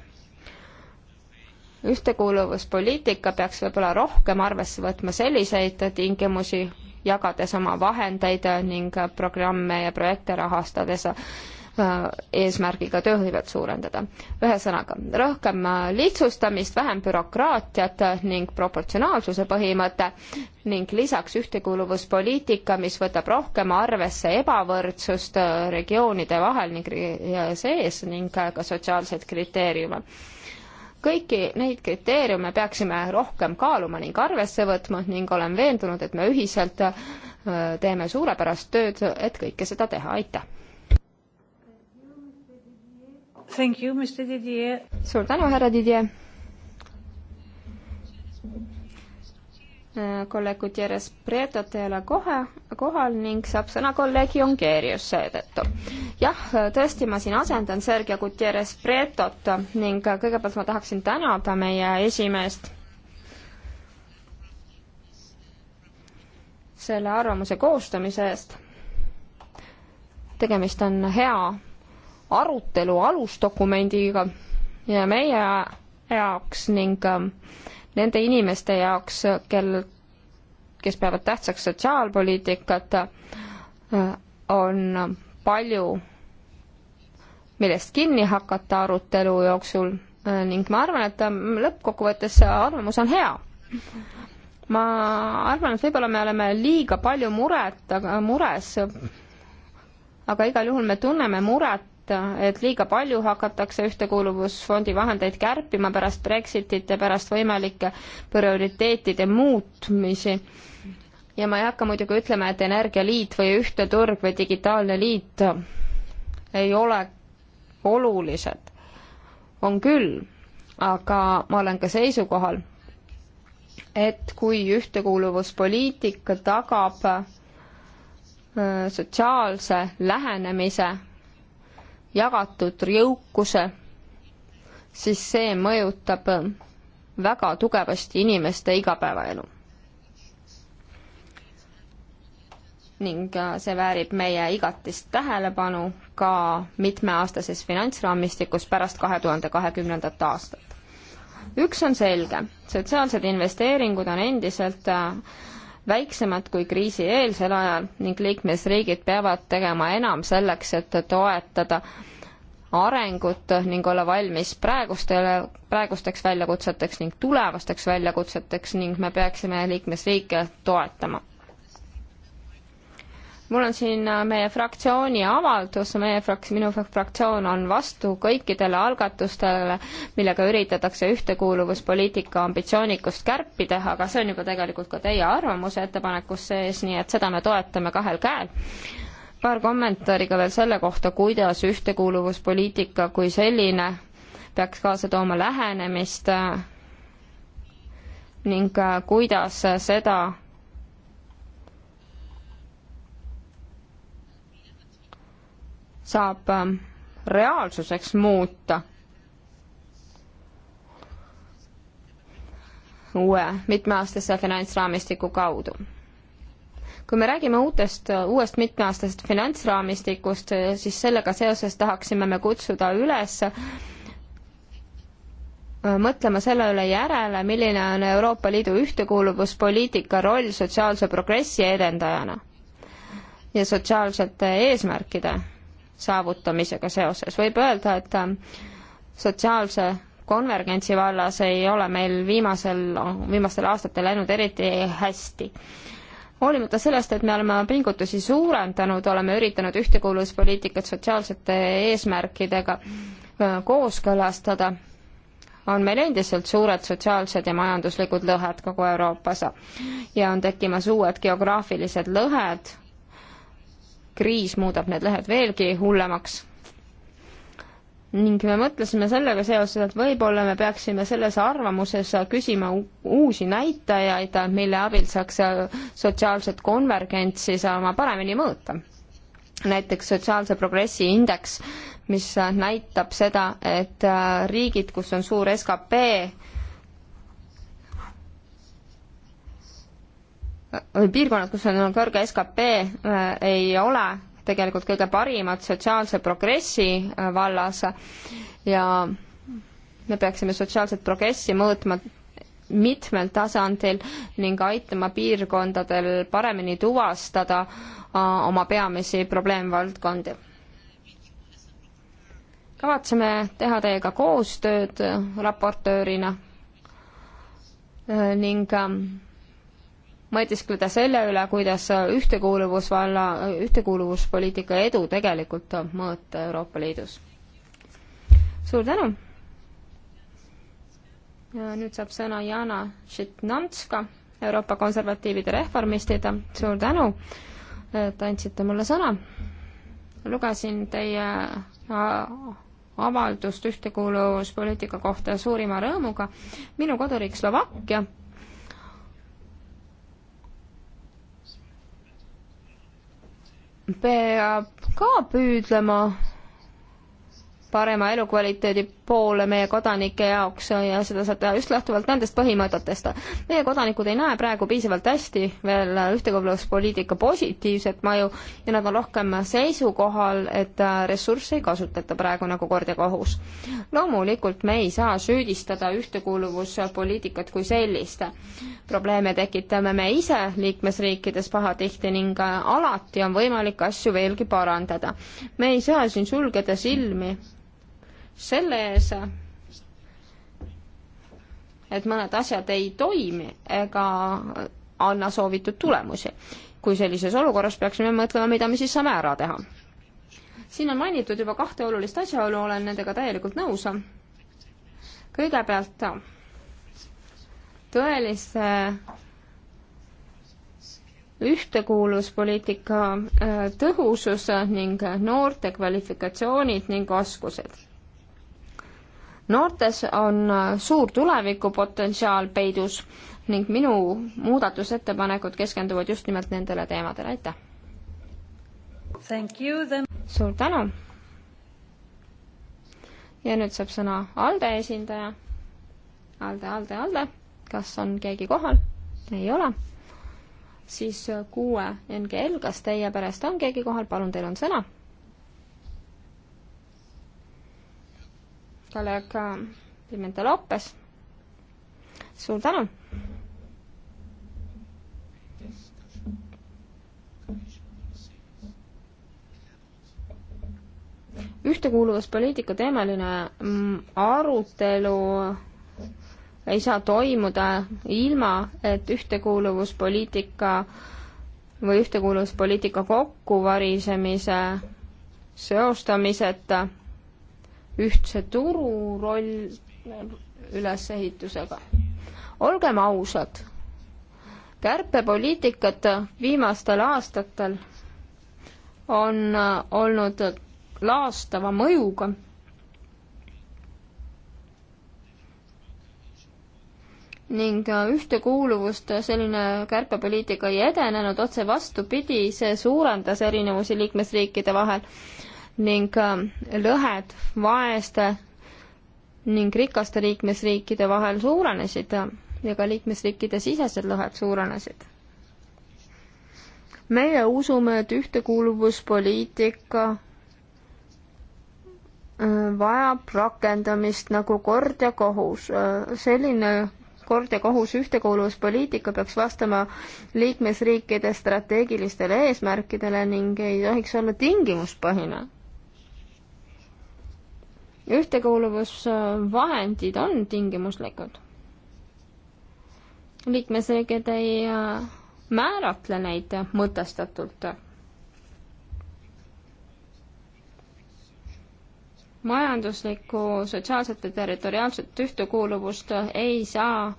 ühtekuuluvuspoliitika peaks võib-olla rohkem arvesse võtma selliseid tingimusi, jagades oma vahendeid ning programme ja projekte rahastades Äh, eesmärgiga tööhõivet suurendada. ühesõnaga, rohkem äh, lihtsustamist, vähem bürokraatiat ning proportsionaalsuse põhimõte ning lisaks ühtekuuluvuspoliitika, mis võtab rohkem arvesse ebavõrdsust äh, regioonide vahel ning sees ning ka sotsiaalseid kriteeriume kõiki neid kriteeriume peaksime rohkem kaaluma ning arvesse võtma ning olen veendunud, et me ühiselt teeme suurepärast tööd, et kõike seda teha, aitäh! Thank you, Mr Didier. suur tänu, härra Didier. Äh, kolleeg Gutierrez Pretot ei ole kohe, kohal ning saab sõna kolleeg Jongerius seetõttu. jah, tõesti, ma siin asendan Sergei Gutierrez Pretot ning kõigepealt ma tahaksin tänada meie esimeest selle arvamuse koostamise eest. tegemist on hea arutelu alusdokumendiga ja meie jaoks ning ähm, nende inimeste jaoks, kel, kes peavad tähtsaks sotsiaalpoliitikat, äh, on palju, millest kinni hakata arutelu jooksul äh, ning ma arvan, et ähm, lõppkokkuvõttes see arvamus on hea. ma arvan, et võib-olla me oleme liiga palju muret, aga mures, aga igal juhul me tunneme muret et liiga palju hakatakse Ühtekuuluvusfondi vahendeid kärpima pärast Brexitit ja pärast võimalikke prioriteetide muutmisi. ja ma ei hakka muidugi ütlema, et Energialiit või Ühtne Turg või Digitaalne Liit ei ole olulised. on küll, aga ma olen ka seisukohal, et kui ühtekuuluvuspoliitika tagab äh, sotsiaalse lähenemise jagatud jõukuse, siis see mõjutab väga tugevasti inimeste igapäevaelu. ning äh, see väärib meie igatist tähelepanu ka mitmeaastases finantsraamistikus pärast kahe tuhande kahekümnendat aastat. üks on selge, sotsiaalsed investeeringud on endiselt äh, väiksemad kui kriisieelsel ajal ning liikmesriigid peavad tegema enam selleks, et toetada arengut ning olla valmis praegustele, praegusteks väljakutseteks ning tulevasteks väljakutseteks ning me peaksime liikmesriike toetama mul on siin äh, meie fraktsiooni avaldus, meie fraks-, minu fraktsioon on vastu kõikidele algatustele, millega üritatakse ühtekuuluvuspoliitika ambitsioonikust kärpida, aga see on juba tegelikult ka teie arvamuse ettepanekus sees, nii et seda me toetame kahel käel. paar kommentaari ka veel selle kohta, kuidas ühtekuuluvuspoliitika kui selline peaks kaasa tooma lähenemist äh, ning äh, kuidas seda saab ähm, reaalsuseks muuta uue mitmeaastase finantsraamistiku kaudu. kui me räägime uutest, uuest mitmeaastasest finantsraamistikust, siis sellega seoses tahaksime me kutsuda üles äh, mõtlema selle üle järele, milline on Euroopa Liidu ühtekuuluvuspoliitika roll sotsiaalse progressi edendajana ja sotsiaalsete eesmärkide saavutamisega seoses. võib öelda, et ähm, sotsiaalse konvergentsi vallas ei ole meil viimasel, viimastel aastatel läinud eriti hästi. hoolimata sellest, et me oleme pingutusi suurendanud, oleme üritanud ühtekuuluvuspoliitikat sotsiaalsete eesmärkidega äh, kooskõlastada, on meil endiselt suured sotsiaalsed ja majanduslikud lõhed kogu Euroopas ja on tekkimas uued geograafilised lõhed, kriis muudab need lehed veelgi hullemaks. ning me mõtlesime sellega seoses, et võib-olla me peaksime selles arvamuses küsima uusi näitajaid, mille abil saaks sotsiaalset konvergentsi saama paremini mõõta. näiteks sotsiaalse progressi indeks, mis näitab seda, et riigid, kus on suur skp piirkonnad, kus on kõrge skp, äh, ei ole tegelikult kõige parimad sotsiaalse progressi äh, vallas ja me peaksime sotsiaalset progressi mõõtma mitmel tasandil ning aitama piirkondadel paremini tuvastada äh, oma peamisi probleemvaldkondi. kavatseme teha teiega koostööd raportöörina ning ähm, mõtiskleda selle üle, kuidas ühtekuuluvusvalla, ühtekuuluvuspoliitika edu tegelikult mõõta Euroopa Liidus. suur tänu! ja nüüd saab sõna Jana Šitnanska, Euroopa konservatiivide reformistid, suur tänu, et andsite mulle sõna. lugesin teie avaldust ühtekuuluvuspoliitika kohta suurima rõõmuga. minu koduriik Slovakkia peab ka püüdlema parema elukvaliteedi poole meie kodanike jaoks ja seda saab teha just lähtuvalt nendest põhimõtetest. meie kodanikud ei näe praegu piisavalt hästi veel ühtekuuluvuspoliitika positiivset mõju ja nad on rohkem seisukohal, et ressursse ei kasutata praegu nagu kord ja kohus. loomulikult me ei saa süüdistada ühtekuuluvuspoliitikat kui sellist. probleeme tekitame me ise liikmesriikides pahatihti ning alati on võimalik asju veelgi parandada. me ei saa siin sulgeda silmi selle ees, et mõned asjad ei toimi ega anna soovitud tulemusi. kui sellises olukorras peaksime mõtlema, mida me siis saame ära teha. siin on mainitud juba kahte olulist asjaolu, olen nendega täielikult nõus. kõigepealt tõelise ühtekuuluvuspoliitika äh, tõhusus ning noorte kvalifikatsioonid ning oskused noortes on äh, suur tulevikupotentsiaal peidus ning minu muudatusettepanekud keskenduvad just nimelt nendele teemadele, aitäh! suur tänu! ja nüüd saab sõna ALDE esindaja. ALDE, ALDE, ALDE, kas on keegi kohal? ei ole. siis äh, kuue NGL, kas teie perest on keegi kohal, palun, teil on sõna kolleeg Pimenta Lopes. suur tänu! ühtekuuluvuspoliitika teemaline mm, arutelu ei saa toimuda ilma, et ühtekuuluvuspoliitika või ühtekuuluvuspoliitika kokkuvarisemise seostamiseta ühtse turu roll ülesehitusega. olgem ausad, kärpepoliitikat viimastel aastatel on olnud laastava mõjuga. ning ühtekuuluvust selline kärpepoliitika ei edenenud, otse vastupidi, see suurendas erinevusi liikmesriikide vahel ning äh, lõhed vaeste ning rikaste liikmesriikide vahel suurenesid ja ka liikmesriikide sisesed lõhed suurenesid. meie usume, et ühtekuuluvuspoliitika äh, vajab rakendamist nagu kord ja kohus. Äh, selline kord ja kohus ühtekuuluvuspoliitika peaks vastama liikmesriikide strateegilistele eesmärkidele ning ei tohiks olla tingimuspõhine ühtekuuluvusvahendid on tingimuslikud. liikmesriigid ei äh, määratle neid mõtestatult. majanduslikku, sotsiaalset ja territoriaalset ühtekuuluvust ei saa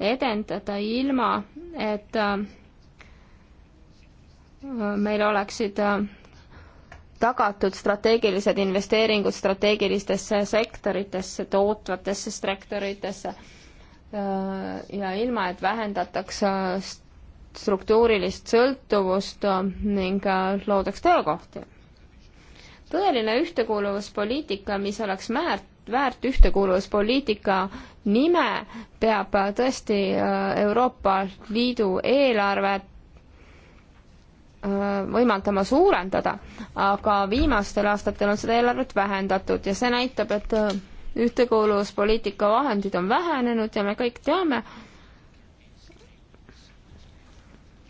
edendada ilma, et äh, meil oleksid äh, tagatud strateegilised investeeringud strateegilistesse sektoritesse, tootvatesse sektoritesse äh, ja ilma, et vähendatakse äh, struktuurilist sõltuvust äh, ning loodaks töökohti. tõeline ühtekuuluvuspoliitika, mis oleks määrt, väärt ühtekuuluvuspoliitika nime, peab tõesti Euroopa Liidu eelarvet võimaldama suurendada, aga viimastel aastatel on seda eelarvet vähendatud ja see näitab, et äh, ühtekuuluvuspoliitika vahendid on vähenenud ja me kõik teame,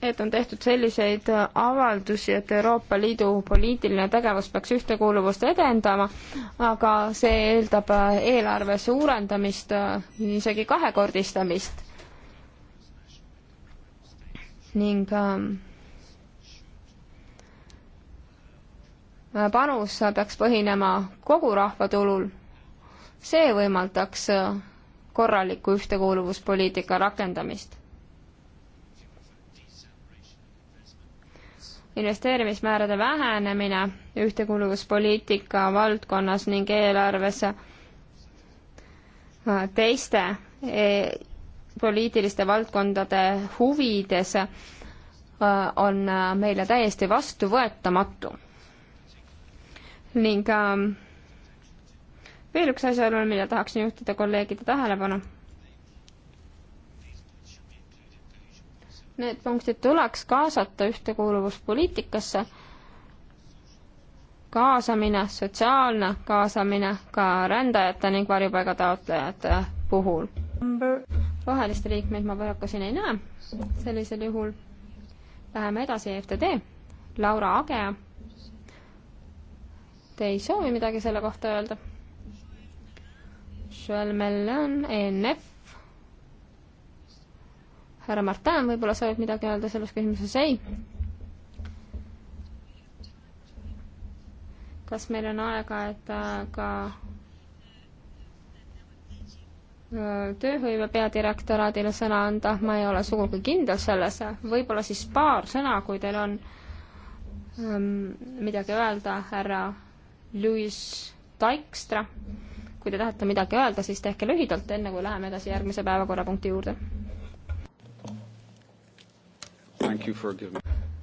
et on tehtud selliseid äh, avaldusi, et Euroopa Liidu poliitiline tegevus peaks ühtekuuluvust edendama, aga see eeldab äh, eelarve suurendamist, isegi kahekordistamist. ning äh, panus peaks põhinema kogu rahva tulul. see võimaldaks korralikku ühtekuuluvuspoliitika rakendamist. investeerimismäärade vähenemine ühtekuuluvuspoliitika valdkonnas ning eelarves teiste e, poliitiliste valdkondade huvides äh, on äh, meile täiesti vastuvõetamatu ning ähm, veel üks asjaolu, mille tahaksin juhtida kolleegide tähelepanu. Need punktid tuleks kaasata ühtekuuluvuspoliitikasse. kaasamine, sotsiaalne kaasamine ka rändajate ning varjupaigataotlejate puhul. roheliste liikmeid ma paraku siin ei näe. sellisel juhul läheme edasi, EFTD, Laura Agea Te ei soovi midagi selle kohta öelda? Joel Mellon, ENF härra Martin võib-olla soovib midagi öelda selles küsimuses, ei. kas meil on aega, et äh, ka äh, tööhõive peadirektoraadile sõna anda, ma ei ole sugugi kindel selles, võib-olla siis paar sõna, kui teil on ähm, midagi öelda härra Luis Taikstra. kui te tahate midagi öelda, siis tehke lühidalt, enne kui läheme edasi järgmise päevakorrapunkti juurde.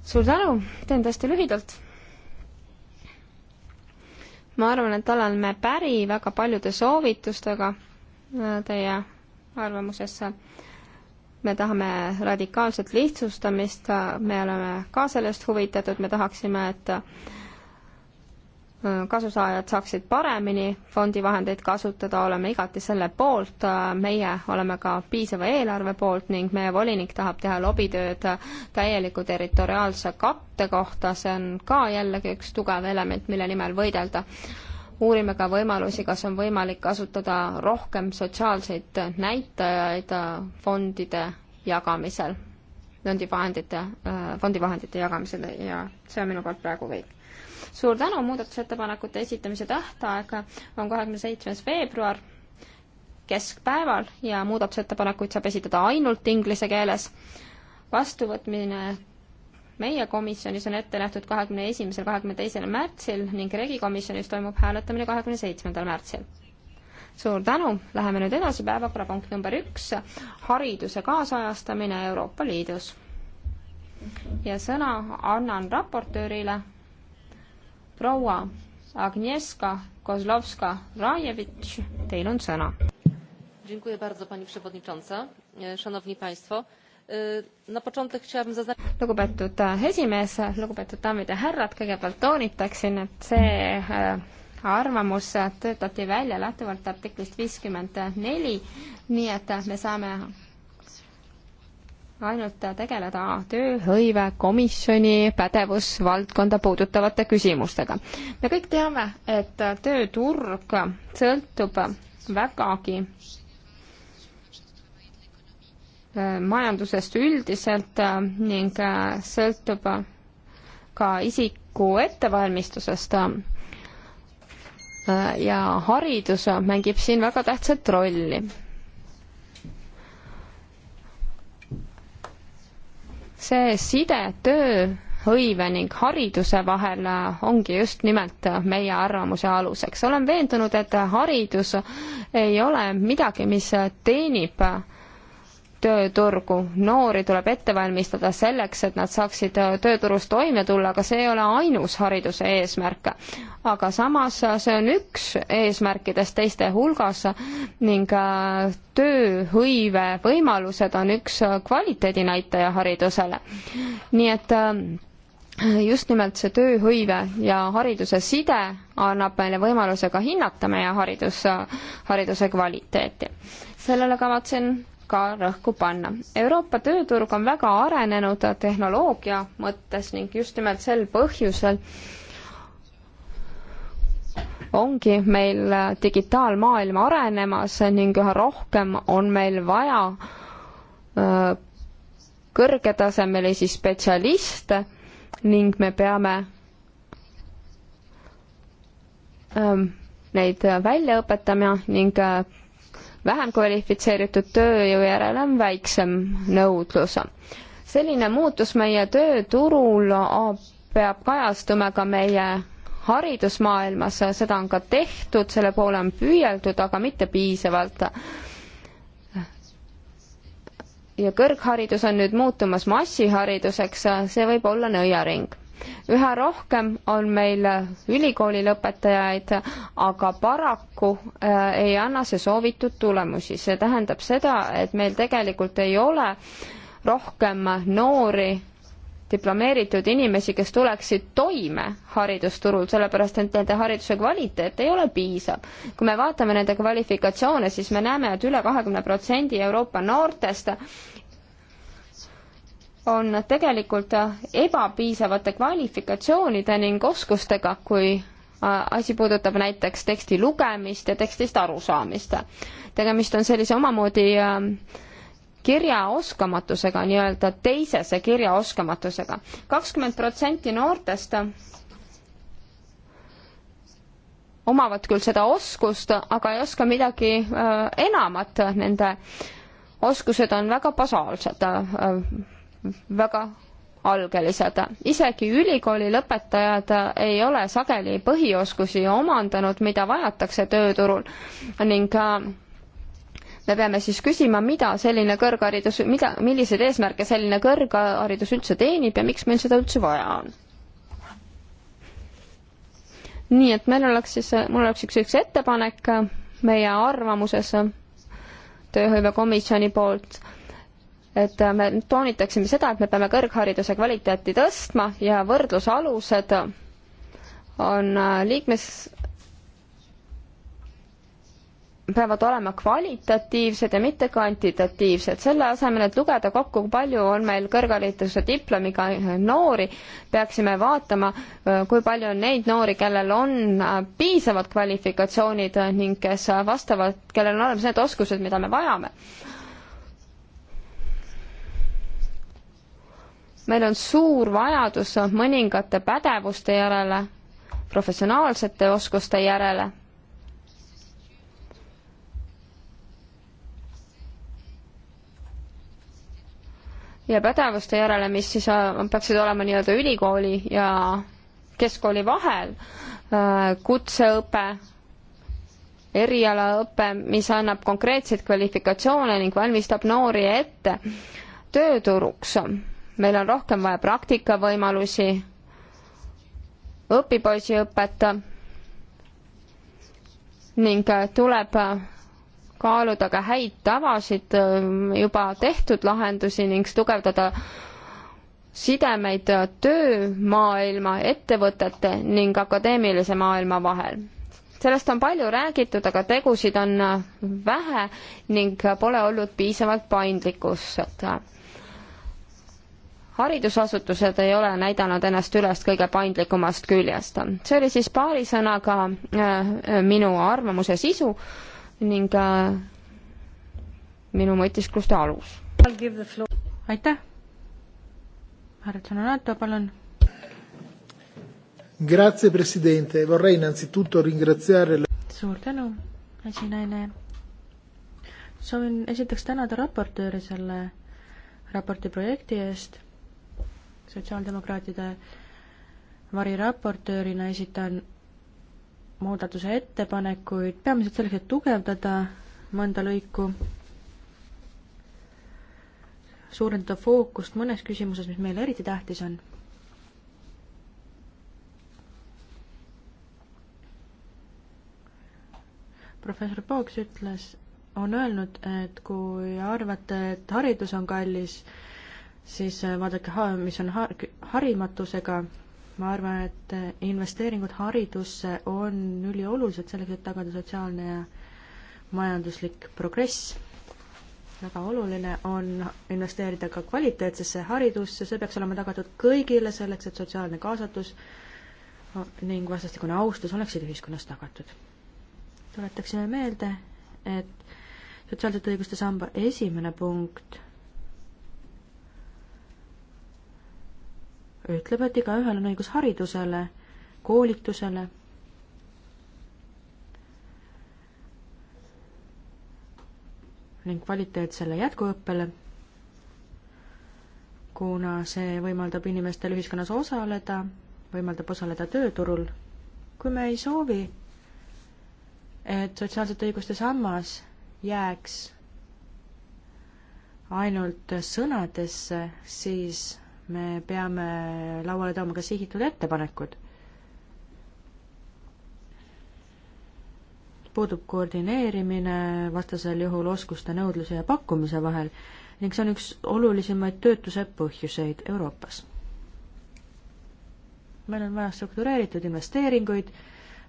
suur tänu, teen tõesti lühidalt ma arvan, et oleme päri väga paljude soovitustega äh, teie arvamusesse. me tahame radikaalset lihtsustamist, äh, me oleme ka sellest huvitatud, me tahaksime, et äh, kasusaajad saaksid paremini fondivahendeid kasutada, oleme igati selle poolt, meie oleme ka piisava eelarve poolt ning meie volinik tahab teha lobitööd täieliku territoriaalse katte kohta, see on ka jällegi üks tugev element, mille nimel võidelda. uurime ka võimalusi, kas on võimalik kasutada rohkem sotsiaalseid näitajaid fondide jagamisel, fondivahendite, fondivahendite jagamisel ja see on minu poolt praegu kõik suur tänu, muudatusettepanekute esitamise tähtaeg on kahekümne seitsmes veebruar keskpäeval ja muudatusettepanekuid saab esitada ainult inglise keeles. vastuvõtmine meie komisjonis on ette nähtud kahekümne esimesel, kahekümne teisel märtsil ning regikomisjonis toimub hääletamine kahekümne seitsmendal märtsil. suur tänu, läheme nüüd edasi, päevakorrapunkt number üks, hariduse kaasajastamine Euroopa Liidus. ja sõna annan raportöörile proua Agnieszka Kozlowska-Rajewicz, teil on sõna. Dziękuję bardzo pani przewodnicząca, e, szanowni państwo e, na początek chciałabym zaznaczyć... Lugupeetud e, esimees, lugupeetud daamid ja härrad, kõigepealt toonitaksin, et see arvamus töötati välja lähtuvalt artiklist viiskümmend neli, nii et me saame ainult tegeleda tööhõive komisjoni pädevusvaldkonda puudutavate küsimustega. me kõik teame, et tööturg sõltub vägagi äh, majandusest üldiselt äh, ning äh, sõltub ka isiku ettevalmistusest ja haridus mängib siin väga tähtsat rolli see side tööhõive ning hariduse vahel ongi just nimelt meie arvamuse aluseks. olen veendunud, et haridus ei ole midagi, mis teenib tööturgu. noori tuleb ette valmistada selleks, et nad saaksid äh, tööturus toime tulla, aga see ei ole ainus hariduse eesmärk. aga samas äh, see on üks eesmärkidest teiste hulgas ning äh, tööhõive võimalused on üks kvaliteedinäitaja haridusele. nii et just nimelt see tööhõive ja hariduse side annab meile võimaluse ka hinnata meie haridus, hariduse kvaliteeti. sellele kavatsen ka rõhku panna. Euroopa tööturg on väga arenenud tehnoloogia mõttes ning just nimelt sel põhjusel ongi meil digitaalmaailm arenemas ning üha rohkem on meil vaja kõrgetasemelisi spetsialiste ning me peame neid välja õpetama ning vähem kvalifitseeritud tööjõu järele on väiksem nõudlus. selline muutus meie tööturul peab kajastuma ka meie haridusmaailmas, seda on ka tehtud, selle poole on püüeldud, aga mitte piisavalt. ja kõrgharidus on nüüd muutumas massihariduseks, see võib olla nõiaring üha rohkem on meil ülikooli lõpetajaid, aga paraku äh, ei anna see soovitud tulemusi. see tähendab seda, et meil tegelikult ei ole rohkem noori diplomeeritud inimesi, kes tuleksid toime haridusturul, sellepärast et nende hariduse kvaliteet ei ole piisav. kui me vaatame nende kvalifikatsioone, siis me näeme et, et üle kahekümne protsendi Euroopa noortest on tegelikult ebapiisavate kvalifikatsioonide ning oskustega, kui äh, asi puudutab näiteks teksti lugemist ja tekstist arusaamist. tegemist on sellise omamoodi ähm, kirjaoskamatusega, nii-öelda teisese kirjaoskamatusega. kakskümmend protsenti noortest omavad küll seda oskust, aga ei oska midagi äh, enamat, nende oskused on väga basaalsed äh, väga algelised. isegi ülikooli lõpetajad ei ole sageli põhioskusi omandanud, mida vajatakse tööturul ning äh, me peame siis küsima, mida selline kõrgharidus, mida, milliseid eesmärke selline kõrgharidus üldse teenib ja miks meil seda üldse vaja on. nii et meil oleks siis, mul oleks üks, üks ettepanek meie arvamuses tööhõivekomisjoni poolt et me toonitaksime seda, et me peame kõrghariduse kvaliteeti tõstma ja võrdlusalused on äh, liikmes, peavad olema kvalitatiivsed ja mitte kvantitatiivsed. selle asemel, et lugeda kokku, kui palju on meil kõrghariduse diplomiga noori, peaksime vaatama, äh, kui palju on neid noori, kellel on äh, piisavad kvalifikatsioonid ning kes vastavad, kellel on olemas need oskused, mida me vajame meil on suur vajadus mõningate pädevuste järele, professionaalsete oskuste järele. ja pädevuste järele, mis siis äh, peaksid olema nii-öelda ülikooli ja keskkooli vahel, äh, kutseõpe, erialaõpe, mis annab konkreetseid kvalifikatsioone ning valmistab noori ette tööturuks meil on rohkem vaja praktikavõimalusi, õpipoisiõpet ning äh, tuleb äh, kaaluda ka häid tavasid, äh, juba tehtud lahendusi ning tugevdada sidemeid töömaailma, ettevõtete ning akadeemilise maailma vahel. sellest on palju räägitud, aga tegusid on vähe ning pole olnud piisavalt paindlikkust haridusasutused ei ole näidanud ennast üles kõige paindlikumast küljest. see oli siis paari sõnaga äh, minu arvamuse sisu ning äh, minu mõtiskluste alus. aitäh. härra Tsononato, palun. Grazie Presidente, vorrei innanzitutto ringraziare suur tänu, esinaine. soovin esiteks tänada raportööri selle raporti projekti eest sotsiaaldemokraatide variraportöörina esitan muudatuse ettepanekuid peamiselt selleks, et tugevdada mõnda lõiku, suurendada fookust mõnes küsimuses, mis meile eriti tähtis on. professor Pooks ütles, on öelnud, et kui arvate, et haridus on kallis, siis äh, vaadake, mis on harimatusega, ma arvan, et äh, investeeringud haridusse on üliolulised selleks, et tagada sotsiaalne ja majanduslik progress. väga oluline on investeerida ka kvaliteetsesse haridusse, see peaks olema tagatud kõigile selleks, et sotsiaalne kaasatus ning vastastikune austus oleksid ühiskonnas tagatud. tuletaksime meelde, et sotsiaalsete õiguste samba esimene punkt ütleb, et igaühel on õigus haridusele, koolitusele. ning kvaliteetsele jätkuõppele, kuna see võimaldab inimestel ühiskonnas osaleda, võimaldab osaleda tööturul. kui me ei soovi, et sotsiaalsete õiguste sammas jääks ainult sõnadesse, siis me peame lauale tooma ka sihitud ettepanekud. puudub koordineerimine vastasel juhul oskuste nõudluse ja pakkumise vahel ning see on üks olulisemaid töötuse põhjuseid Euroopas. meil on vaja struktureeritud investeeringuid,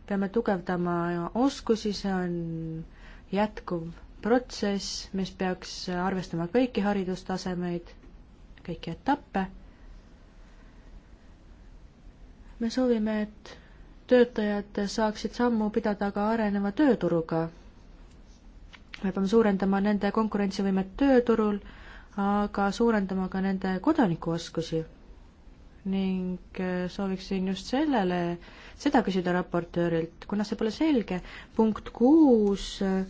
peame tugevdama oskusi, see on jätkuv protsess, mis peaks arvestama kõiki haridustasemeid, kõiki etappe me soovime, et töötajad saaksid sammu pidada ka areneva tööturuga. me peame suurendama nende konkurentsivõimet tööturul, aga suurendama ka nende kodanikuoskusi. ning äh, sooviksin just sellele, seda küsida raportöörilt, kuna see pole selge. punkt kuus äh,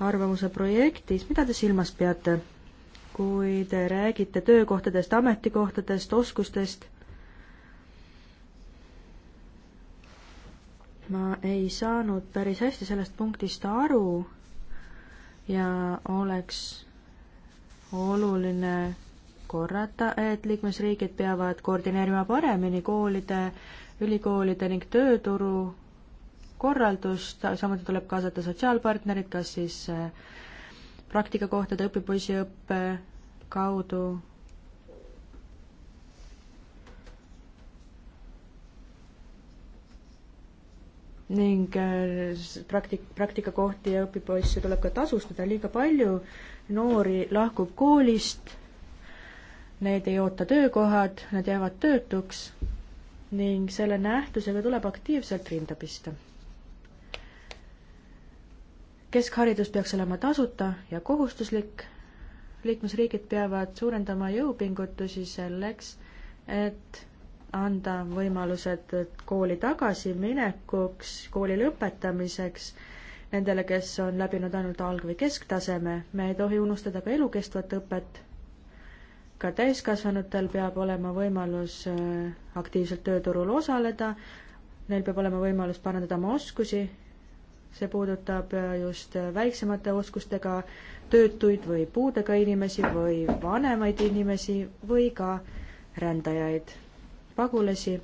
arvamuse projektis, mida te silmas peate? kui te räägite töökohtadest, ametikohtadest, oskustest ma ei saanud päris hästi sellest punktist aru ja oleks oluline korrata, et liikmesriigid peavad koordineerima paremini koolide, ülikoolide ning tööturu korraldust, samuti tuleb kaasata sotsiaalpartnerid, kas siis äh, praktikakohtade õpipoisiõppe kaudu ning äh, praktik-, praktikakohti ja õpipoisse tuleb ka tasustada, liiga palju noori lahkub koolist, neid ei oota töökohad, nad jäävad töötuks ning selle nähtusega tuleb aktiivselt rinda pista. keskharidus peaks olema tasuta ja kohustuslik, liikmesriigid peavad suurendama jõupingutusi selleks, et anda võimalused kooli tagasiminekuks, kooli lõpetamiseks nendele, kes on läbinud ainult alg- või kesktaseme. me ei tohi unustada ka elukestvat õpet. ka täiskasvanutel peab olema võimalus äh, aktiivselt tööturul osaleda, neil peab olema võimalus parandada oma oskusi, see puudutab äh, just äh, väiksemate oskustega töötuid või puudega inimesi või vanemaid inimesi või ka rändajaid pagulasi,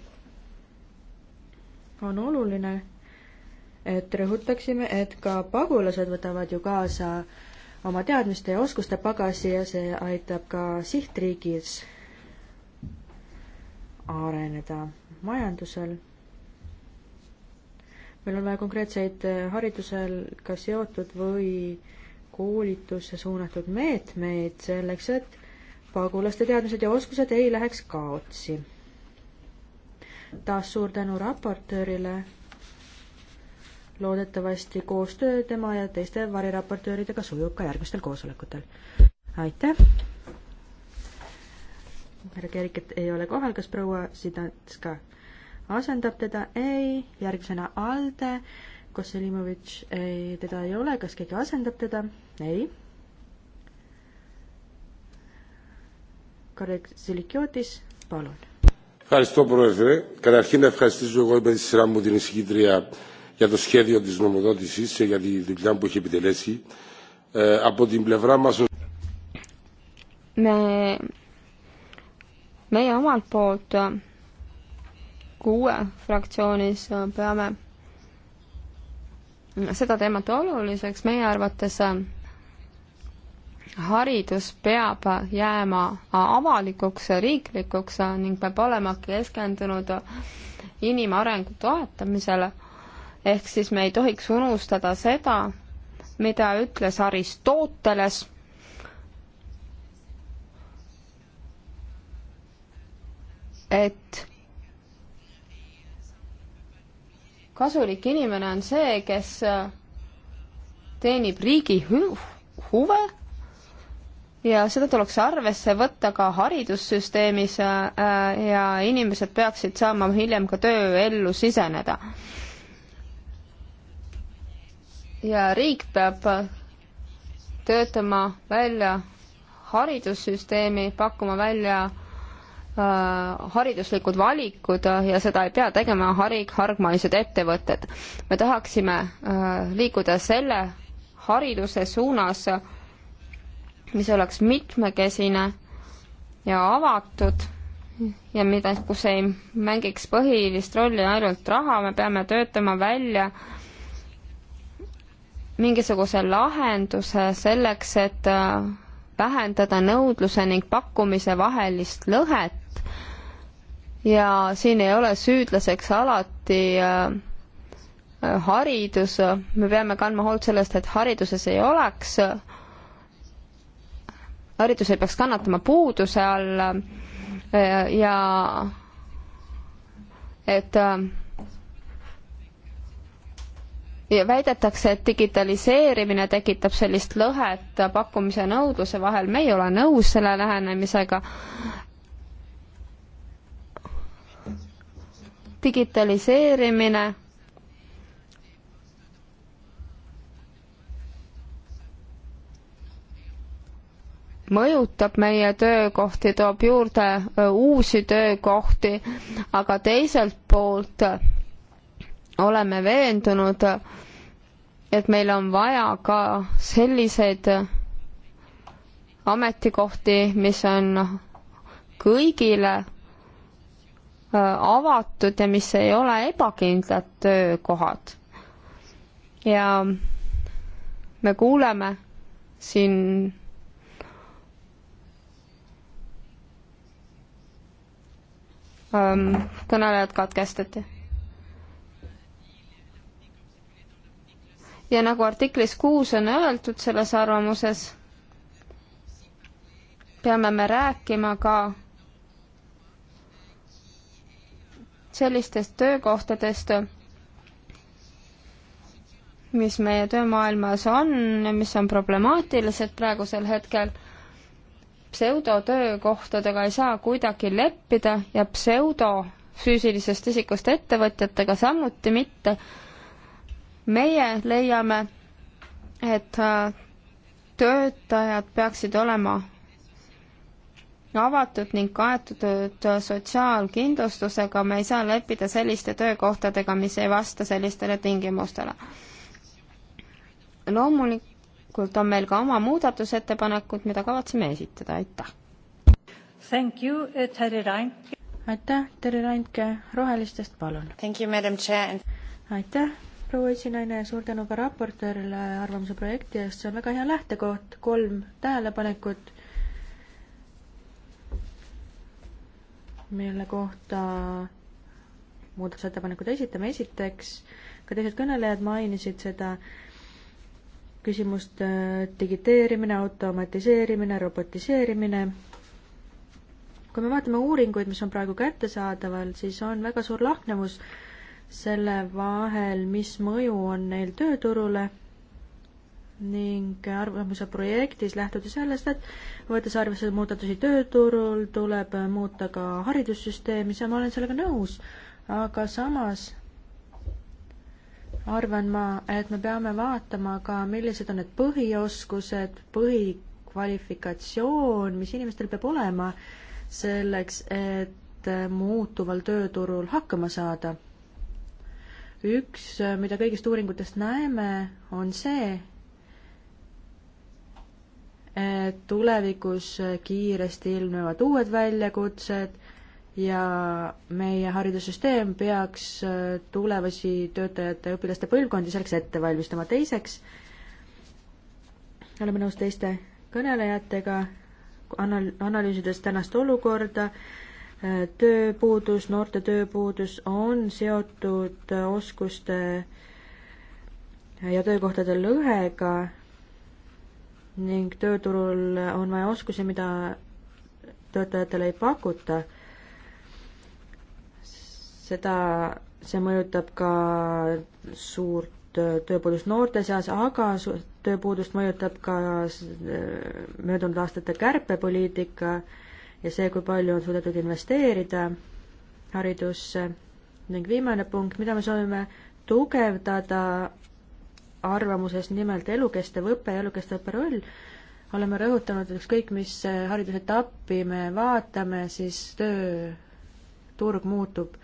on oluline, et rõhutaksime, et ka pagulased võtavad ju kaasa oma teadmiste ja oskuste pagasi ja see aitab ka sihtriigis areneda majandusel. meil on vaja konkreetseid eh, haridusega seotud või koolitusse suunatud meetmeid selleks, et pagulaste teadmised ja oskused ei läheks kaotsi taas suur tänu raportöörile. loodetavasti koostöö tema ja teiste variraportööridega sujub ka järgmistel koosolekutel. aitäh. härra Kerikit ei ole kohal, kas proua Sidanska asendab teda? ei, järgmisena Alde. Kosselimovitš, ei, teda ei ole, kas keegi asendab teda? ei Karel Silikiotis, palun. Ευχαριστώ, Πρόεδρε. Καταρχήν, να ευχαριστήσω εγώ με τη σειρά μου την εισηγήτρια για το σχέδιο της νομοδότησης και για τη δουλειά που έχει επιτελέσει. Ε, από την πλευρά μας... Me, meie omalt poolt kuue fraktsioonis peame seda teemat oluliseks, meie arvates haridus peab jääma avalikuks, riiklikuks ning peab olema keskendunud inimarengu toetamisele. ehk siis me ei tohiks unustada seda, mida ütles Aristoteles et kasulik inimene on see, kes teenib riigi huve ja seda tuleks arvesse võtta ka haridussüsteemis äh, äh, ja inimesed peaksid saama hiljem ka tööellu siseneda. ja riik peab töötama välja haridussüsteemi, pakkuma välja äh, hariduslikud valikud ja seda ei pea tegema harig-, hargmaised ettevõtted. me tahaksime liikuda selle hariduse suunas, mis oleks mitmekesine ja avatud ja mida, kus ei mängiks põhilist rolli ainult raha, me peame töötama välja mingisuguse lahenduse selleks, et äh, vähendada nõudluse ning pakkumise vahelist lõhet ja siin ei ole süüdlaseks alati äh, äh, haridus, me peame kandma hoolt sellest, et hariduses ei oleks haridus ei peaks kannatama puuduse all äh, ja et äh, ja väidetakse, et digitaliseerimine tekitab sellist lõhet pakkumise ja nõudluse vahel, me ei ole nõus selle lähenemisega. digitaliseerimine mõjutab meie töökohti, toob juurde uusi töökohti, aga teiselt poolt oleme veendunud, et meil on vaja ka selliseid ametikohti, mis on kõigile avatud ja mis ei ole ebakindlad töökohad. ja me kuuleme siin Ähm, kõnelejad katkestati. ja nagu artiklis kuus on öeldud selles arvamuses, peame me rääkima ka sellistest töökohtadest, mis meie töömaailmas on ja mis on problemaatilised praegusel hetkel pseudotöökohtadega ei saa kuidagi leppida ja pseudo füüsilisest isikust ettevõtjatega samuti mitte. meie leiame, et äh, töötajad peaksid olema avatud ning kaetud äh, sotsiaalkindlustusega, me ei saa leppida selliste töökohtadega, mis ei vasta sellistele tingimustele. loomulik, loomulikult on meil ka oma muudatusettepanekud, mida kavatseme esitada, aitäh! Thank you, eh, Terri Rainke. aitäh, Terri Rainke Rohelistest, palun! Thank you, madam chair! aitäh, proua esinaine ja suur tänu ka raportöörile arvamuse projekti eest, see on väga hea lähtekoht, kolm tähelepanekut, mille kohta muudatusettepanekud esitame, esiteks ka teised kõnelejad mainisid seda, küsimust digiteerimine, automatiseerimine, robotiseerimine. kui me vaatame uuringuid, mis on praegu kättesaadaval, siis on väga suur lahknevus selle vahel, mis mõju on neil tööturule ning arvamuse projektis lähtuti sellest, et võttes arvesse muudatusi tööturul, tuleb muuta ka haridussüsteemi, see, ma olen sellega nõus, aga samas arvan ma, et me peame vaatama ka, millised on need põhioskused, põhikvalifikatsioon, mis inimestel peab olema selleks, et muutuval tööturul hakkama saada. üks, mida kõigist uuringutest näeme, on see, et tulevikus kiiresti ilmnevad uued väljakutsed ja meie haridussüsteem peaks äh, tulevasi töötajate ja õpilaste põlvkondi selleks ette valmistama. teiseks, oleme nõus teiste kõnelejatega, anal-, analüüsides tänast olukorda, äh, tööpuudus, noorte tööpuudus on seotud äh, oskuste ja töökohtade lõhega ning tööturul on vaja oskusi, mida töötajatele ei pakuta seda, see mõjutab ka suurt äh, tööpuudust noorte seas, aga tööpuudust mõjutab ka äh, möödunud aastate kärpepoliitika ja see, kui palju on suudetud investeerida haridusse. ning viimane punkt, mida me soovime tugevdada arvamuses, nimelt elukestev õpe ja elukestev õppe roll, oleme rõhutanud, et ükskõik, mis äh, haridusetappi me vaatame, siis tööturg muutub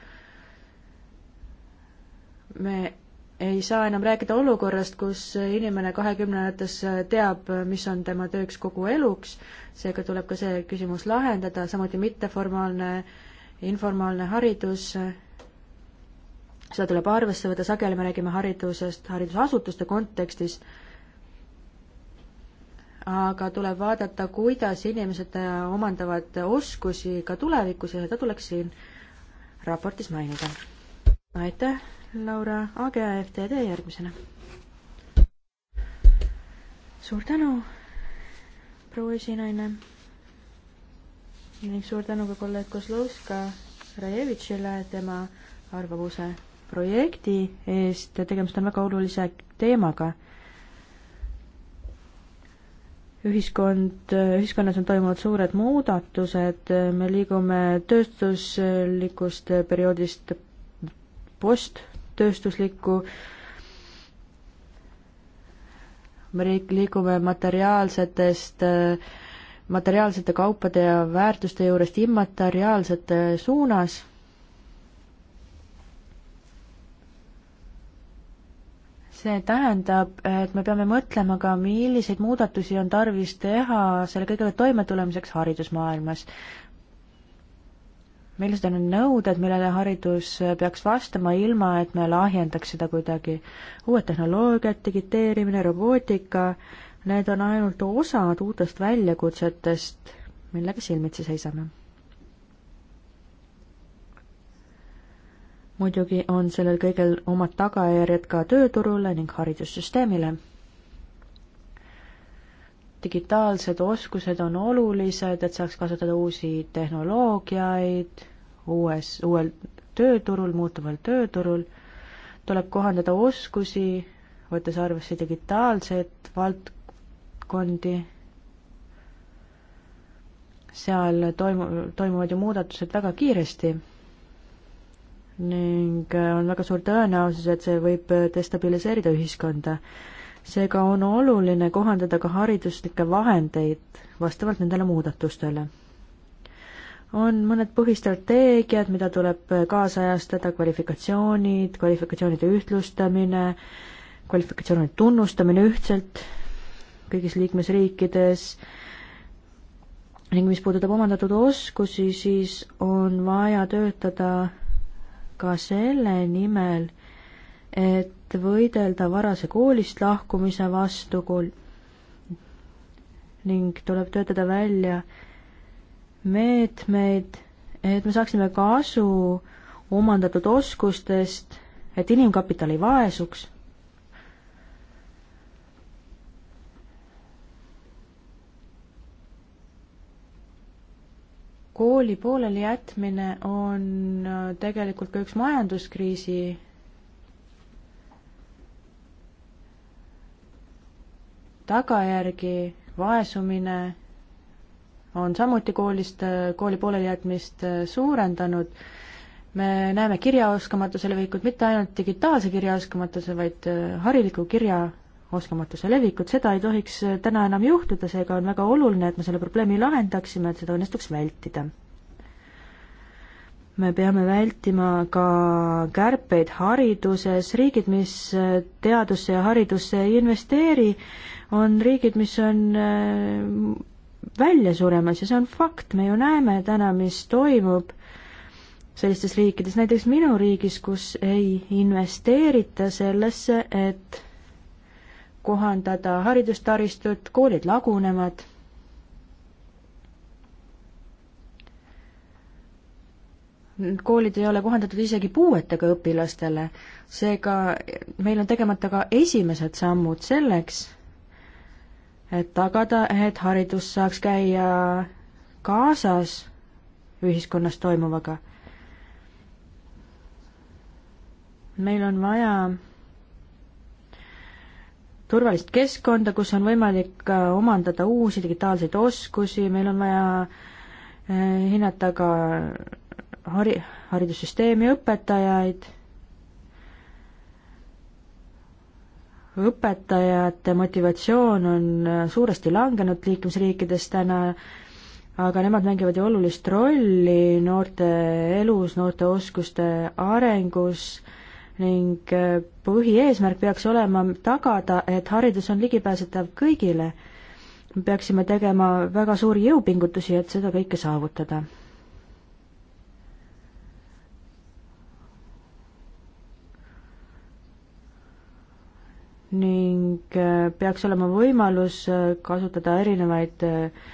me ei saa enam rääkida olukorrast, kus inimene kahekümnendates teab, mis on tema tööks kogu eluks, seega tuleb ka see küsimus lahendada, samuti mitteformaalne, informaalne haridus, seda tuleb arvesse võtta, sageli me räägime haridusest haridusasutuste kontekstis, aga tuleb vaadata, kuidas inimesed omandavad oskusi ka tulevikus ja seda tuleks siin raportis mainida. aitäh! Laura Age FTD järgmisena. suur tänu, proua esinaine. ning suur tänu ka kolleeg Kozlovska Rajevitšile tema arvamuse projekti eest, tegemist on väga olulise teemaga ühiskond, ühiskonnas on toimunud suured muudatused, me liigume tööstuslikust perioodist post tööstuslikku me liigume materiaalsetest, materiaalsete kaupade ja väärtuste juurest immateriaalsete suunas see tähendab, et me peame mõtlema ka, milliseid muudatusi on tarvis teha selle kõigega toimetulemiseks haridusmaailmas millised on need nõuded, millele haridus peaks vastama, ilma et me lahjendaks seda kuidagi. uued tehnoloogiad, digiteerimine, robootika, need on ainult osad uutest väljakutsetest, millega silmitsi seisame. muidugi on sellel kõigel omad tagajärjed ka tööturule ning haridussüsteemile digitaalsed oskused on olulised, et saaks kasutada uusi tehnoloogiaid uues, uuel tööturul, muutuval tööturul, tuleb kohandada oskusi, võttes arvesse digitaalseid valdkondi, seal toimu-, toimuvad ju muudatused väga kiiresti ning on väga suur tõenäosus, et see võib destabiliseerida ühiskonda seega on oluline kohandada ka hariduslikke vahendeid vastavalt nendele muudatustele. on mõned põhistrateegiad, mida tuleb kaasajastada, kvalifikatsioonid, kvalifikatsioonide ühtlustamine, kvalifikatsioonide tunnustamine ühtselt kõigis liikmesriikides, ning mis puudutab omandatud oskusi, siis on vaja töötada ka selle nimel, et võidelda varase koolist lahkumise vastu kool ning tuleb töötada välja meetmeid, et me saaksime kasu omandatud oskustest, et inimkapital ei vaesuks kooli pooleli jätmine on tegelikult ka üks majanduskriisi tagajärgi, vaesumine on samuti koolist, kooli poolelijätmist suurendanud, me näeme kirjaoskamatuse levikut, mitte ainult digitaalse kirjaoskamatuse, vaid äh, hariliku kirjaoskamatuse levikut, seda ei tohiks täna enam juhtuda, seega on väga oluline, et me selle probleemi lahendaksime, et seda õnnestuks vältida. me peame vältima ka kärpeid hariduses, riigid, mis äh, teadusse ja haridusse ei investeeri, on riigid, mis on äh, välja suremas ja see on fakt, me ju näeme täna, mis toimub sellistes riikides, näiteks minu riigis, kus ei investeerita sellesse, et kohandada haridustaristut, koolid lagunevad koolid ei ole kohandatud isegi puuetega õpilastele, seega meil on tegemata ka esimesed sammud selleks, et tagada, et haridus saaks käia kaasas ühiskonnas toimuvaga. meil on vaja turvalist keskkonda, kus on võimalik äh, omandada uusi digitaalseid oskusi, meil on vaja äh, hinnata ka hari-, haridussüsteemi õpetajaid õpetajate motivatsioon on äh, suuresti langenud liikmesriikides täna, aga nemad mängivad ju olulist rolli noorte elus, noorte oskuste arengus ning äh, põhieesmärk peaks olema tagada, et haridus on ligipääsetav kõigile. me peaksime tegema väga suuri jõupingutusi, et seda kõike saavutada ning äh, peaks olema võimalus äh, kasutada erinevaid äh,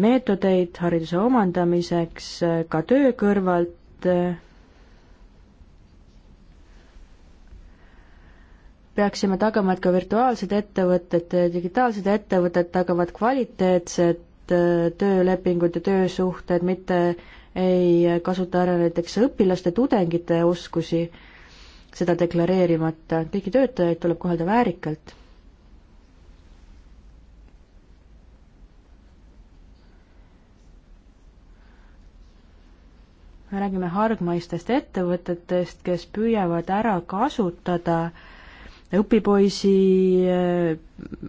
meetodeid hariduse omandamiseks ka töö kõrvalt. peaksime tagama, et ka virtuaalsed ettevõtted, digitaalsed ettevõtted tagavad kvaliteetsed töölepingud ja töösuhted, mitte ei kasuta ära näiteks õpilaste, tudengite oskusi seda deklareerimata, kõiki töötajaid tuleb kohelda väärikalt. me räägime hargmaistest ettevõtetest, kes püüavad ära kasutada õpipoisi eh,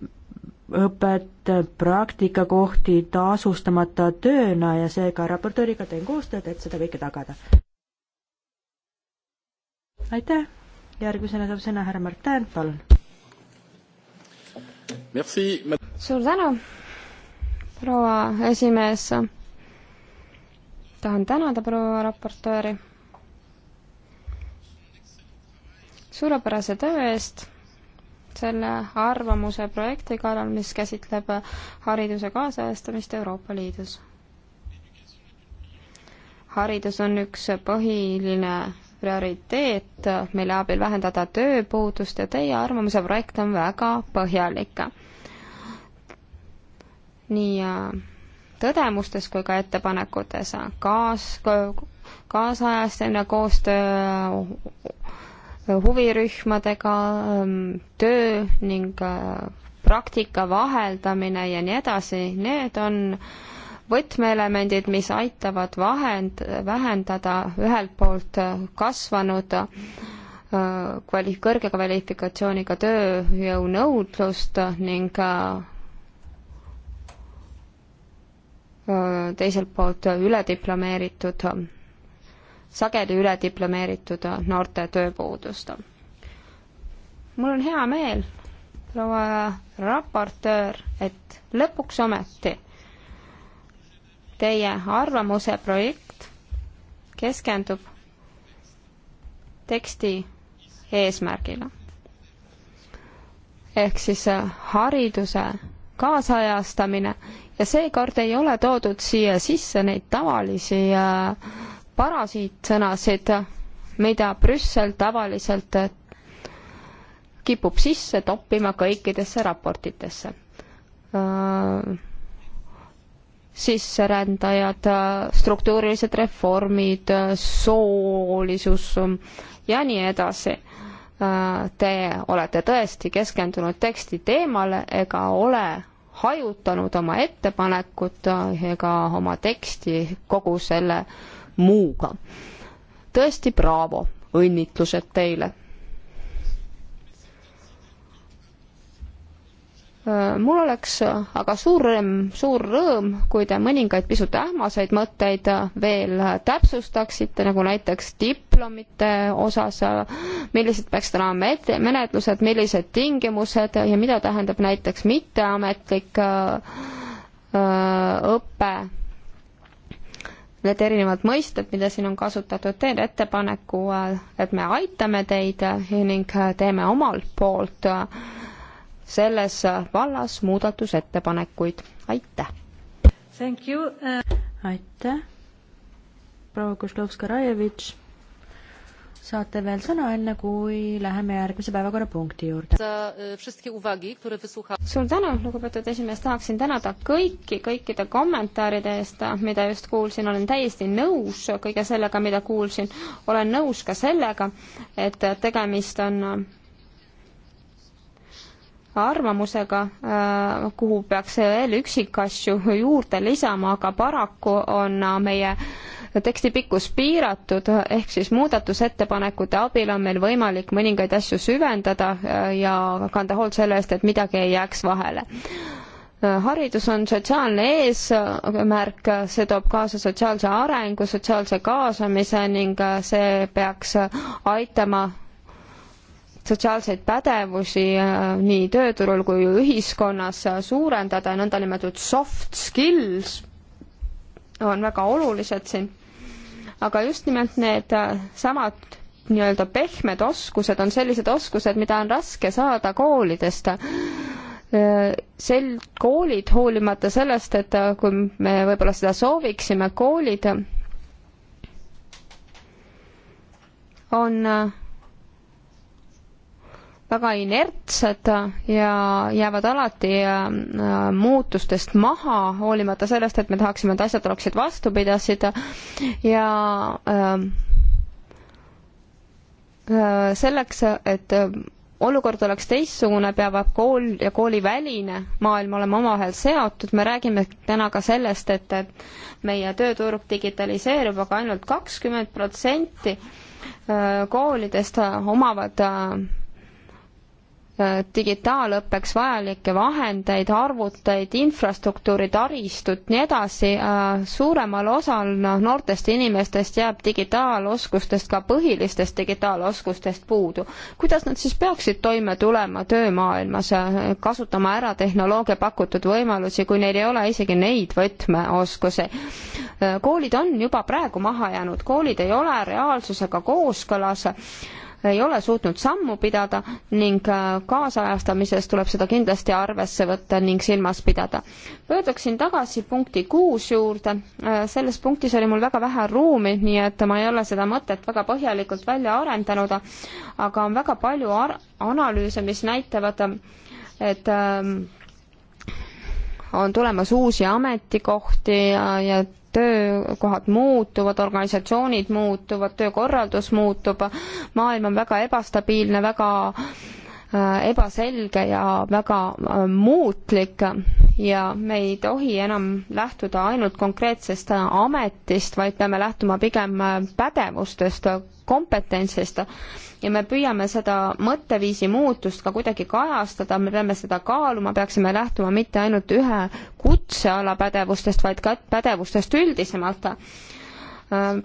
õpet, praktikakohti tasustamata tööna ja seega raportööriga teen koostööd, et seda kõike tagada aitäh, järgmisena saab sõna härra Mart Tään, palun. suur tänu, proua esimees. tahan tänada proua raportööri suurepärase töö eest selle arvamuse projekti kallal, mis käsitleb hariduse kaasajastamist Euroopa Liidus. haridus on üks põhiline prioriteet, mille abil vähendada tööpuudust ja teie arvamuse projekt on väga põhjalik. nii äh, tõdemustes kui ka ettepanekutes äh, kaas, kaasajastamine, koostöö äh, huvirühmadega, ähm, töö ning praktika vaheldamine ja nii edasi, need on äh, võtmeelemendid, mis aitavad vahend, vähendada ühelt poolt kasvanud äh, kvali-, kõrge kvalifikatsiooniga tööjõu nõudlust ning äh, teiselt poolt ülediplomeeritud, sageli ülediplomeeritud noorte tööpuudust. mul on hea meel, proua raportöör, et lõpuks ometi Teie arvamuse projekt keskendub teksti eesmärgile. ehk siis äh, hariduse kaasajastamine ja seekord ei ole toodud siia sisse neid tavalisi äh, parasiitsõnasid, mida Brüssel tavaliselt äh, kipub sisse toppima kõikidesse raportitesse sisserändajad, struktuurilised reformid, soolisus ja nii edasi. Te olete tõesti keskendunud teksti teemale ega ole hajutanud oma ettepanekut ega oma teksti kogu selle muuga. tõesti braavo, õnnitlused teile Äh, mul oleks äh, aga suur rõõm, suur rõõm, kui te mõningaid pisut ähmaseid mõtteid äh, veel täpsustaksite, nagu näiteks diplomite osas, millised peaksid olema menetlused, millised tingimused ja mida tähendab näiteks mitteametlik õpe. Need erinevad mõisted, mida siin on kasutatud, teen ettepaneku, et me aitame teid ning teeme omalt poolt äh, selles vallas muudatusettepanekuid, aitäh! Uh... aitäh, proua Kozlovskaja-Rajevitš, saate veel sõna, enne kui läheme järgmise päevakorrapunkti juurde. suur tänu, lugupeetud esimees, tahaksin tänada kõiki, kõikide kommentaaride eest, mida just kuulsin, olen täiesti nõus kõige sellega, mida kuulsin, olen nõus ka sellega, et tegemist on arvamusega, äh, kuhu peaks veel üksikasju juurde lisama, aga paraku on meie teksti pikkus piiratud, ehk siis muudatusettepanekute abil on meil võimalik mõningaid asju süvendada äh, ja kanda hoolt selle eest, et midagi ei jääks vahele äh, haridus on sotsiaalne eesmärk, see toob kaasa sotsiaalse arengu, sotsiaalse kaasamise ning see peaks aitama sotsiaalseid pädevusi äh, nii tööturul kui ühiskonnas äh, suurendada ja nõndanimetatud soft skills on väga olulised siin. aga just nimelt need äh, samad nii-öelda pehmed oskused on sellised oskused, mida on raske saada koolidest sel-, koolid, hoolimata sellest, et kui me võib-olla seda sooviksime, koolid on väga inertsed ja jäävad alati äh, äh, muutustest maha, hoolimata sellest, et me tahaksime, et asjad oleksid vastupidasid ja äh, selleks, et olukord oleks teistsugune, peavad kool ja kooliväline maailm olema omavahel seotud, me räägime täna ka sellest, et, et meie tööturg digitaliseerub, aga ainult kakskümmend protsenti koolidest omavad Äh, digitaalõppeks vajalikke vahendeid, arvuteid, infrastruktuuri, taristut, nii edasi, äh, suuremal osal noh, noortest inimestest jääb digitaaloskustest, ka põhilistest digitaaloskustest puudu. kuidas nad siis peaksid toime tulema töömaailmas, äh, kasutama ära tehnoloogia pakutud võimalusi, kui neil ei ole isegi neid võtmeoskusi? koolid on juba praegu maha jäänud, koolid ei ole reaalsusega kooskõlas ei ole suutnud sammu pidada ning äh, kaasajastamises tuleb seda kindlasti arvesse võtta ning silmas pidada. pöörduksin tagasi punkti kuus juurde, äh, selles punktis oli mul väga vähe ruumi, nii et ma ei ole seda mõtet väga põhjalikult välja arendanud, aga on väga palju ar-, analüüse, mis näitavad, et ähm, on tulemas uusi ametikohti ja, ja töökohad muutuvad, organisatsioonid muutuvad, töökorraldus muutub, maailm on väga ebastabiilne, väga äh, ebaselge ja väga äh, muutlik ja me ei tohi enam lähtuda ainult konkreetsest äh, ametist, vaid peame lähtuma pigem pädevustest, kompetentsist ja me püüame seda mõtteviisi muutust ka kuidagi kajastada, me peame seda kaaluma, peaksime lähtuma mitte ainult ühe kutseala pädevustest, vaid ka pädevustest üldisemalt äh,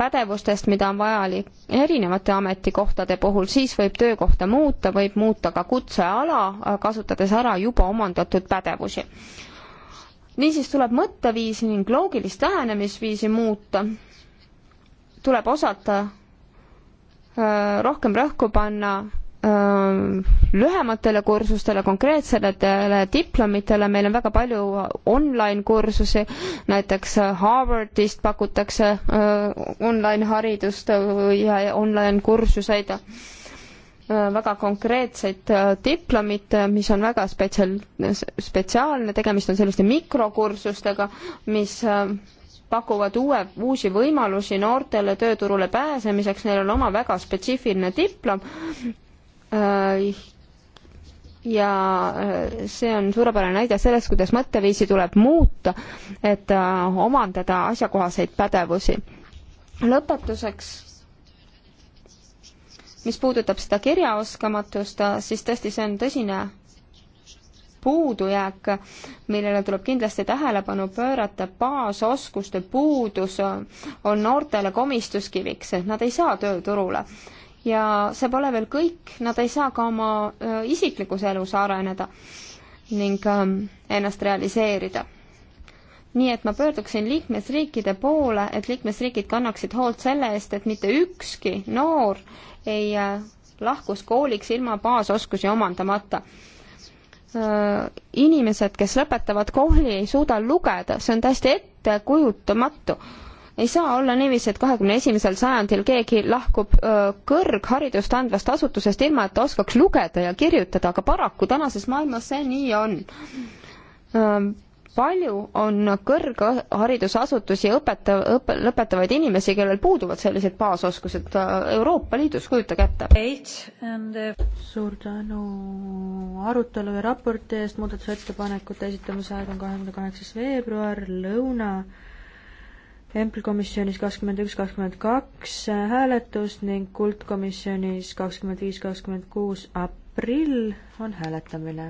pädevustest, mida on vajalik erinevate ametikohtade puhul, siis võib töökohta muuta, võib muuta ka kutseala, äh, kasutades ära juba omandatud pädevusi. niisiis tuleb mõtteviisi ning loogilist lähenemisviisi muuta, tuleb osata Äh, rohkem rõhku panna äh, lühematele kursustele, konkreetsetele diplomitele, meil on väga palju online kursusi, näiteks Harvardist pakutakse äh, online haridust ja online kursuseid, väga konkreetseid diplomit, mis on väga spetsial-, spetsiaalne, tegemist on selliste mikrokursustega, mis pakuvad uue, uusi võimalusi noortele tööturule pääsemiseks, neil on oma väga spetsiifiline diplom äh, ja äh, see on suurepärane näide sellest, kuidas mõtteviisi tuleb muuta, et äh, omandada asjakohaseid pädevusi. lõpetuseks, mis puudutab seda kirjaoskamatust, siis tõesti, see on tõsine puudujääk, millele tuleb kindlasti tähelepanu pöörata, baasoskuste puudus on noortele komistuskiviks, nad ei saa tööturule. ja see pole veel kõik, nad ei saa ka oma isiklikus elus areneda ning ennast realiseerida nii et ma pöörduksin liikmesriikide poole, et liikmesriigid kannaksid hoolt selle eest, et mitte ükski noor ei lahkus kooliks ilma baasoskusi omandamata inimesed, kes lõpetavad kooli, ei suuda lugeda, see on täiesti ettekujutamatu. ei saa olla niiviisi, et kahekümne esimesel sajandil keegi lahkub kõrgharidust andvast asutusest ilma, et ta oskaks lugeda ja kirjutada, aga paraku tänases maailmas see nii on palju on kõrgharidusasutusi õpetav, õpe-, lõpetavaid inimesi, kellel puuduvad sellised baasoskused äh, Euroopa Liidus, kujutage ette. suur tänu arutelu ja raporti eest, muudatusettepanekute esitamise aeg on kahekümne kaheksas veebruar, lõuna Empelkomisjonis kakskümmend üks, kakskümmend kaks hääletus ning kuldkomisjonis kakskümmend viis, kakskümmend kuus aprill on hääletamine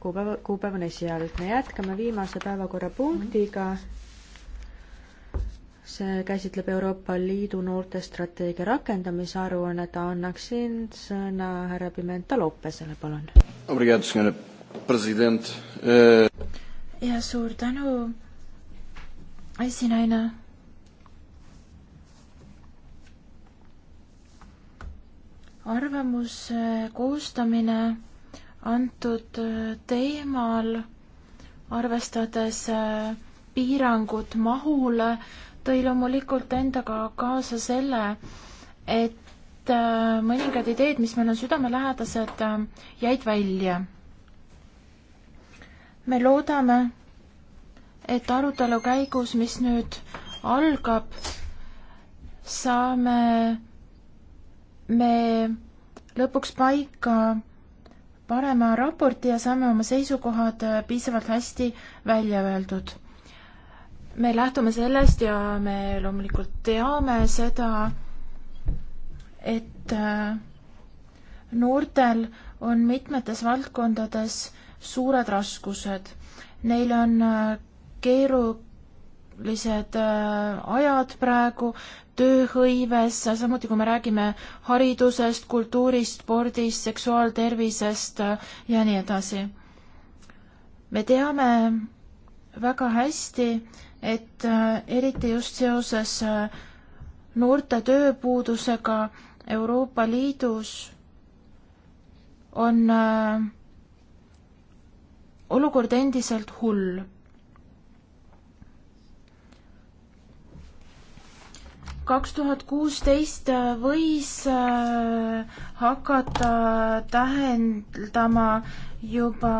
kuupäeva, kuupäev on esialgne. jätkame viimase päevakorrapunktiga. see käsitleb Euroopa Liidu noortestrateegia rakendamise aruannet. annaksin sõna härra Pimenta Lopesele, palun. Eh, ja suur tänu, esinaine arvamuse koostamine antud äh, teemal, arvestades äh, piirangut mahule, tõi loomulikult endaga kaasa selle, et äh, mõningad ideed, mis meil on südamelähedased, jäid välja. me loodame, et arutelu käigus, mis nüüd algab, saame me lõpuks paika parema raporti ja saame oma seisukohad äh, piisavalt hästi välja öeldud. me lähtume sellest ja me loomulikult teame seda, et äh, noortel on mitmetes valdkondades suured raskused. Neil on äh, keeru-, keerulised äh, ajad praegu tööhõives, samuti kui me räägime haridusest, kultuurist, spordist, seksuaaltervisest äh, ja nii edasi. me teame väga hästi, et äh, eriti just seoses noorte tööpuudusega Euroopa Liidus on olukord endiselt hull kaks tuhat kuusteist äh, võis äh, hakata tähendama juba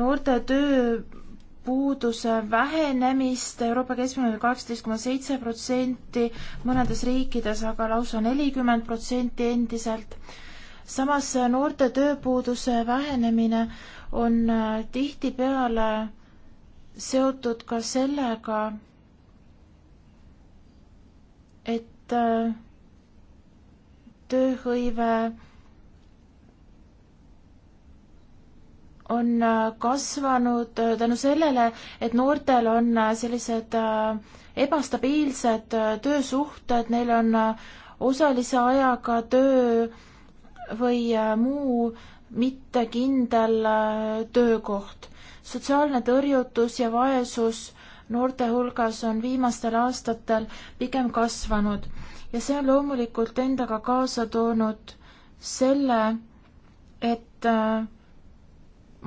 noorte tööpuuduse vähenemist Euroopa keskmine oli kaheksateist koma seitse protsenti, mõnedes riikides aga lausa nelikümmend protsenti endiselt. samas äh, noorte tööpuuduse vähenemine on tihtipeale seotud ka sellega, et äh, tööhõive on äh, kasvanud äh, tänu sellele, et noortel on sellised ebastabiilsed töösuhted, neil on osalise ajaga töö või muu mittekindel töökoht. sotsiaalne tõrjutus ja vaesus noorte hulgas on viimastel aastatel pigem kasvanud ja see on loomulikult endaga kaasa toonud selle, et äh,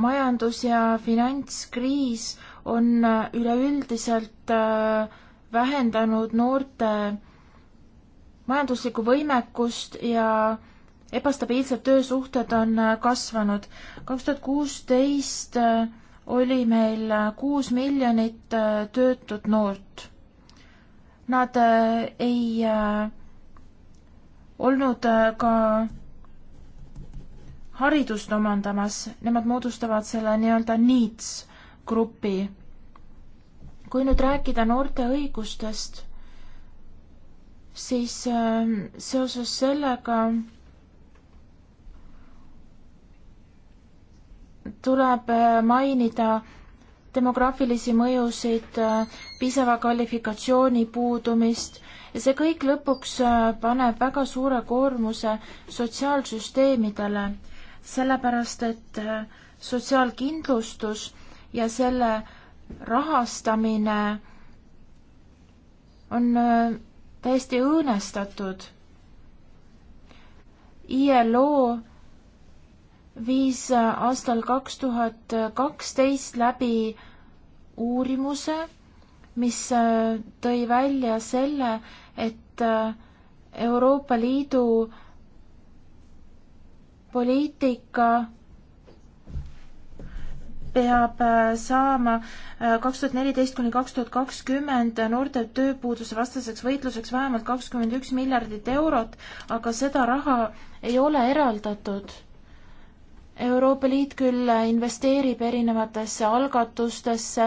majandus- ja finantskriis on äh, üleüldiselt äh, vähendanud noorte majanduslikku võimekust ja ebastabiilsed töösuhted on kasvanud. kaks tuhat kuusteist oli meil kuus miljonit äh, töötut noort. Nad äh, ei äh, olnud ka haridust omandamas, nemad moodustavad selle nii-öelda needs grupi. kui nüüd rääkida noorte õigustest, siis seoses sellega tuleb äh, mainida demograafilisi mõjusid, äh, piisava kvalifikatsiooni puudumist ja see kõik lõpuks äh, paneb väga suure koormuse sotsiaalsüsteemidele, sellepärast et sotsiaalkindlustus ja selle rahastamine on täiesti õõnestatud. ILO viis äh, aastal kaks tuhat kaksteist läbi uurimuse, mis äh, tõi välja selle, et äh, Euroopa Liidu poliitika peab saama kaks tuhat neliteist kuni kaks tuhat kakskümmend noorte tööpuuduse vastaseks võitluseks vähemalt kakskümmend üks miljardit eurot, aga seda raha ei ole eraldatud Euroopa Liit küll investeerib erinevatesse algatustesse,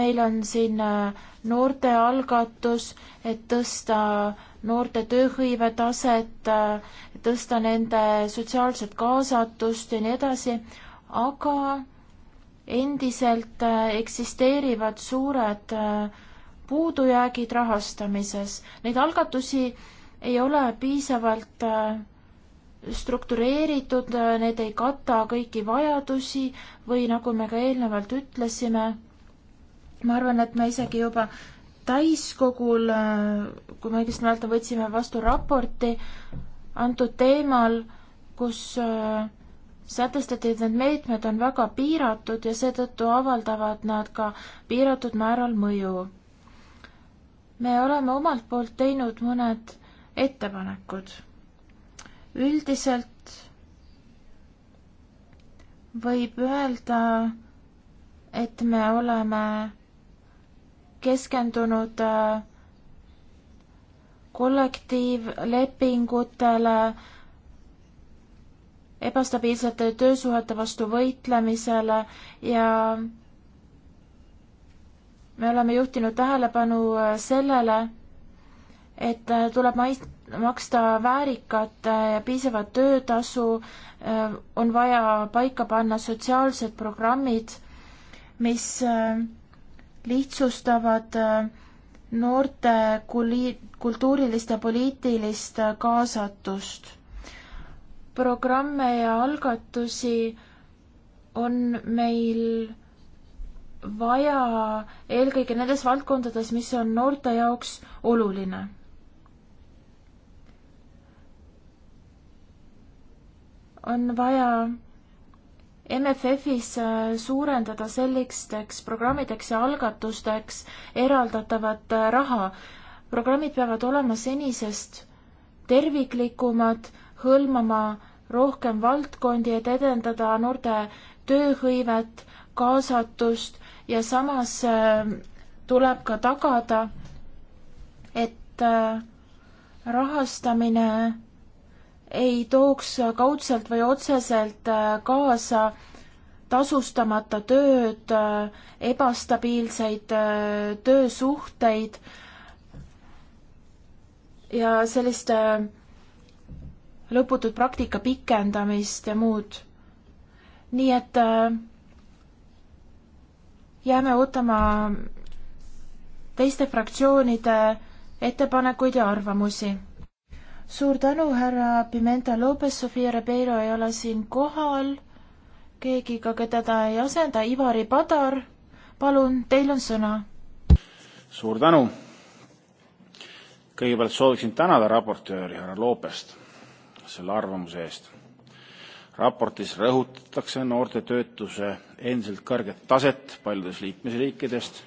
meil on siin äh, noorte algatus, et tõsta noorte tööhõive taset, äh, tõsta nende sotsiaalset kaasatust ja nii edasi, aga endiselt äh, eksisteerivad suured puudujäägid rahastamises. Neid algatusi ei ole piisavalt struktureeritud, need ei kata kõiki vajadusi või nagu me ka eelnevalt ütlesime, ma arvan, et me isegi juba täiskogul, kui ma õigesti mäletan, võtsime vastu raporti antud teemal, kus äh, sätestati, et need meetmed on väga piiratud ja seetõttu avaldavad nad ka piiratud määral mõju. me oleme omalt poolt teinud mõned ettepanekud üldiselt võib öelda, et me oleme keskendunud äh, kollektiivlepingutele, ebastabiilsete töösuhete vastu võitlemisele ja me oleme juhtinud tähelepanu äh, sellele, et äh, tuleb maksta väärikat ja piisavat töötasu, äh, on vaja paika panna sotsiaalsed programmid, mis äh, lihtsustavad äh, noorte kultuurilist ja poliitilist kaasatust. programme ja algatusi on meil vaja eelkõige nendes valdkondades, mis on noorte jaoks oluline on vaja MFF-is äh, suurendada sellisteks programmideks ja algatusteks eraldatavat äh, raha. programmid peavad olema senisest terviklikumad, hõlmama rohkem valdkondi, et edendada noorte tööhõivet, kaasatust ja samas äh, tuleb ka tagada, et rahastamine ei tooks kaudselt või otseselt äh, kaasa tasustamata tööd, äh, ebastabiilseid äh, töösuhteid ja sellist lõputut praktika pikendamist ja muud. nii et jääme ootama teiste fraktsioonide ettepanekuid ja arvamusi suur tänu, härra Pimenta Lopez, Sofia Ribeiro ei ole siin kohal, keegi ka, keda ta ei asenda, Ivari Padar, palun, teil on sõna. suur tänu. kõigepealt sooviksin tänada raportööri härra Lopest selle arvamuse eest. raportis rõhutatakse noorte töötuse endiselt kõrget taset paljudes liikmesriikidest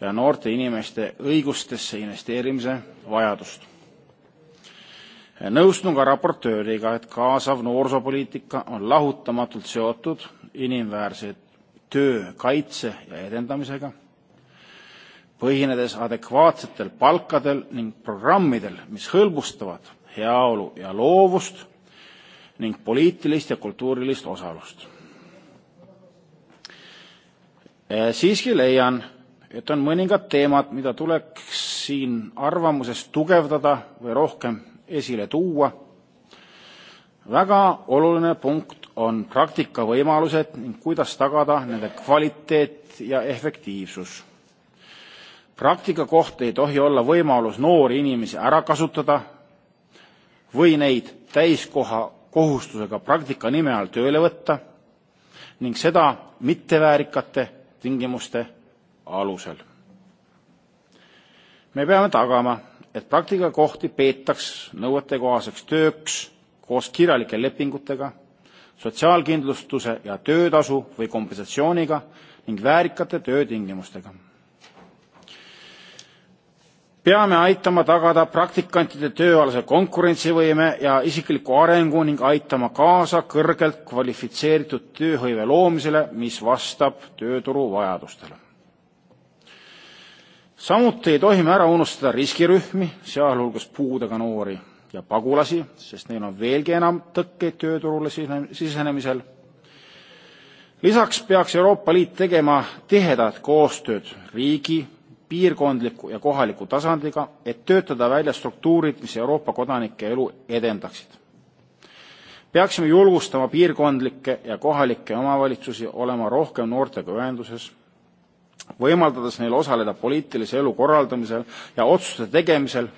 ja noorte inimeste õigustesse investeerimise vajadust nõustun ka raportööriga, et kaasav noorsoopoliitika on lahutamatult seotud inimväärse töö kaitse ja edendamisega, põhinedes adekvaatsetel palkadel ning programmidel, mis hõlbustavad heaolu ja loovust ning poliitilist ja kultuurilist osalust. Äh, siiski leian, et on mõningad teemad, mida tuleks siin arvamuses tugevdada või rohkem esile tuua. väga oluline punkt on praktika võimalused ning kuidas tagada nende kvaliteet ja efektiivsus. praktika koht ei tohi olla võimalus noori inimesi ära kasutada või neid täiskoha kohustusega praktika nime all tööle võtta ning seda mitteväärikate tingimuste alusel. me peame tagama et praktikakohti peetaks nõuetekohaseks tööks koos kirjalike lepingutega sotsiaalkindlustuse ja töötasu või kompensatsiooniga ning väärikate töötingimustega. peame aitama tagada praktikantide tööalase konkurentsivõime ja isikliku arengu ning aitama kaasa kõrgelt kvalifitseeritud tööhõive loomisele mis vastab tööturu vajadustele samuti ei tohi me ära unustada riskirühmi sealhulgas puudega noori ja pagulasi sest neil on veelgi enam tõkkeid tööturule sisenemisel. lisaks peaks euroopa liit tegema tihedat koostööd riigi piirkondliku ja kohaliku tasandiga et töötada välja struktuurid mis euroopa kodanike elu edendaksid peaksime julgustama piirkondlikke ja kohalikke omavalitsusi olema rohkem noortega ühenduses võimaldades neil osaleda poliitilise elu korraldamisel ja otsuste tegemisel,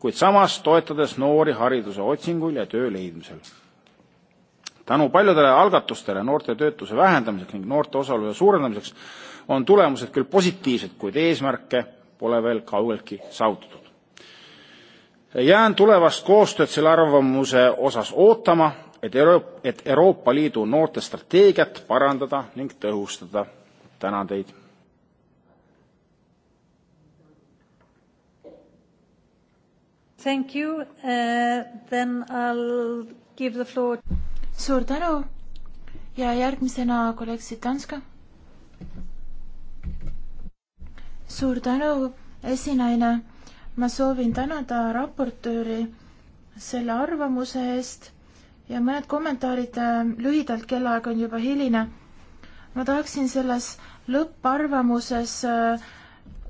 kuid samas toetades noori hariduse otsingul ja töö leidmisel. tänu paljudele algatustele noorte töötuse vähendamiseks ning noorte osaluse suurendamiseks on tulemused küll positiivsed, kuid eesmärke pole veel kaugeltki saavutatud. jään tulevast koostööd selle arvamuse osas ootama, et Euro-, et Euroopa Liidu noortestrateegiat parandada ning tõhustada. tänan teid! Thank you uh,. Then I'll give the floor. suur tänu ja järgmisena kolleeg Sitanska. suur tänu, esinaine. ma soovin tänada raportööri selle arvamuse eest ja mõned kommentaarid äh, lühidalt, kellaaeg on juba hiline. ma tahaksin selles lõpparvamuses äh,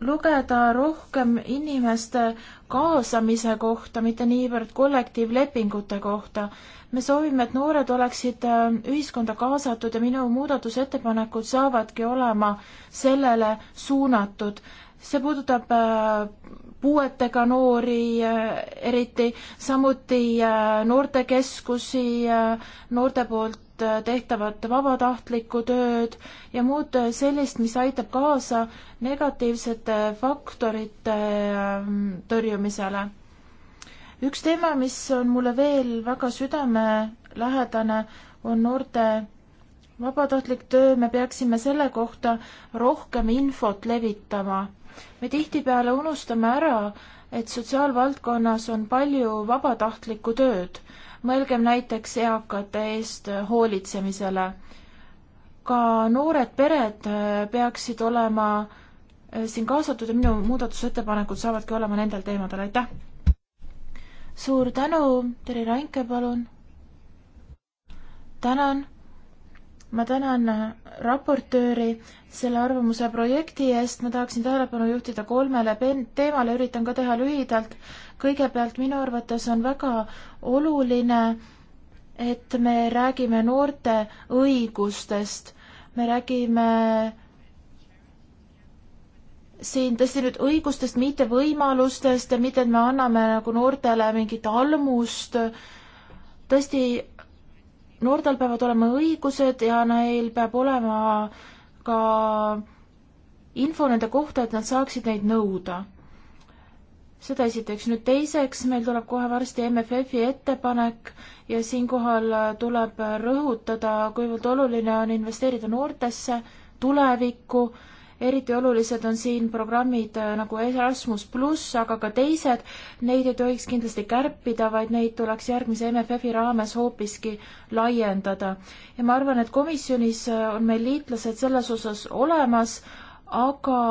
lugeda rohkem inimeste kaasamise kohta, mitte niivõrd kollektiivlepingute kohta. me soovime, et noored oleksid äh, ühiskonda kaasatud ja minu muudatusettepanekud saavadki olema sellele suunatud. see puudutab äh, puuetega noori äh, eriti, samuti noortekeskusi, noorte poolt tehtavat vabatahtlikku tööd ja muud sellist, mis aitab kaasa negatiivsete faktorite ähm, tõrjumisele. üks teema, mis on mulle veel väga südamelähedane, on noorte vabatahtlik töö, me peaksime selle kohta rohkem infot levitama. me tihtipeale unustame ära, et sotsiaalvaldkonnas on palju vabatahtlikku tööd, mõelgem näiteks eakate eest hoolitsemisele. ka noored pered äh, peaksid olema äh, siin kaasatud ja minu muudatusettepanekud saavadki olema nendel teemadel, aitäh! suur tänu, Terje Rainke, palun! tänan! ma tänan äh, raportööri selle arvamuse projekti eest, ma tahaksin tähelepanu juhtida kolmele teemale, üritan ka teha lühidalt kõigepealt minu arvates on väga oluline, et me räägime noorte õigustest, me räägime siin tõesti nüüd õigustest, mitte võimalustest ja mitte, et me anname nagu noortele mingit almust. tõesti, noortel peavad olema õigused ja neil peab olema ka info nende kohta, et nad saaksid neid nõuda seda esiteks. nüüd teiseks, meil tuleb kohe varsti MFF-i ettepanek ja siinkohal äh, tuleb äh, rõhutada, kuivõrd oluline on investeerida noortesse, tulevikku, eriti olulised on siin programmid äh, nagu Erasmus pluss, aga ka teised, neid ei tohiks kindlasti kärpida, vaid neid tuleks järgmise MFF-i raames hoopiski laiendada. ja ma arvan, et komisjonis on meil liitlased selles osas olemas, aga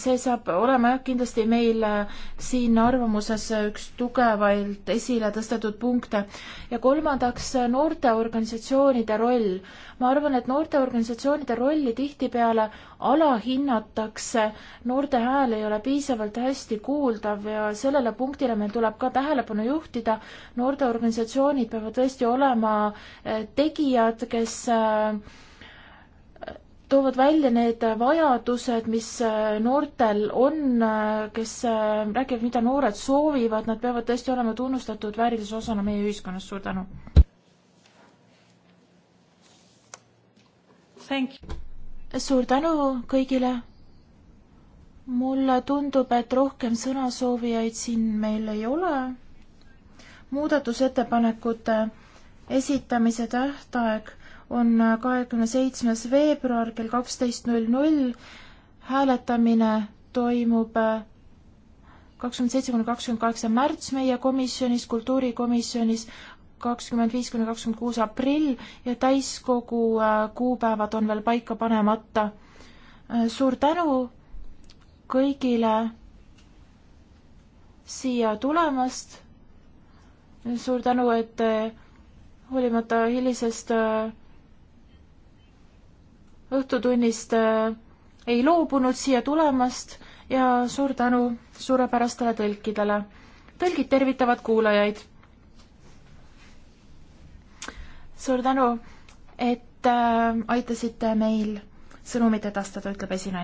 see saab olema jah, kindlasti meil äh, siin arvamuses üks tugevalt esile tõstetud punkte. ja kolmandaks, äh, noorteorganisatsioonide roll. ma arvan, et noorteorganisatsioonide rolli tihtipeale alahinnatakse, noorte hääl ei ole piisavalt hästi kuuldav ja sellele punktile meil tuleb ka tähelepanu juhtida. noorteorganisatsioonid peavad tõesti olema äh, tegijad, kes äh, toovad välja need vajadused, mis äh, noortel on, äh, kes äh, räägivad, mida noored soovivad, nad peavad tõesti olema tunnustatud väärilise osana meie ühiskonnas, suur tänu! suur tänu kõigile! mulle tundub, et rohkem sõnasoovijaid siin meil ei ole. muudatusettepanekute esitamise tähtaeg on kahekümne seitsmes veebruar kell kaksteist null null. hääletamine toimub kakskümmend seitse kuni kakskümmend kaheksa märts meie komisjonis, kultuurikomisjonis kakskümmend viis kuni kakskümmend kuus aprill ja täiskogu äh, kuupäevad on veel paika panemata. Äh, suur tänu kõigile siia tulemast. suur tänu, et hoolimata hilisest äh, õhtutunnist äh, ei loobunud siia tulemast ja suur tänu suurepärastele tõlkidele. tõlgid tervitavad kuulajaid. suur tänu, et äh, aitasite meil sõnumit edastada, ütleb esinaine.